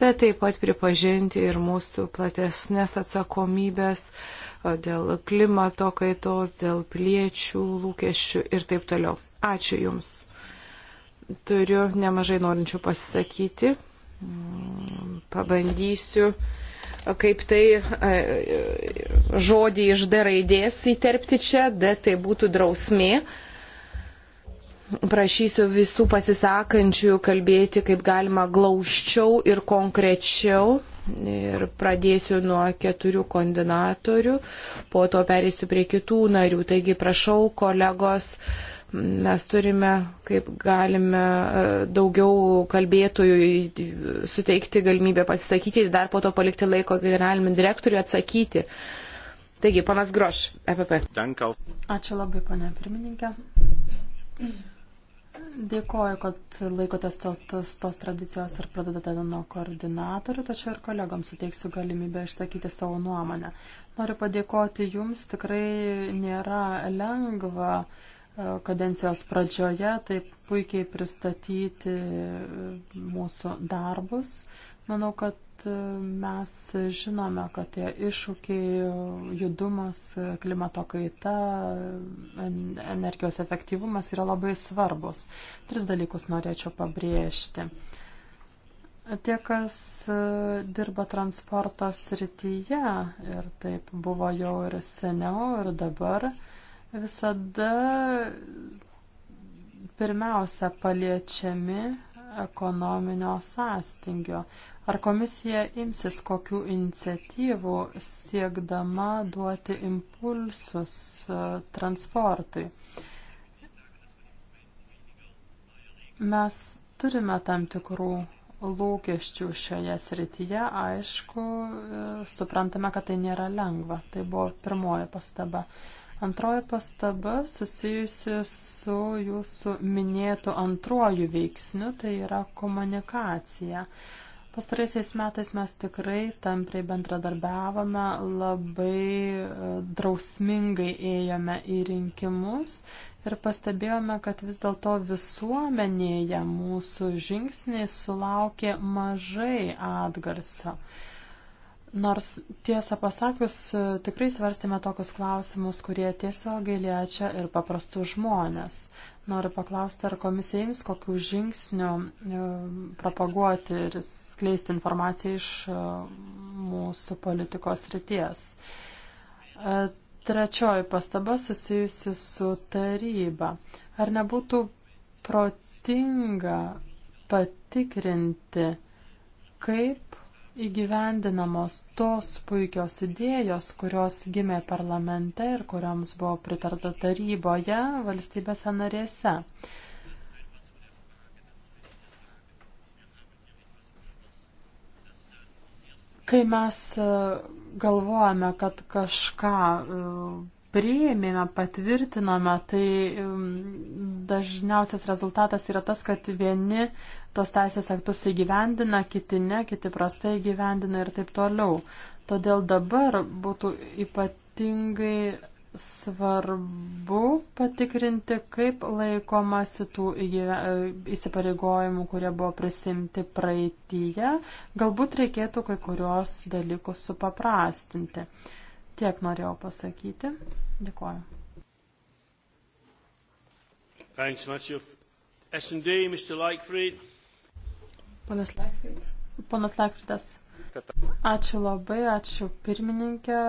bet taip pat pripažinti ir mūsų platesnės atsakomybės dėl klimato kaitos, dėl piliečių lūkesčių ir taip toliau. Ačiū Jums. Turiu nemažai norinčių pasisakyti. Mm, pabandysiu kaip tai žodį iš D raidės įterpti čia, D tai būtų drausmė prašysiu visų pasisakančių kalbėti kaip galima glaučiau ir konkrečiau. Ir pradėsiu nuo keturių koordinatorių, po to perėsiu prie kitų narių. Taigi prašau, kolegos, mes turime, kaip galime, daugiau kalbėtojų suteikti galimybę pasisakyti ir dar po to palikti laiko generaliniam direktoriui atsakyti. Taigi, panas Groš, EPP. Ačiū labai, pane pirmininkė. Mm-hmm. Dėkoju, kad laikotės tos, tos, tos tradicijos ir pradedate nuo koordinatorių, tačiau ir kolegoms suteiksiu galimybę išsakyti savo nuomonę. Noriu padėkoti Jums, tikrai nėra lengva e, kadencijos pradžioje taip puikiai pristatyti e, mūsų darbus. Manau, kad kad e, mes žinome, kad tie iššūkiai judumas, klimato kaita, energijos efektyvumas yra labai svarbus. Tris dalykus norėčiau pabrėžti. Tie, kas e, dirba transporto srityje, ir taip buvo jau ir seniau, ir dabar, visada pirmiausia paliečiami ekonominio sąstingio. Ar komisija imsis kokių iniciatyvų siekdama duoti impulsus e, transportui? Mes turime tam tikrų lūkesčių šioje srityje, aišku, e, suprantame, kad tai nėra lengva. Tai buvo pirmoji pastaba. Antroji pastaba susijusi su jūsų minėtu antruoju veiksniu, tai yra komunikacija. Pastaraisiais metais mes tikrai tampriai bendradarbiavome, labai e, drausmingai ėjome į rinkimus ir pastebėjome, kad vis dėlto visuomenėje mūsų žingsniai sulaukė mažai atgarsio. Nors tiesą pasakius, tikrai svarstėme tokius klausimus, kurie tiesiogiai liečia ir paprastų žmonės. Noriu paklausti, ar komisija jums kokių žingsnių e, propaguoti ir skleisti informaciją iš e, mūsų politikos ryties. E, trečioji pastaba susijusi su taryba. Ar nebūtų protinga patikrinti, kaip įgyvendinamos tos puikios idėjos, kurios gimė parlamente ir kurioms buvo pritarta taryboje valstybėse narėse. Kai mes e, galvojame, kad kažką e, priėmėme, patvirtinome, tai dažniausias rezultatas yra tas, kad vieni tos teisės aktus įgyvendina, kiti ne, kiti prastai įgyvendina ir taip toliau. Todėl dabar būtų ypatingai svarbu patikrinti, kaip laikomasi tų įsipareigojimų, kurie buvo prisimti praeitįje. Galbūt reikėtų kai kurios dalykus supaprastinti. Tiek norėjau pasakyti. Dėkuoju. Thanks much. SD, Mr. Leichfried. Ponas Lakfridas. Ačiū labai, ačiū pirmininkė,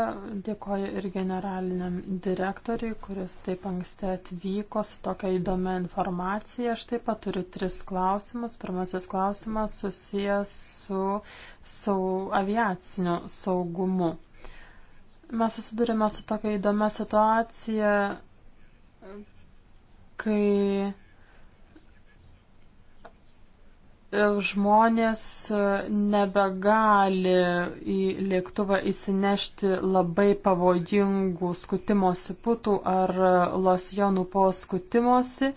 dėkoju ir generaliniam direktoriui, kuris taip anksti atvyko su tokia įdomia informacija. Aš taip pat turiu tris klausimus. Pirmasis klausimas susijęs su sau, aviaciniu saugumu. Mes susidurime su tokia įdomia situacija, kai žmonės e, nebegali į lėktuvą įsinešti labai pavojingų skutimosi putų ar losjonų po skutimosi,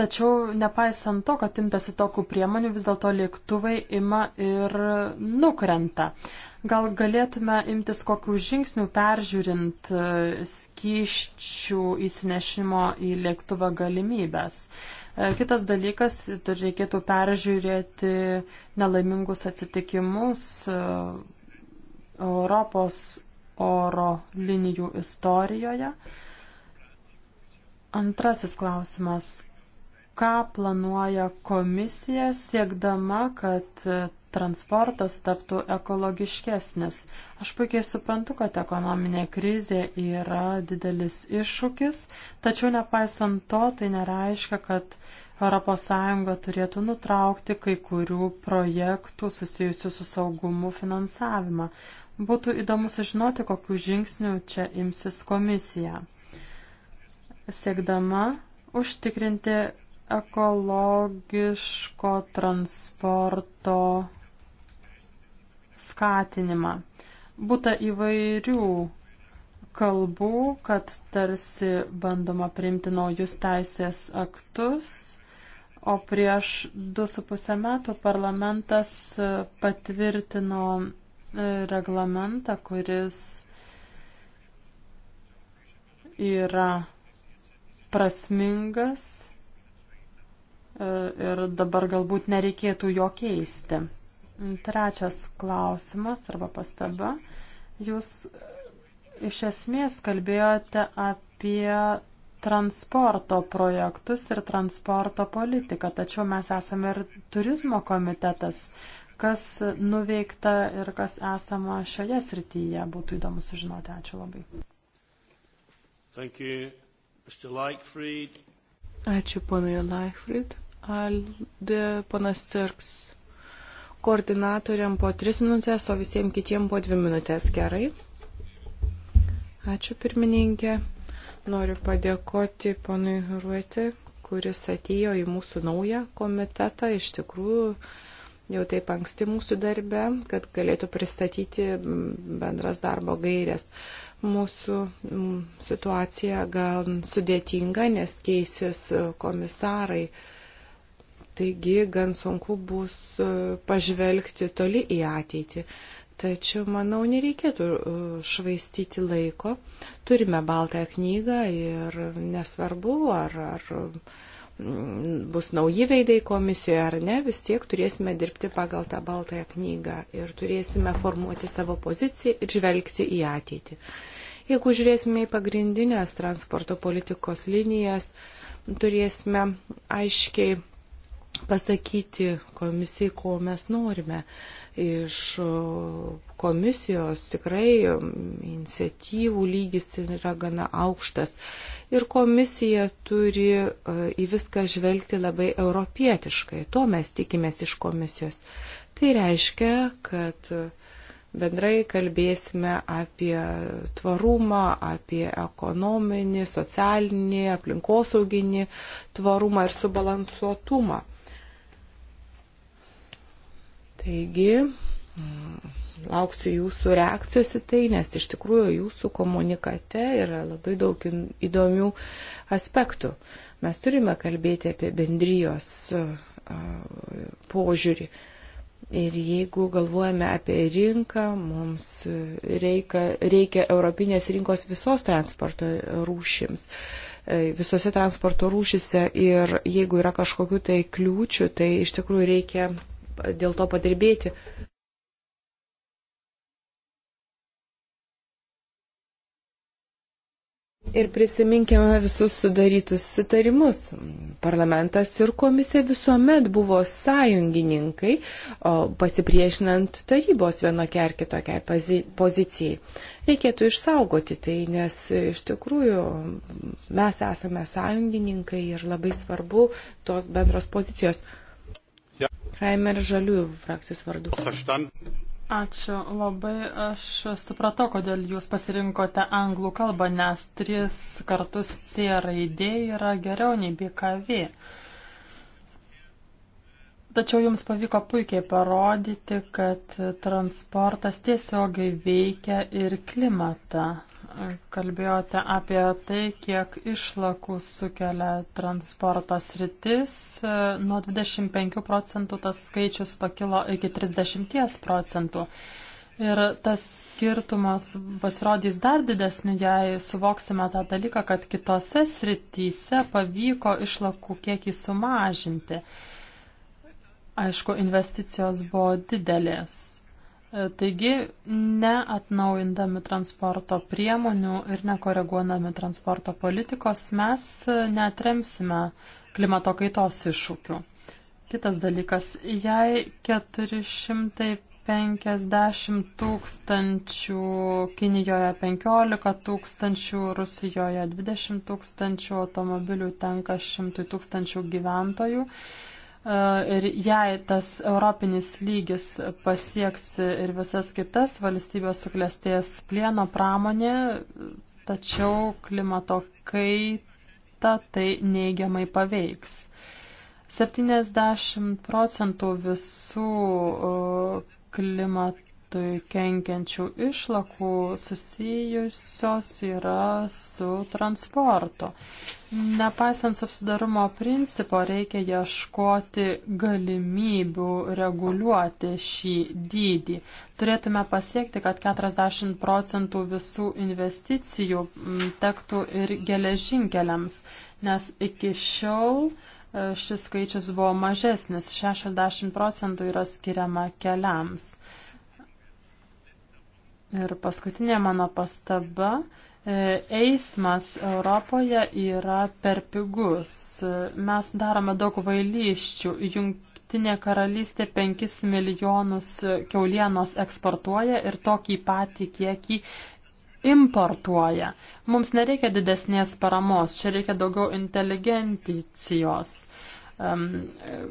tačiau nepaisant to, kad imtasi tokių priemonių, vis dėlto lėktuvai ima ir nukrenta. Gal galėtume imtis kokių žingsnių peržiūrint e, skyščių įsinešimo į lėktuvą galimybės. Uh, E, kitas dalykas, reikėtų peržiūrėti nelaimingus atsitikimus e, Europos oro linijų istorijoje. Antrasis klausimas. Ką planuoja komisija siekdama, kad transportas taptų ekologiškesnis. Aš puikiai suprantu, kad ekonominė krizė yra didelis iššūkis, tačiau nepaisant to, tai nereiškia, kad ES turėtų nutraukti kai kurių projektų susijusių su saugumu finansavimą. Būtų įdomu sužinoti, kokiu žingsniu čia imsis komisija. Siekdama užtikrinti ekologiško transporto skatinimą. Būta įvairių kalbų, kad tarsi bandoma priimti naujus teisės aktus, o prieš du su pusę metų parlamentas patvirtino e, reglamentą, kuris yra prasmingas e, ir dabar galbūt nereikėtų jo keisti. Trečias klausimas arba pastaba. Jūs e, iš esmės kalbėjote apie transporto projektus ir transporto politiką, tačiau mes esame ir turizmo komitetas. Kas nuveikta ir kas esama šioje srityje, būtų įdomu sužinoti. Ačiū labai. Thank you, Mr. Leichfried. Ačiū ponui Leichfried. Alde ponas Turks koordinatoriam po 3 minutės, o visiems kitiem po 2 minutės. Gerai. Ačiū pirmininkė. Noriu padėkoti ponui Ruoti, kuris atėjo į mūsų naują komitetą. Iš tikrųjų, jau taip anksti mūsų darbe, kad galėtų pristatyti bendras darbo gairės. Mūsų situacija gal sudėtinga, nes keisis komisarai. Taigi gan sunku bus e, pažvelgti toli į ateitį. Tačiau, manau, nereikėtų e, švaistyti laiko. Turime baltąją knygą ir nesvarbu, ar, ar bus nauji veidai komisijoje ar ne, vis tiek turėsime dirbti pagal tą baltąją knygą ir turėsime formuoti savo poziciją ir žvelgti į ateitį. Jeigu žiūrėsime į pagrindinės transporto politikos linijas, turėsime aiškiai pasakyti komisijai, ko mes norime. Iš komisijos tikrai iniciatyvų lygis yra gana aukštas. Ir komisija turi e, į viską žvelgti labai europietiškai. To mes tikimės iš komisijos. Tai reiškia, kad e, bendrai kalbėsime apie tvarumą, apie ekonominį, socialinį, aplinkosauginį tvarumą ir subalansuotumą Taigi, mm, lauksiu jūsų reakcijos į tai, nes iš tikrųjų jūsų komunikate yra labai daug įdomių aspektų. Mes turime kalbėti apie bendrijos požiūrį. Ir jeigu galvojame apie rinką, mums reikia, reikia europinės rinkos visos transporto rūšims e, visose transporto rūšise ir jeigu yra kažkokių tai kliūčių, tai iš tikrųjų reikia dėl to padirbėti. Ir prisiminkime visus sudarytus sutarimus. Parlamentas ir komisija visuomet buvo sąjungininkai, pasipriešinant tarybos vienokiai ar kitokiai pozicijai. Reikėtų išsaugoti tai, nes iš tikrųjų mes esame sąjungininkai ir labai svarbu tos bendros pozicijos. Raimer Žaliųjų frakcijos vardu. Ačiū labai. Aš supratau, kodėl jūs pasirinkote anglų kalbą, nes tris kartus C raidė yra geriau nei BKV. Tačiau jums pavyko puikiai parodyti, kad transportas tiesiogiai veikia ir klimatą kalbėjote apie tai, kiek išlakų sukelia transportas rytis. Nuo 25 procentų tas skaičius pakilo iki 30 procentų. Ir tas skirtumas pasirodys dar didesniu, jei suvoksime tą dalyką, kad kitose srityse pavyko išlakų kiekį sumažinti. Aišku, investicijos buvo didelės. Taigi, neatnaujindami transporto priemonių ir nekoreguodami transporto politikos, mes e, netremsime klimato kaitos iššūkių. Kitas dalykas, jei 450 tūkstančių, Kinijoje 15 tūkstančių, Rusijoje 20 tūkstančių automobilių tenka 100 tūkstančių gyventojų, E, ir jei tas europinis lygis pasieks ir visas kitas valstybės suklestės plieno pramonė, tačiau klimato kaita tai neigiamai paveiks. 70 procentų visų e, klimato klimatui kenkiančių išlakų susijusios yra su transportu. Nepaisant subsidarumo principo, reikia ieškoti galimybių reguliuoti šį dydį. Turėtume pasiekti, kad 40 procentų visų investicijų mm, tektų ir geležinkeliams, nes iki šiol e, šis skaičius buvo mažesnis - 60 procentų yra skiriama keliams. Ir paskutinė mano pastaba. E, eismas Europoje yra per pigus. Mes darome daug vailyščių. Jungtinė karalystė 5 milijonus keulienos eksportuoja ir tokį patį kiekį importuoja. Mums nereikia didesnės paramos, čia reikia daugiau inteligencijos.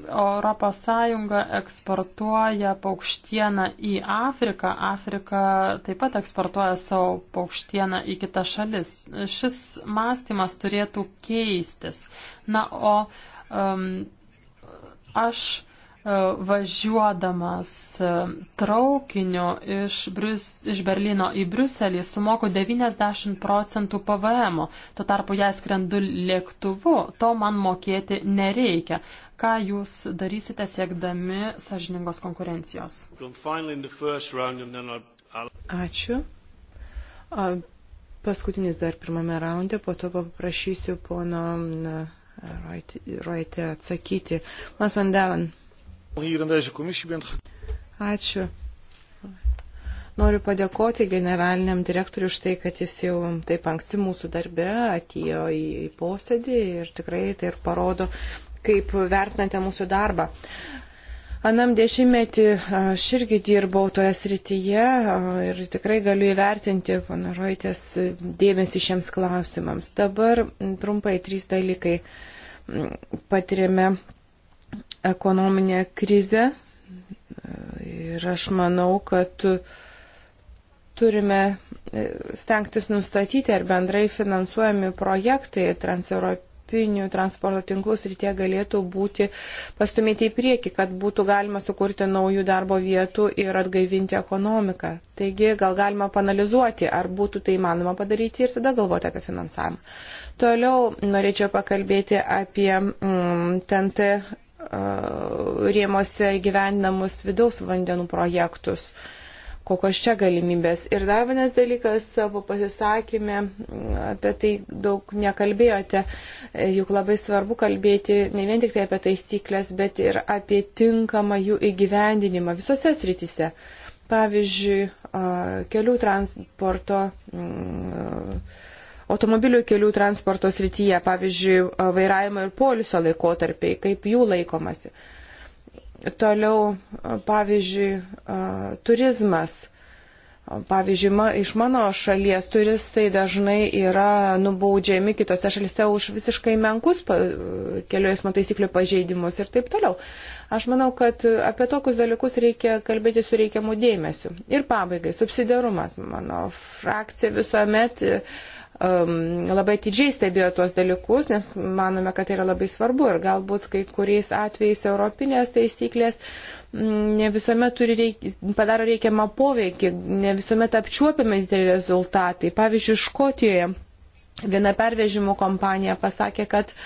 Europos Sąjunga eksportuoja paukštieną į Afriką, Afrika taip pat eksportuoja savo paukštieną į kitas šalis. Šis mąstymas turėtų keistis. Na, o um, aš E, važiuodamas e, traukiniu iš, Brius, iš Berlyno į Briuselį sumoku 90 procentų PVM, tuo tarpu jei skrendu lėktuvu, to man mokėti nereikia. Ką jūs darysite siekdami sažiningos konkurencijos? Ačiū. Paskutinis dar pirmame raunde, po to paprašysiu pono Roitė atsakyti. Mas Vandelan. Ačiū. Noriu padėkoti generaliniam direktoriui už tai, kad jis jau taip anksti mūsų darbe atėjo į, į posėdį ir tikrai tai ir parodo, kaip vertinate mūsų darbą. Anam dešimtmetį aš irgi dirbau toje srityje ir tikrai galiu įvertinti panaroitės dėmesį šiems klausimams. Dabar trumpai trys dalykai patirėme ekonominę krizę ir aš manau, kad turime stengtis nustatyti, ar bendrai finansuojami projektai transeuropinių transporto tinklų srityje galėtų būti pastumėti į priekį, kad būtų galima sukurti naujų darbo vietų ir atgaivinti ekonomiką. Taigi gal galima panalizuoti, ar būtų tai įmanoma padaryti ir tada galvoti apie finansavimą. Toliau norėčiau pakalbėti apie mm, TNT E, rėmose gyvendinamus vidaus vandenų projektus, kokios čia galimybės. Ir dar vienas dalykas savo pasisakymė, apie tai daug nekalbėjote, e, juk labai svarbu kalbėti ne vien tik tai apie taisyklės, bet ir apie tinkamą jų įgyvendinimą visose sritise. Pavyzdžiui, e, kelių transporto. Mm, automobilių kelių transporto srityje, pavyzdžiui, vairavimo ir poliso laikotarpiai, kaip jų laikomasi. Toliau, pavyzdžiui, turizmas. Pavyzdžiui, iš mano šalies turistai dažnai yra nubaudžiami kitose šalise už visiškai menkus kelių eismo taisyklių pažeidimus ir taip toliau. Aš manau, kad apie tokius dalykus reikia kalbėti su reikiamu dėmesiu. Ir pabaigai, subsidiarumas. Mano frakcija visuomet uh, um, labai atidžiai stebėjo tuos dalykus, nes manome, kad tai yra labai svarbu ir galbūt kai kuriais atvejais europinės taisyklės mm, ne visuomet turi reik, padaro reikiamą poveikį, ne visuomet apčiuopiami dideli rezultatai. Pavyzdžiui, Škotijoje viena pervežimų kompanija pasakė, kad e,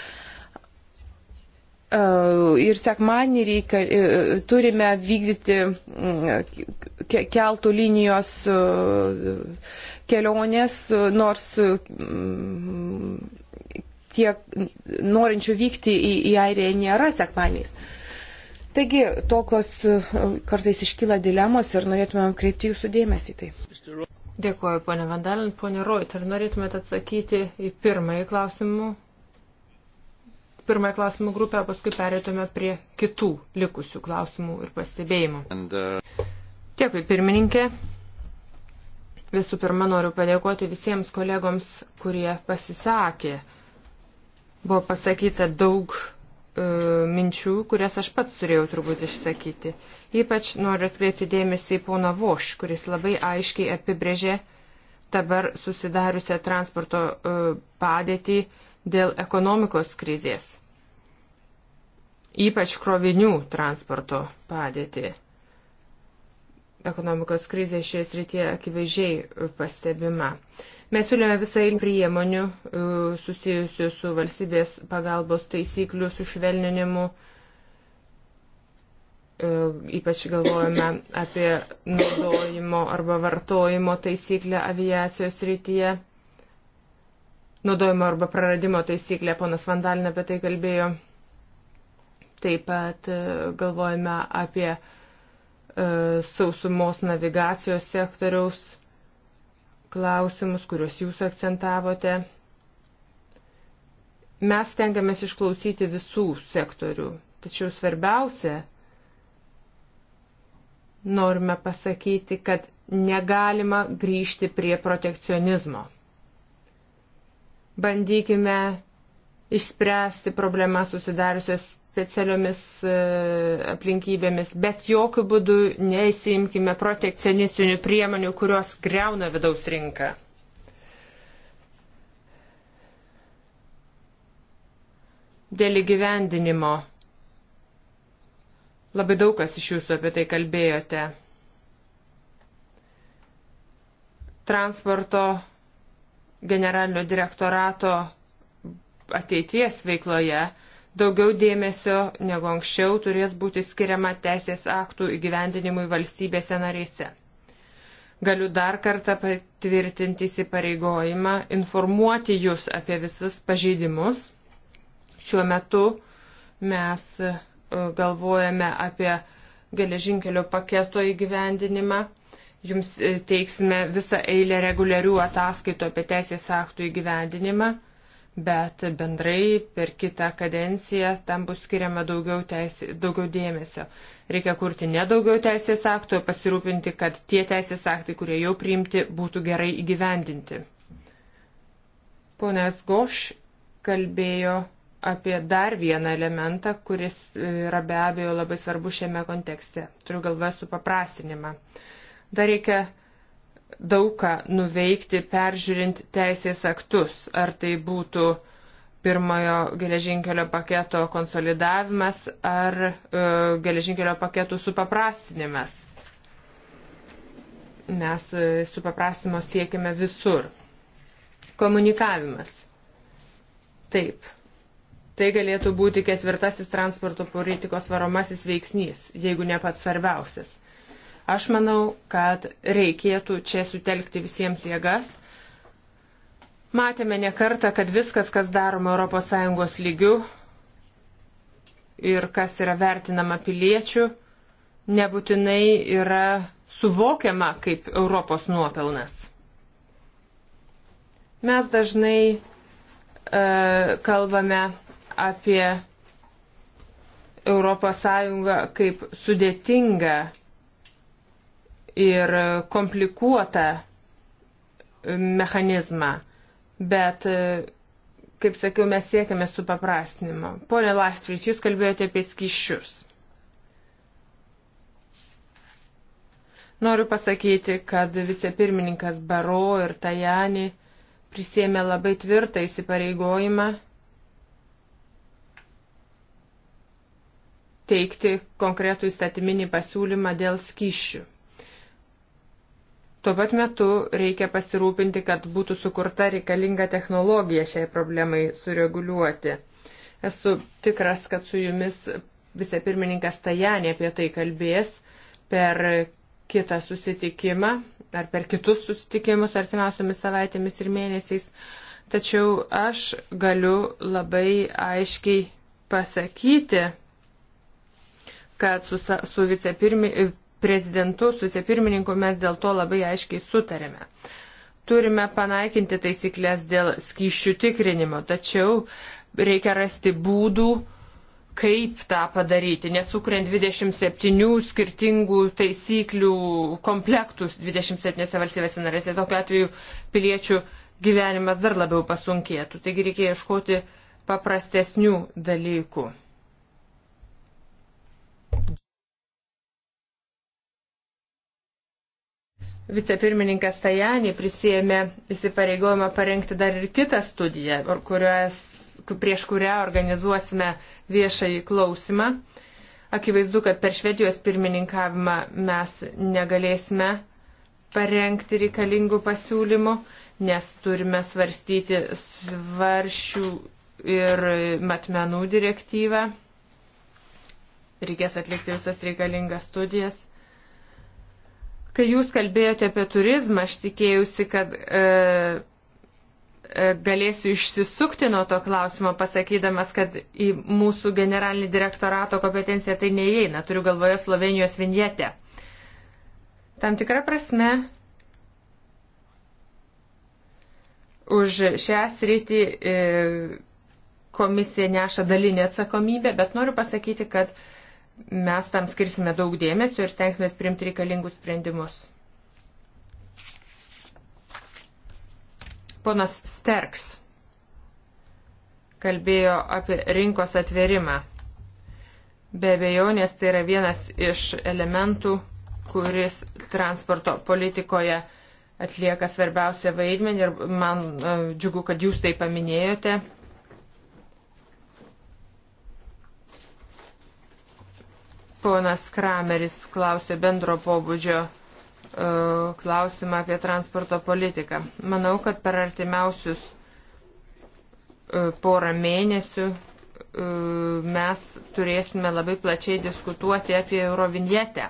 ir sekmanį reikia, e, turime vykdyti mm, keltų linijos e, kelionės, nors mm, tiek norinčių vykti į, į Airiją nėra sekmaniais. Taigi, tokios kartais iškyla dilemos ir norėtumėm kreipti jūsų dėmesį tai. Dėkuoju, ponė Vandalin. Pone Roit, ar norėtumėte atsakyti į pirmąjį klausimų, pirmąją klausimų grupę, paskui perėtume prie kitų likusių klausimų ir pastebėjimų. And, uh... Dėkui, pirmininkė. Visų pirma, noriu padėkoti visiems kolegoms, kurie pasisakė. Buvo pasakyta daug e, minčių, kurias aš pats turėjau turbūt išsakyti. Ypač noriu atkreipti dėmesį į poną Voš, kuris labai aiškiai apibrėžė dabar susidariusią transporto e, padėtį dėl ekonomikos krizės. Ypač krovinių transporto padėtį ekonomikos krizė šioje srityje akivaizdžiai e, pastebima. Mes siūlėme visai priemonių e, susijusių su valstybės pagalbos taisyklių sušvelninimu. E, ypač galvojame apie naudojimo arba vartojimo taisyklę aviacijos rytyje. Naudojimo arba praradimo taisyklę, ponas Vandalina apie tai kalbėjo. Taip pat galvojame apie uh, E, sausumos navigacijos sektoriaus klausimus, kuriuos jūs akcentavote. Mes tengiamės išklausyti visų sektorių, tačiau svarbiausia, norime pasakyti, kad negalima grįžti prie protekcionizmo. Bandykime išspręsti problemą susidariusias specialiomis e, aplinkybėmis, bet jokių būdų neįsiimkime protekcionistinių priemonių, kurios greuna vidaus rinką. Dėl įgyvendinimo. Labai daug kas iš jūsų apie tai kalbėjote. Transporto generalinio direktorato ateities veikloje Daugiau dėmesio negu anksčiau turės būti skiriama teisės aktų įgyvendinimui valstybėse narėse. Galiu dar kartą patvirtinti įsipareigojimą informuoti Jūs apie visus pažeidimus. Šiuo metu mes e, galvojame apie geležinkelio paketo įgyvendinimą. Jums e, teiksime visą eilę reguliarių ataskaitų apie teisės aktų įgyvendinimą bet bendrai per kitą kadenciją tam bus skiriama daugiau, teisė, daugiau dėmesio. Reikia kurti ne daugiau teisės aktų, o pasirūpinti, kad tie teisės aktai, kurie jau priimti, būtų gerai įgyvendinti. Ponas Goš kalbėjo apie dar vieną elementą, kuris yra be abejo labai svarbu šiame kontekste. Turiu galvoje su paprastinimą. Dar reikia daugą nuveikti peržiūrint teisės aktus, ar tai būtų pirmojo geležinkelio paketo konsolidavimas ar e, geležinkelio paketų supaprastinimas. Mes e, supaprastinimo siekime visur. Komunikavimas. Taip. Tai galėtų būti ketvirtasis transporto politikos varomasis veiksnys, jeigu ne pats svarbiausias Aš manau, kad reikėtų čia sutelkti visiems jėgas. Matėme ne kartą, kad viskas, kas daroma ES lygių ir kas yra vertinama piliečių, nebūtinai yra suvokiama kaip Europos nuopelnas. Mes dažnai e, kalbame apie ES kaip sudėtingą ir komplikuotą mechanizmą, bet, kaip sakiau, mes siekiame supaprastinimo. Pone Lachtris, jūs kalbėjote apie skiščius. Noriu pasakyti, kad vicepirmininkas Baro ir Tajani prisėmė labai tvirtą įsipareigojimą teikti konkretų įstatyminį pasiūlymą dėl skyšių. Tuo pat metu reikia pasirūpinti, kad būtų sukurta reikalinga technologija šiai problemai sureguliuoti. Esu tikras, kad su jumis vicepirmininkas Tajanė apie tai kalbės per kitą susitikimą ar per kitus susitikimus artimiausiamis savaitėmis ir mėnesiais. Tačiau aš galiu labai aiškiai pasakyti, kad su, su vicepirmininku prezidentu, susipirmininku mes dėl to labai aiškiai sutarėme. Turime panaikinti taisyklės dėl skyšių tikrinimo, tačiau reikia rasti būdų, kaip tą padaryti, nesukuriant 27 skirtingų taisyklių komplektus 27 valstybėse narėse. Tokiu atveju piliečių gyvenimas dar labiau pasunkėtų. Taigi reikia ieškoti paprastesnių dalykų. vicepirmininkas Tajanį prisėmė įsipareigojimą parengti dar ir kitą studiją, kurios, prieš kurią organizuosime viešąjį klausimą. Akivaizdu, kad per Švedijos pirmininkavimą mes negalėsime parengti reikalingų pasiūlymų, nes turime svarstyti svaršių ir matmenų direktyvą. Reikės atlikti visas reikalingas studijas. Kai jūs kalbėjote apie turizmą, aš tikėjausi, kad e, e, galėsiu išsisukti nuo to klausimo, pasakydamas, kad į mūsų generalinį direktorato kompetenciją tai neįeina. Turiu galvoje Slovenijos vinjetę. Tam tikrą prasme, už šią sritį e, komisija neša dalinį atsakomybę, bet noriu pasakyti, kad e, Mes tam skirsime daug dėmesio ir stengsime priimti reikalingus sprendimus. Ponas Sterks kalbėjo apie rinkos atverimą. Be abejonės tai yra vienas iš elementų, kuris transporto politikoje atlieka svarbiausią vaidmenį ir man e, džiugu, kad jūs tai paminėjote. Ponas Krameris klausė bendro pobūdžio e, klausimą apie transporto politiką. Manau, kad per artimiausius e, porą mėnesių e, mes turėsime labai plačiai diskutuoti apie Eurovinietę.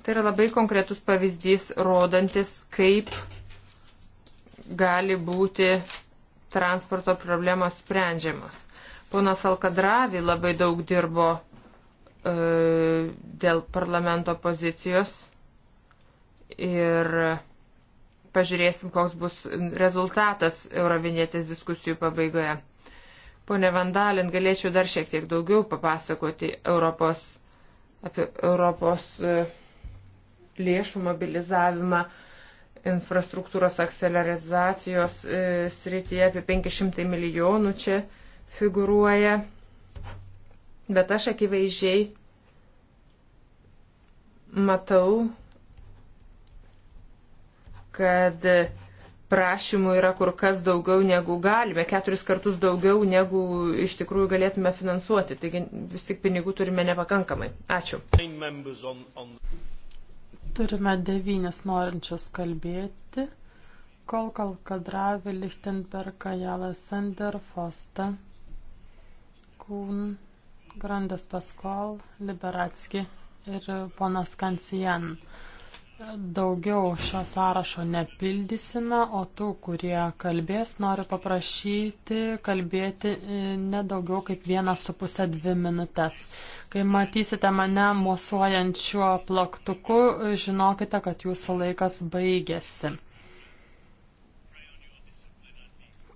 Tai yra labai konkretus pavyzdys, rodantis, kaip gali būti transporto problemos sprendžiamos. Ponas Alkadravi labai daug dirbo E, dėl parlamento pozicijos ir pažiūrėsim, koks bus rezultatas Eurovinėtės diskusijų pabaigoje. Pone Vandalin, galėčiau dar šiek tiek daugiau papasakoti Europos, apie Europos e, lėšų mobilizavimą infrastruktūros akcelerizacijos e, srityje apie 500 milijonų čia figuruoja bet aš akivaizdžiai matau, kad prašymų yra kur kas daugiau negu galime, keturis kartus daugiau negu iš tikrųjų galėtume finansuoti. Taigi vis tik pinigų turime nepakankamai. Ačiū. Turime devynis norinčius kalbėti. Kol kol kadravi Lichtenberg, Jala Sender, Fosta, Kūn. Cool. Grandas Paskol, Liberatski ir ponas Kansijan. Daugiau šio sąrašo nepildysime, o tų, kurie kalbės, noriu paprašyti kalbėti e, nedaugiau kaip vieną su pusę dvi minutės. Kai matysite mane mosuojant šiuo plaktuku, žinokite, kad jūsų laikas baigėsi.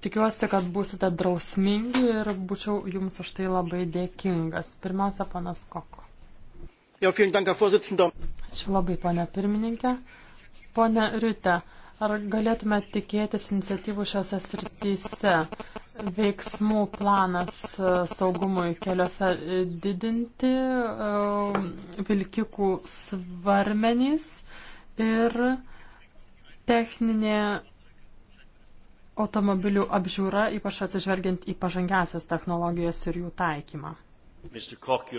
Tikiuosi, kad būsite drausmingi ir būčiau jums už tai labai dėkingas. Pirmiausia, panas Koko. Ačiū labai, ponė pirmininkė. Pone Riute, ar galėtume tikėtis iniciatyvų šiose srityse? veiksmų planas e, saugumui keliuose didinti, e, vilkikų svarmenys ir techninė automobilių apžiūra, ypač atsižvelgiant į pažangiasias technologijas ir jų taikymą. Koch,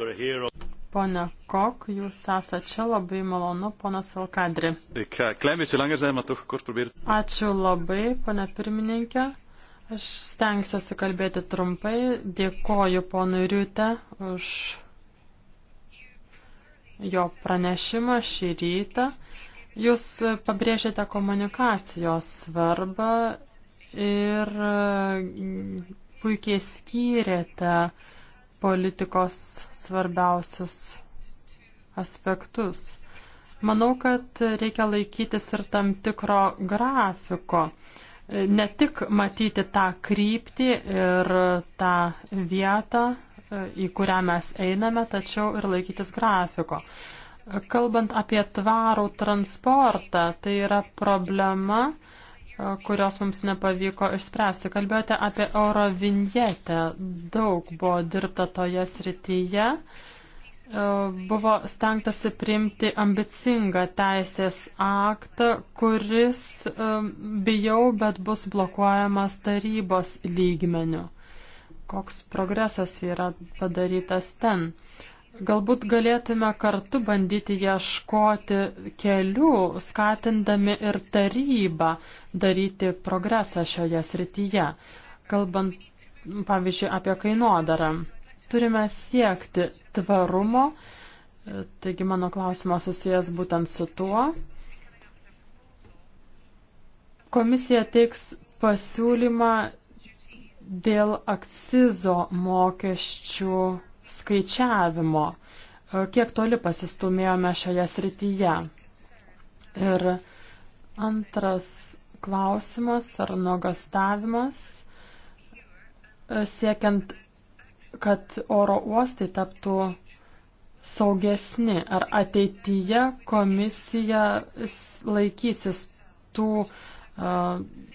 Pone Kok, jūs esate čia labai malonu, ponas Alkadri. Eh, Ačiū labai, pone pirmininkė. Aš stengsiuosi kalbėti trumpai. Dėkoju ponui Riute už jo pranešimą šį rytą. Jūs pabrėžėte komunikacijos svarbą ir e, puikiai skyrėte politikos svarbiausius aspektus. Manau, kad reikia laikytis ir tam tikro grafiko. E, ne tik matyti tą kryptį ir tą vietą, e, į kurią mes einame, tačiau ir laikytis grafiko. Kalbant apie tvarų transportą, tai yra problema, kurios mums nepavyko išspręsti. Kalbėjote apie eurovinietę. Daug buvo dirbta toje srityje. Buvo stengtasi priimti ambicingą teisės aktą, kuris, bijau, bet bus blokuojamas tarybos lygmeniu. Koks progresas yra padarytas ten. Galbūt galėtume kartu bandyti ieškoti kelių, skatindami ir tarybą daryti progresą šioje srityje. Kalbant, pavyzdžiui, apie kainodarą, turime siekti tvarumo, taigi mano klausimas susijęs būtent su tuo. Komisija teiks pasiūlymą dėl akcizo mokesčių skaičiavimo, e, kiek toli pasistumėjome šioje srityje. Ir antras klausimas ar nuogastavimas, e, siekiant, kad oro uostai taptų saugesni, ar ateityje komisija laikysis tų uh,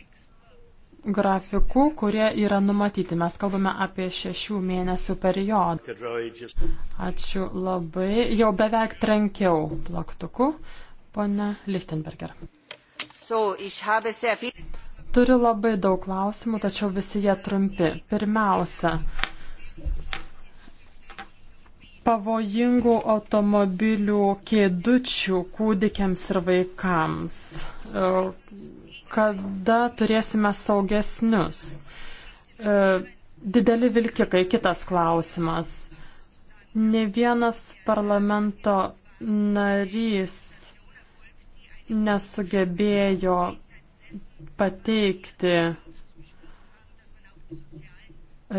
grafikų, kurie yra numatyti. Mes kalbame apie šešių mėnesių periodą. Ačiū labai. Jau beveik trankiau plaktuku, pone Lichtenberger. Turiu labai daug klausimų, tačiau visi jie trumpi. Pirmiausia, pavojingų automobilių kėdučių kūdikiams ir vaikams kada turėsime saugesnius. E, dideli vilkikai, kitas klausimas. Ne vienas parlamento narys nesugebėjo pateikti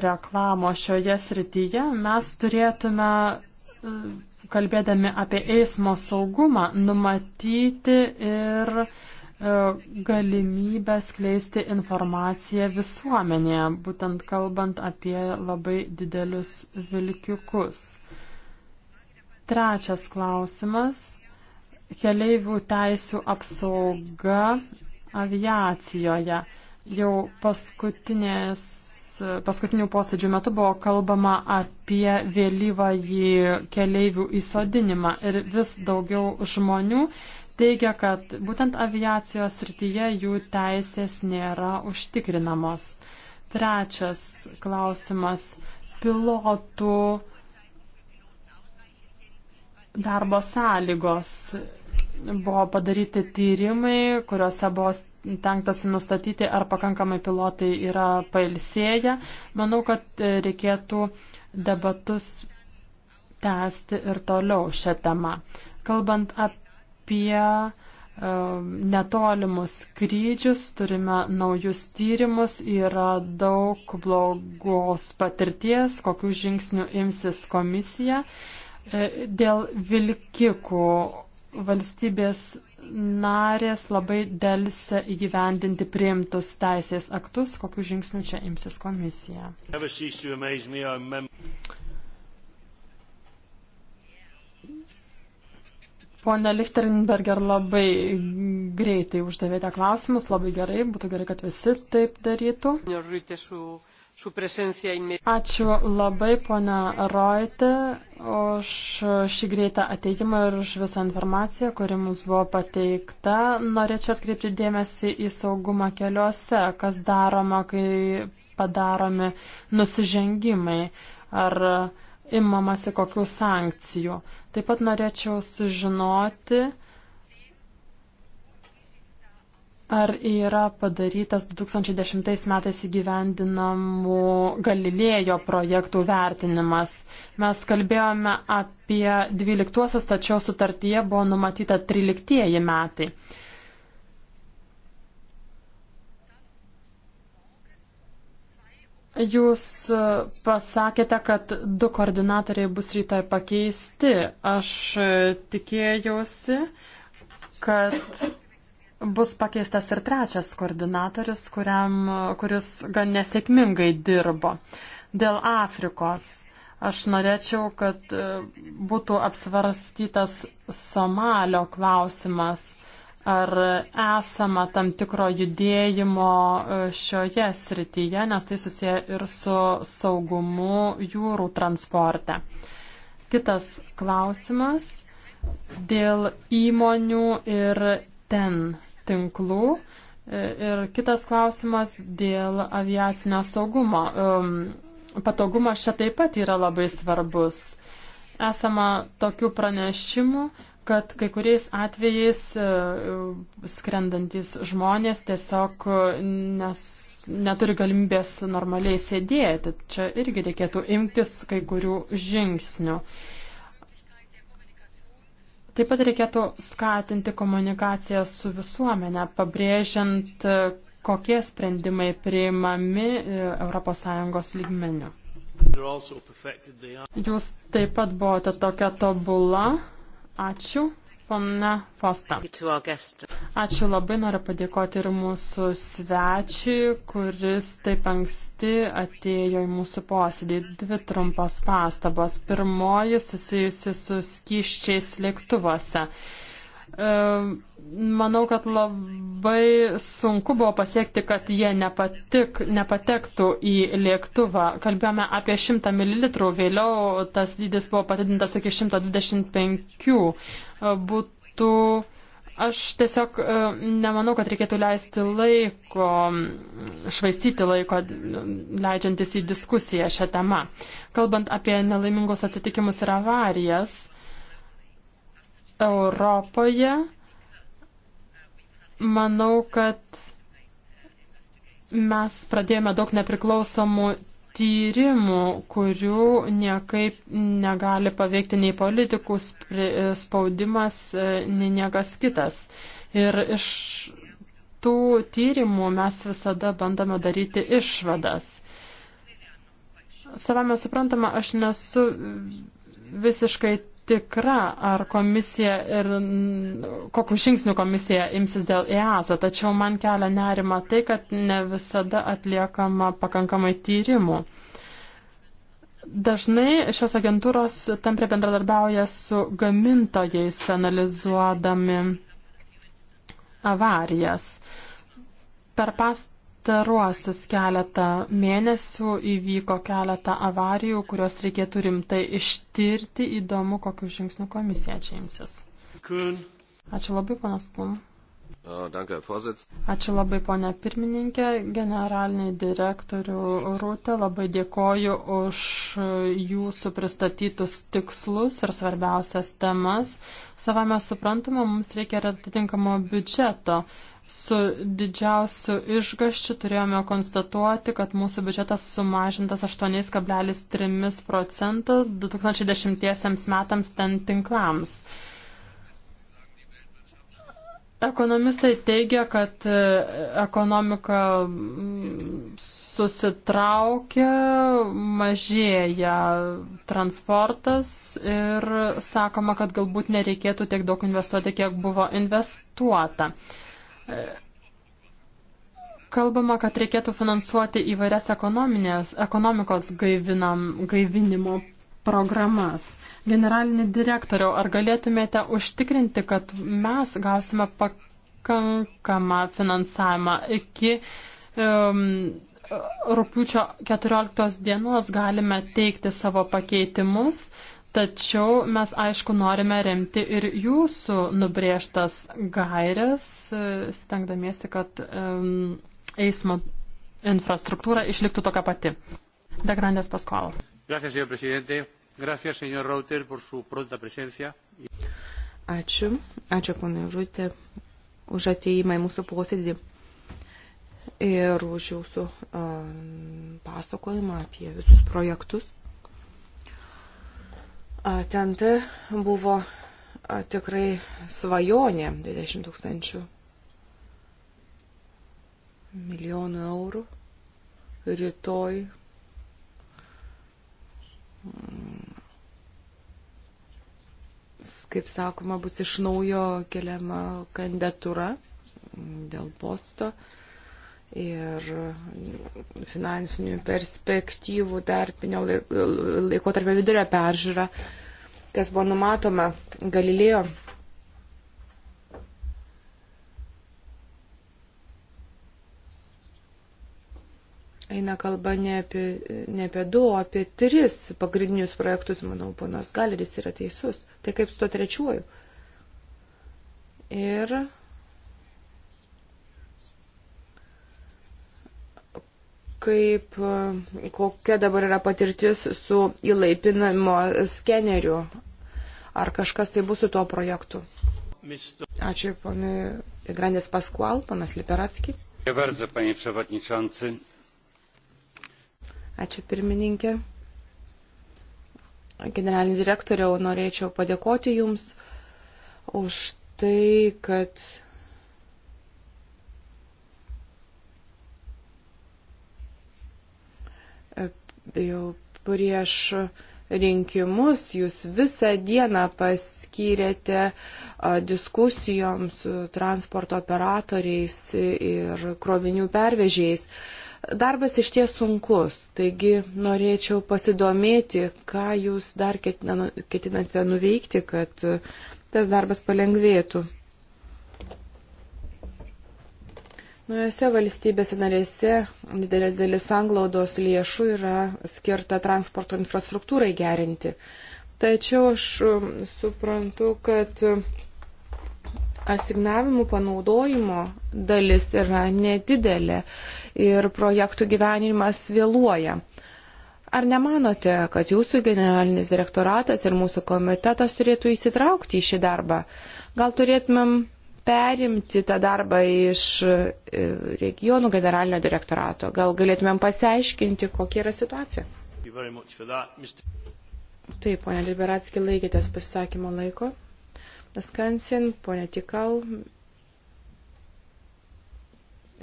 reklamo šioje srityje, mes turėtume, e, kalbėdami apie eismo saugumą, numatyti ir uh, E, galimybę skleisti informaciją visuomenėje, būtent kalbant apie labai didelius vilkiukus. Trečias klausimas - keleivių teisų apsauga aviacijoje. Jau paskutinės paskutinių posėdžių metu buvo kalbama apie vėlyvąjį keleivių įsodinimą ir vis daugiau žmonių teigia, kad būtent aviacijos srityje jų teisės nėra užtikrinamos. Trečias klausimas - pilotų darbo sąlygos. Buvo padaryti tyrimai, kuriuose buvo tenktasi nustatyti, ar pakankamai pilotai yra pailsėję. Manau, kad reikėtų debatus tęsti ir toliau šią temą. Kalbant apie apie e, netolimus skrydžius, turime naujus tyrimus, yra daug blogos patirties, kokių žingsnių imsis komisija. E, dėl vilkikų valstybės narės labai dėlse įgyvendinti priimtus teisės aktus, kokių žingsnių čia imsis komisija. Pone Lichtenberger labai greitai uždavėte klausimus, labai gerai, būtų gerai, kad visi taip darytų. Ačiū labai, ponia Roite, už šį greitą ateikimą ir už visą informaciją, kuri mums buvo pateikta. Norėčiau atkreipti dėmesį į saugumą keliuose, kas daroma, kai padaromi nusižengimai. Ar uh, imamasi kokių sankcijų. Taip pat norėčiau sužinoti, ar yra padarytas 2010 metais įgyvendinamų Galilėjo projektų vertinimas. Mes kalbėjome apie 12-uosius, tačiau sutartyje buvo numatyta 13 metai. Jūs e, pasakėte, kad du koordinatoriai bus rytoj pakeisti. Aš e, tikėjausi, kad bus pakeistas ir trečias koordinatorius, kuriam, kuris gan nesėkmingai dirbo. Dėl Afrikos. Aš norėčiau, kad e, būtų apsvarstytas Somalio klausimas ar esama tam tikro judėjimo e, šioje srityje, nes tai susiję ir su saugumu jūrų transporte. Kitas klausimas dėl įmonių ir ten tinklų. E, ir kitas klausimas dėl aviacinio saugumo. Patogumas čia taip pat yra labai svarbus. Esama tokių pranešimų, kad kai kuriais atvejais e, skrendantis žmonės tiesiog nes, neturi galimybės normaliai sėdėti. Čia irgi reikėtų imtis kai kurių žingsnių. Taip pat reikėtų skatinti komunikaciją su visuomenė, pabrėžiant, e, kokie sprendimai priimami ES lygmeniu. Jūs taip pat buvote tokia tobula Ačiū, pana Fosta. Ačiū labai, noriu padėkoti ir mūsų svečiui, kuris taip anksti atėjo į mūsų posėdį. Dvi trumpos pastabos. Pirmoji susijusi su skyščiais lėktuvose. E, manau, kad labai sunku buvo pasiekti, kad jie nepatik, nepatektų į lėktuvą. Kalbėjome apie 100 ml, vėliau tas dydis buvo padidintas iki 125. E, būtų, aš tiesiog e, nemanau, kad reikėtų leisti laiko, švaistyti laiko, leidžiantis į diskusiją šią temą. Kalbant apie nelaimingus atsitikimus ir avarijas, Europoje manau, kad mes pradėjome daug nepriklausomų tyrimų, kurių niekaip negali paveikti nei politikų spaudimas, nei niekas kitas. Ir iš tų tyrimų mes visada bandome daryti išvadas. Savame suprantama, aš nesu visiškai tikra, ar komisija ir kokiu žingsniu komisija imsis dėl EASA, tačiau man kelia nerima tai, kad ne visada atliekama pakankamai tyrimų. Dažnai šios agentūros tamprie bendradarbiauja su gamintojais, analizuodami avarijas. Per past pastaruosius keletą mėnesių įvyko keletą avarijų, kurios reikėtų rimtai ištirti. Įdomu, kokiu žingsniu komisija čia imsis. Ačiū labai, panas Klum. Ačiū labai, ponia pirmininkė, generaliniai direktorių Rūtė, labai dėkoju už jūsų pristatytus tikslus ir svarbiausias temas. Savame suprantama, mums reikia ir atitinkamo biudžeto su didžiausiu išgaščiu turėjome konstatuoti, kad mūsų biudžetas sumažintas 8,3 procentų 2010 metams ten tinklams. Ekonomistai teigia, kad e, ekonomika mm, susitraukia, mažėja transportas ir sakoma, kad galbūt nereikėtų tiek daug investuoti, kiek buvo investuota. Uh, Kalbama, kad reikėtų finansuoti įvairias ekonomikos gaivinam, gaivinimo programas. Generalinį direktoriau, ar galėtumėte užtikrinti, kad mes gausime pakankamą finansavimą iki um, rūpiučio 14 dienos galime teikti savo pakeitimus, Tačiau mes aišku norime remti ir jūsų nubrėžtas gairias, e, stengdamiesi, kad um, eismo infrastruktūra išliktų tokia pati. Degrandės paskalo. Ačiū. Ačiū, ponai Žutė, už ateimą į mūsų posėdį ir už jūsų um, pasakojimą apie visus projektus. TNT buvo tikrai svajonė 20 tūkstančių milijonų eurų. Rytoj mm, kaip sakoma, bus iš naujo keliama kandidatūra dėl posto. Uh, ir finansinių perspektyvų tarpinio laiko tarp vidurio peržiūra, kas buvo numatoma Galilėjo. Eina kalba ne apie, ne apie du, o apie tris pagrindinius projektus, manau, ponas Galeris yra teisus. Tai kaip su to trečiuoju. Ir kaip, e, kokia dabar yra patirtis su įlaipinimo skeneriu. Ar kažkas tai bus su tuo projektu? Ačiū, ponai Grandės Paskual, panas Liberatski. Ačiū, pirmininkė. Generalinį direktoriau, norėčiau padėkoti Jums už tai, kad jau prieš rinkimus jūs visą dieną paskyrėte diskusijoms su transporto operatoriais ir krovinių pervežėjais. Darbas iš ties sunkus, taigi norėčiau pasidomėti, ką jūs dar ketinate nuveikti, kad tas darbas palengvėtų. Nuojose valstybėse narėse didelė dalis anglaudos lėšų yra skirta transporto infrastruktūrai gerinti. Tačiau aš um, suprantu, kad um, asignavimų panaudojimo dalis yra nedidelė ir projektų gyvenimas vėluoja. Ar nemanote, kad jūsų generalinis direktoratas ir mūsų komitetas turėtų įsitraukti į šį darbą? Gal turėtumėm perimti tą darbą iš e, regionų generalinio direktorato. Gal galėtumėm pasiaiškinti, kokia yra situacija? Taip, ponia Liberatski, laikėtės pasisakymo laiko. Naskansin, ponia Tikau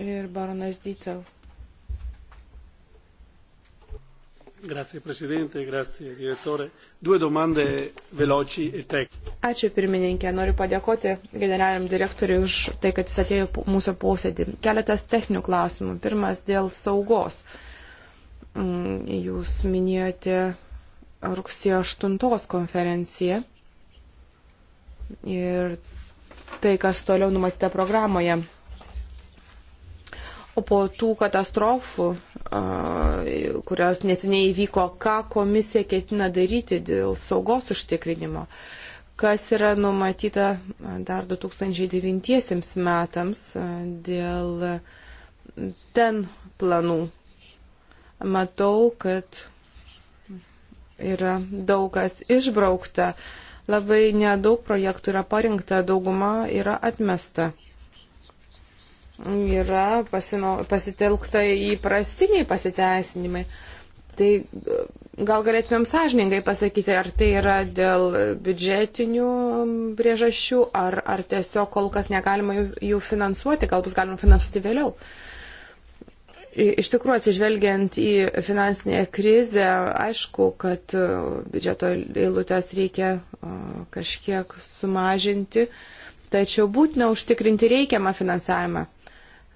ir baronas Dytau. Grazie Presidente, grazie Direttore. Due domande veloci e tecniche. Ačiū pirmininkė, noriu padėkoti generaliniam direktoriui už tai, kad jis atėjo mūsų posėdį. Keletas techninių klausimų. Pirmas dėl saugos. Mm, jūs minėjote rugsėjo 8 konferenciją ir tai, kas toliau numatyta programoje. O po tų katastrofų kurios netiniai įvyko, ką komisija ketina daryti dėl saugos užtikrinimo, kas yra numatyta dar 2009 metams dėl ten planų. Matau, kad yra daug kas išbraukta, labai nedaug projektų yra parinkta, dauguma yra atmesta yra pasinau, pasitelkta įprastiniai pasiteisinimai. Tai e, gal galėtumėm sąžiningai pasakyti, ar tai yra dėl biudžetinių priežasčių, ar, ar tiesiog kol kas negalima jų, jų finansuoti, gal bus galima finansuoti vėliau. Iš tikrųjų, atsižvelgiant į finansinę krizę, aišku, kad e, biudžeto eilutės reikia e, kažkiek sumažinti, tačiau būtina užtikrinti reikiamą finansavimą.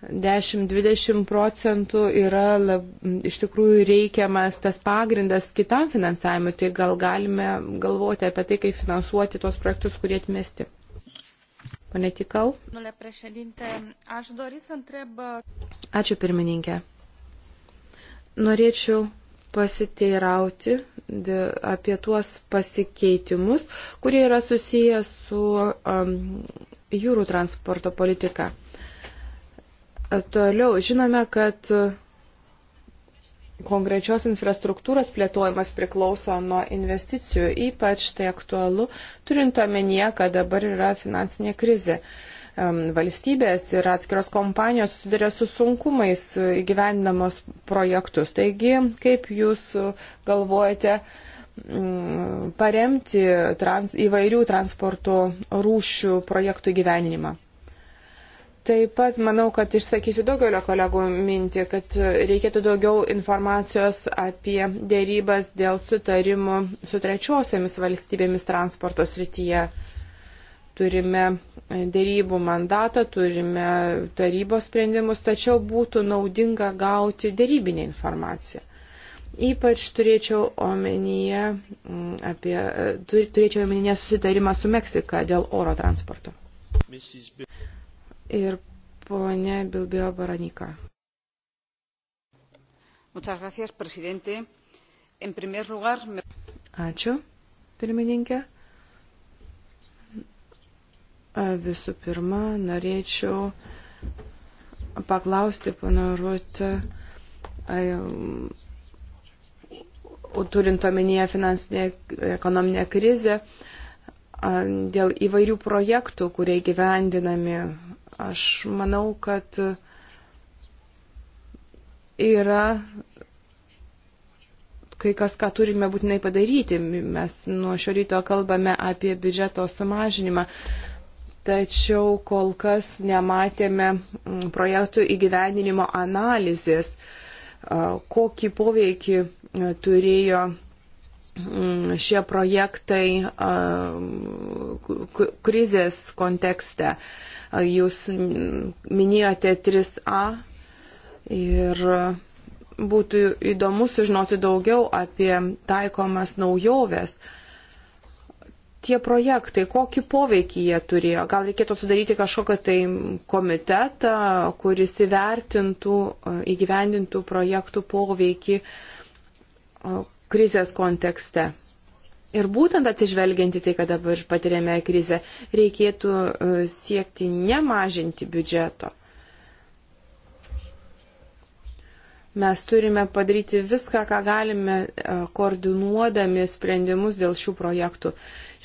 10-20 procentų yra lab, iš tikrųjų reikiamas tas pagrindas kitam finansavimui, tai gal galime galvoti apie tai, kaip finansuoti tuos projektus, kurie atmesti. Pane Tikau. Ačiū pirmininkė. Norėčiau pasiteirauti apie tuos pasikeitimus, kurie yra susiję su um, jūrų transporto politika. Toliau žinome, kad konkrečios infrastruktūros plėtojimas priklauso nuo investicijų, ypač tai aktualu, turint omenyje, kad dabar yra finansinė krizė. Valstybės ir atskiros kompanijos susiduria su sunkumais įgyvendinamos projektus. Taigi, kaip Jūs galvojate paremti trans, įvairių transporto rūšių projektų gyvenimą? Taip pat manau, kad išsakysiu daugelio kolegų mintį, kad reikėtų daugiau informacijos apie dėrybas dėl sutarimų su trečiosiomis valstybėmis transporto srityje. Turime dėrybų mandatą, turime tarybos sprendimus, tačiau būtų naudinga gauti dėrybinę informaciją. Ypač turėčiau omenyje, mm, apie, turėčiau omenyje susitarimą su Meksika dėl oro transporto. Mrs. B ir ponė Bilbio Baranika. Ačiū, pirmininkė. Visų pirma, norėčiau paklausti, panorot, turint omenyje finansinę ekonominę krizę, dėl įvairių projektų, kurie gyvendinami Aš manau, kad yra kai kas, ką turime būtinai padaryti. Mes nuo šio ryto kalbame apie biudžeto sumažinimą, tačiau kol kas nematėme mm, projektų įgyvendinimo analizės, kokį poveikį turėjo Mm, šie projektai krizės kontekste. Jūs minėjote 3A ir būtų įdomu sužinoti daugiau apie taikomas naujoves. Tie projektai, kokį poveikį jie turėjo? Gal reikėtų sudaryti kažkokią tai komitetą, kuris įvertintų, įgyvendintų projektų poveikį krizės kontekste. Ir būtent atsižvelgianti tai, kad dabar patiriame krizę, reikėtų e, siekti nemažinti biudžeto. Mes turime padaryti viską, ką galime, e, koordinuodami sprendimus dėl šių projektų.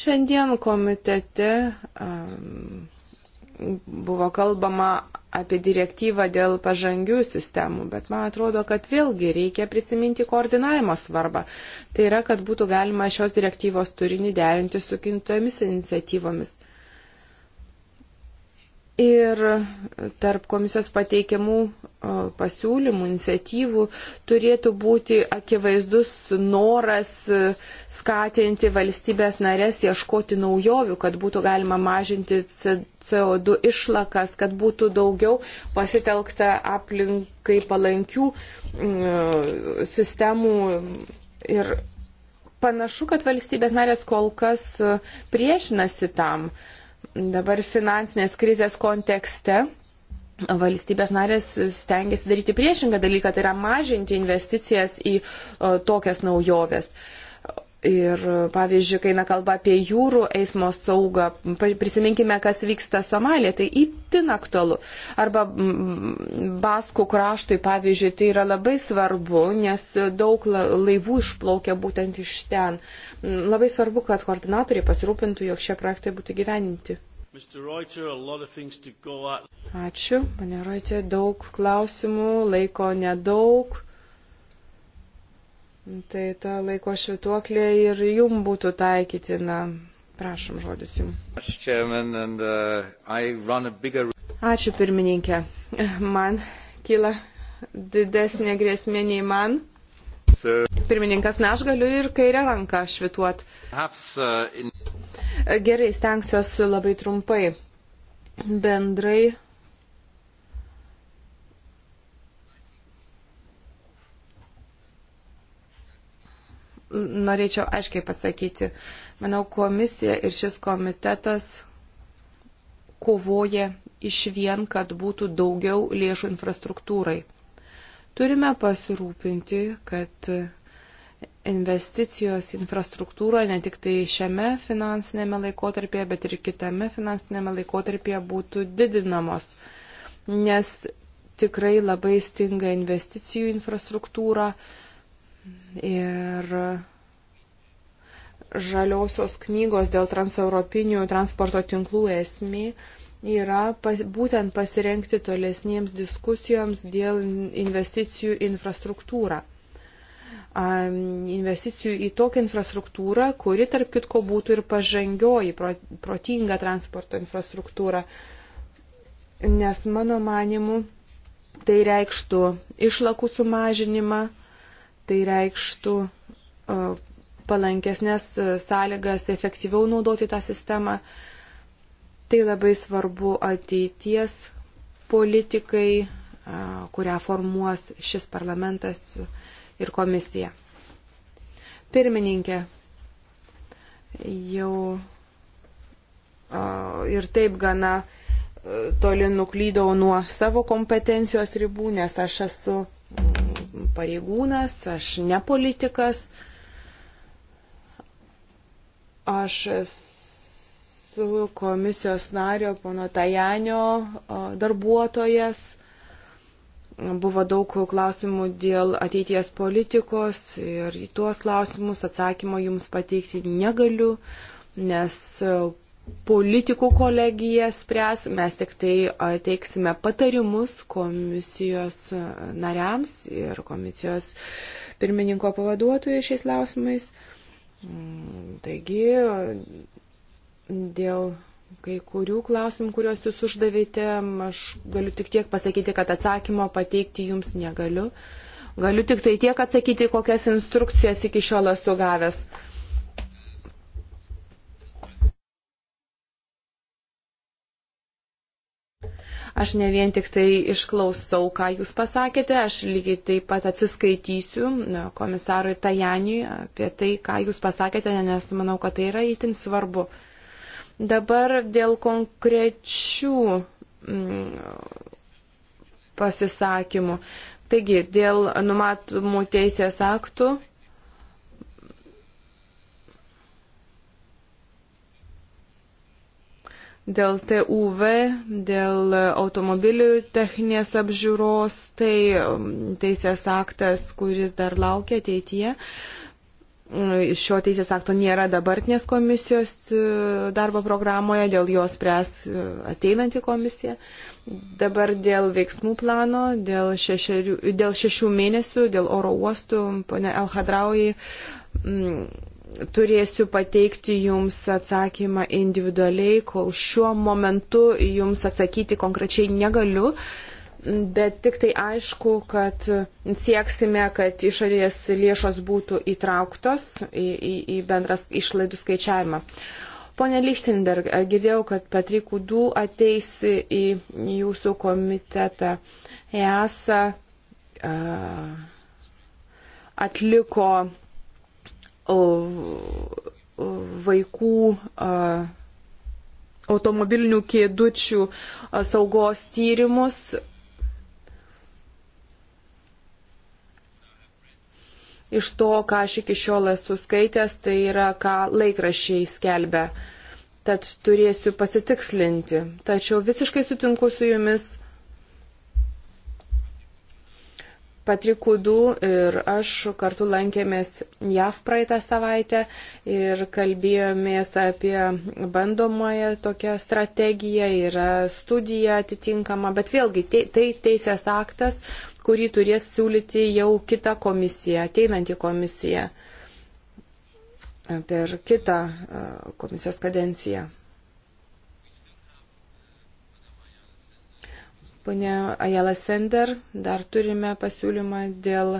Šiandien komitete um, buvo kalbama apie direktyvą dėl pažangių sistemų, bet man atrodo, kad vėlgi reikia prisiminti koordinavimo svarbą. Tai yra, kad būtų galima šios direktyvos turinį derinti su kintomis iniciatyvomis. Ir tarp komisijos pateikiamų pasiūlymų, iniciatyvų turėtų būti akivaizdus noras skatinti valstybės narės ieškoti naujovių, kad būtų galima mažinti CO2 išlakas, kad būtų daugiau pasitelkta aplinkai palankių mm, sistemų ir panašu, kad valstybės narės kol kas priešinasi tam. Dabar finansinės krizės kontekste valstybės narės stengiasi daryti priešingą dalyką, tai yra mažinti investicijas į e, tokias naujoves. Uh, Ir pavyzdžiui, kai kalba apie jūrų eismo saugą, prisiminkime, kas vyksta Somalija, tai įtin aktualu. Arba mm, Baskų kraštui, pavyzdžiui, tai yra labai svarbu, nes daug laivų išplaukia būtent iš ten. Mm, labai svarbu, kad koordinatoriai pasirūpintų, jog šie projektai būtų gyveninti. Reuter, Ačiū, pane Roitė, daug klausimų, laiko nedaug. Tai ta laiko švituoklė ir jum būtų taikytina. Prašom žodis jums. Uh, Ačiū pirmininkė. Man kyla didesnė grėsmė nei man. Pirmininkas, na aš galiu ir kairę ranką švituot. Uh, Gerai, stengsiuosi labai trumpai. Bendrai norėčiau aiškiai pasakyti. Manau, komisija ir šis komitetas kovoja iš vien, kad būtų daugiau lėšų infrastruktūrai. Turime pasirūpinti, kad investicijos infrastruktūroje ne tik tai šiame finansinėme laikotarpyje, bet ir kitame finansinėme laikotarpyje būtų didinamos, nes tikrai labai stinga investicijų infrastruktūra, uh, Ir žaliosios knygos dėl transeuropinių transporto tinklų esmė yra pas, būtent pasirenkti tolesniems diskusijoms dėl investicijų infrastruktūrą. Investicijų į tokią infrastruktūrą, kuri tarp kitko būtų ir pažangioji, protinga transporto infrastruktūra. Nes mano manimu, tai reikštų išlakų sumažinimą, Tai reikštų e, palankesnės e, sąlygas efektyviau naudoti tą sistemą. Tai labai svarbu ateities politikai, e, kurią formuos šis parlamentas ir komisija. Pirmininkė, jau ir taip gana toli nuklydau nuo savo kompetencijos ribų, nes aš esu pareigūnas, aš ne politikas. Aš esu komisijos nario pono Tajanio darbuotojas. Buvo daug klausimų dėl ateities politikos ir į tuos klausimus atsakymo jums pateikti negaliu, nes politikų kolegija spręs, mes tik tai teiksime patarimus komisijos nariams ir komisijos pirmininko pavaduotojai šiais klausimais. Mm, taigi, dėl kai kurių klausimų, kuriuos jūs uždavėte, aš galiu tik tiek pasakyti, kad atsakymo pateikti jums negaliu. Galiu tik tai tiek atsakyti, kokias instrukcijas iki šiol esu gavęs. Aš ne vien tik tai išklausau, ką jūs pasakėte, aš lygiai taip pat atsiskaitysiu komisarui Tajaniui apie tai, ką jūs pasakėte, nes manau, kad tai yra itin svarbu. Dabar dėl konkrečių mm, pasisakymų. Taigi, dėl numatomų teisės aktų dėl TUV, dėl automobilių techninės apžiūros, tai um, teisės aktas, kuris dar laukia ateityje. Mm, šio teisės akto nėra dabartinės komisijos e, darbo programoje, dėl jos spręs e, ateinanti komisija. Dabar dėl veiksmų plano, dėl, šešerių, dėl šešių mėnesių, dėl oro uostų, pone Elhadraujai, mm, turėsiu pateikti jums atsakymą individualiai, kol šiuo momentu jums atsakyti konkrečiai negaliu. Bet tik tai aišku, kad sieksime, kad išorės lėšos būtų įtrauktos į, į, į bendras išlaidų skaičiavimą. Pone Lichtenberg, girdėjau, kad Patrikų Du ateis į jūsų komitetą. EASA atliko vaikų automobilinių kėdučių saugos tyrimus. Iš to, ką aš iki šiol esu skaitęs, tai yra, ką laikrašiai skelbia. Tad turėsiu pasitikslinti. Tačiau visiškai sutinku su jumis Patrikudų ir aš kartu lankėmės JAV praeitą savaitę ir kalbėjomės apie bandomąją tokią strategiją, yra studija atitinkama, bet vėlgi tai, tai teisės aktas, kurį turės siūlyti jau kita komisija, ateinanti komisija per kitą e, komisijos kadenciją. Pane Ajala Sender, dar turime pasiūlymą dėl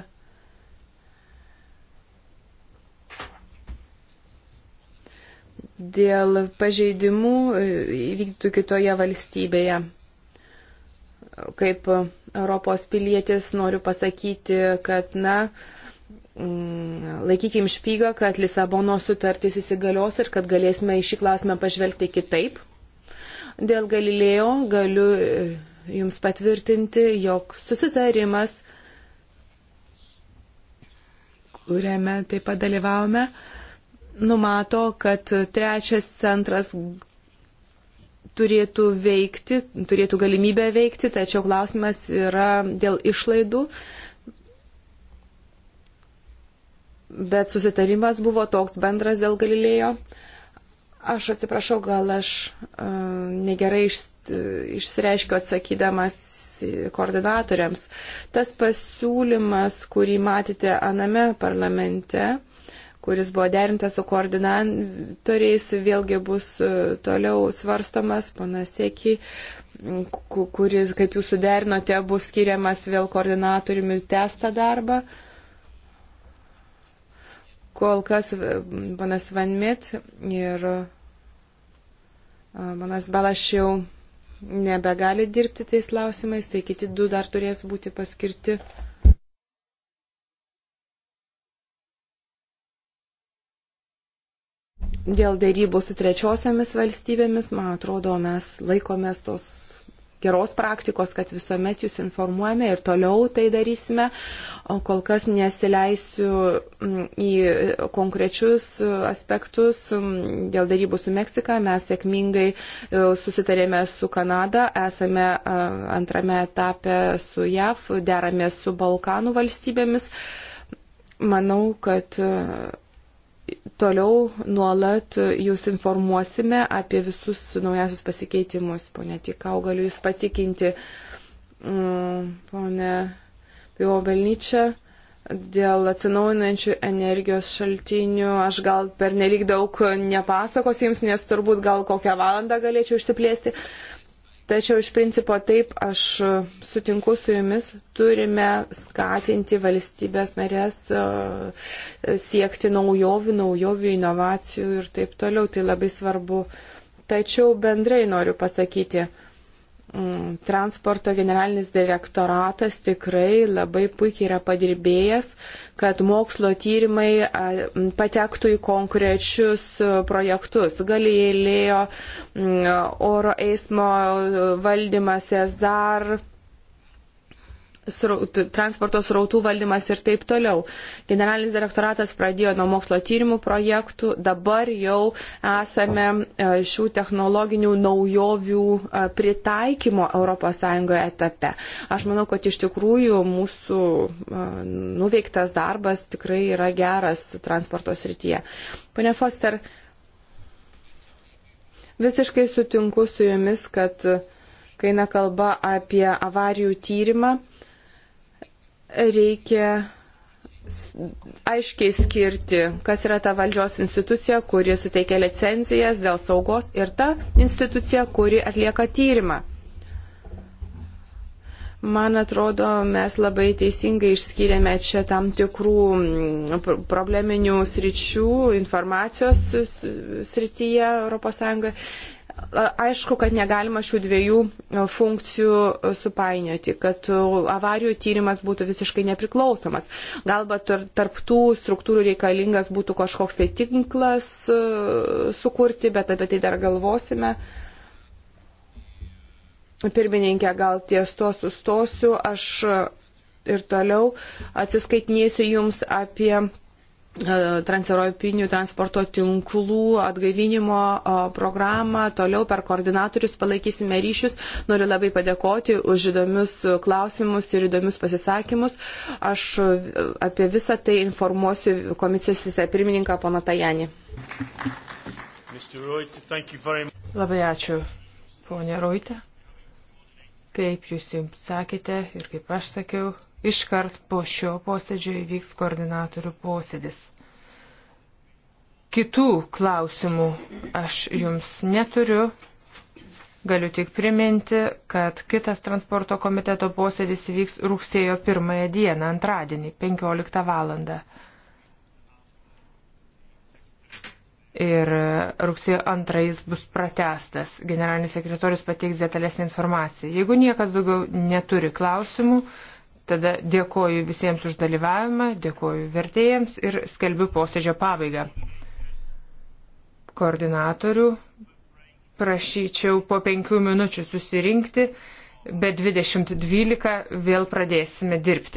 dėl pažeidimų įvykdytų kitoje valstybėje. Kaip Europos pilietis noriu pasakyti, kad, na, mm, laikykim špygą, kad Lisabono sutartys įsigalios ir kad galėsime į šį klausimą pažvelgti kitaip. Dėl Galilėjo galiu Jums patvirtinti, jog susitarimas, kuriame taip pat dalyvavome, numato, kad trečias centras turėtų veikti, turėtų galimybę veikti, tačiau klausimas yra dėl išlaidų. Bet susitarimas buvo toks bendras dėl Galilėjo. Aš atsiprašau, gal aš uh, negerai iš, išsireiškiu atsakydamas koordinatoriams. Tas pasiūlymas, kurį matėte aname parlamente, kuris buvo derintas su koordinatoriais, vėlgi bus e, toliau svarstomas, panasieki, kuris, kaip jūs suderinote, bus skiriamas vėl koordinatoriumi testą darbą. Kol kas e, panas Vanmit ir Manas Balas jau nebegali dirbti tais klausimais, tai kiti du dar turės būti paskirti. Dėl dėrybų su trečiosiomis valstybėmis, man atrodo, mes laikomės tos geros praktikos, kad visuomet jūs informuojame ir toliau tai darysime. Kol kas nesileisiu mm, į konkrečius aspektus mm, dėl darybų su Meksika. Mes sėkmingai e, susitarėme su Kanada, esame antrame etape su JAV, deramės su Balkanų valstybėmis. Manau, kad e, toliau nuolat jūs informuosime apie visus naujasius pasikeitimus. Pone Tikau, galiu jūs patikinti, mm, pone Pivovelnyčia, dėl atsinaujinančių energijos šaltinių aš gal per nelik daug nepasakosiu jums, nes turbūt gal kokią valandą galėčiau išsiplėsti. Tačiau iš principo taip aš sutinku su jumis, turime skatinti valstybės narės e, siekti naujovių, naujovių, inovacijų ir taip toliau. Tai labai svarbu. Tačiau bendrai noriu pasakyti, Mm, transporto generalinis direktoratas tikrai labai puikiai yra padirbėjęs, kad mokslo tyrimai patektų į konkrečius e, projektus. Galilėjo mm, oro eismo valdymas, SDR sraut, transporto srautų valdymas ir taip toliau. Generalinis direktoratas pradėjo nuo mokslo tyrimų projektų, dabar jau esame e, šių technologinių naujovių e, pritaikymo ES etape. Aš manau, kad iš tikrųjų mūsų e, nuveiktas darbas tikrai yra geras transporto srityje. Pane Foster, visiškai sutinku su jumis, kad kai nekalba apie avarijų tyrimą, reikia aiškiai skirti, kas yra ta valdžios institucija, kuri suteikia licencijas dėl saugos ir ta institucija, kuri atlieka tyrimą. Man atrodo, mes labai teisingai išskiriame čia tam tikrų mm, probleminių sričių informacijos srityje ES aišku, kad negalima šių dviejų e, funkcijų e, supainioti, kad e, avarijų tyrimas būtų visiškai nepriklausomas. Galbūt tarp tų struktūrų reikalingas būtų kažkoks tai tinklas sukurti, bet apie tai dar galvosime. Pirmininkė, gal ties to sustosiu. Aš ir toliau atsiskaitinėsiu jums apie E, transeuropinių transporto tinklų atgaivinimo e, programą. Toliau per koordinatorius palaikysime ryšius. Noriu labai padėkoti už įdomius klausimus ir įdomius pasisakymus. Aš apie visą tai informuosiu komisijos vicepirmininką pono Tajanį. Labai ačiū, ponė Roitė. Kaip jūs jums sakėte ir kaip aš sakiau, iškart po šio posėdžio įvyks koordinatorių posėdis. Kitų klausimų aš jums neturiu. Galiu tik priminti, kad kitas transporto komiteto posėdis įvyks rugsėjo pirmąją dieną, antradienį, 15 val. ir rugsėjo 2 jis bus pratestas. Generalinis sekretorius pateiks detalesnį informaciją. Jeigu niekas daugiau neturi klausimų, Tada dėkoju visiems už dalyvavimą, dėkoju vertėjams ir skelbiu posėdžio pabaigą. Koordinatorių prašyčiau po penkių minučių susirinkti, be 20.12 vėl pradėsime dirbti.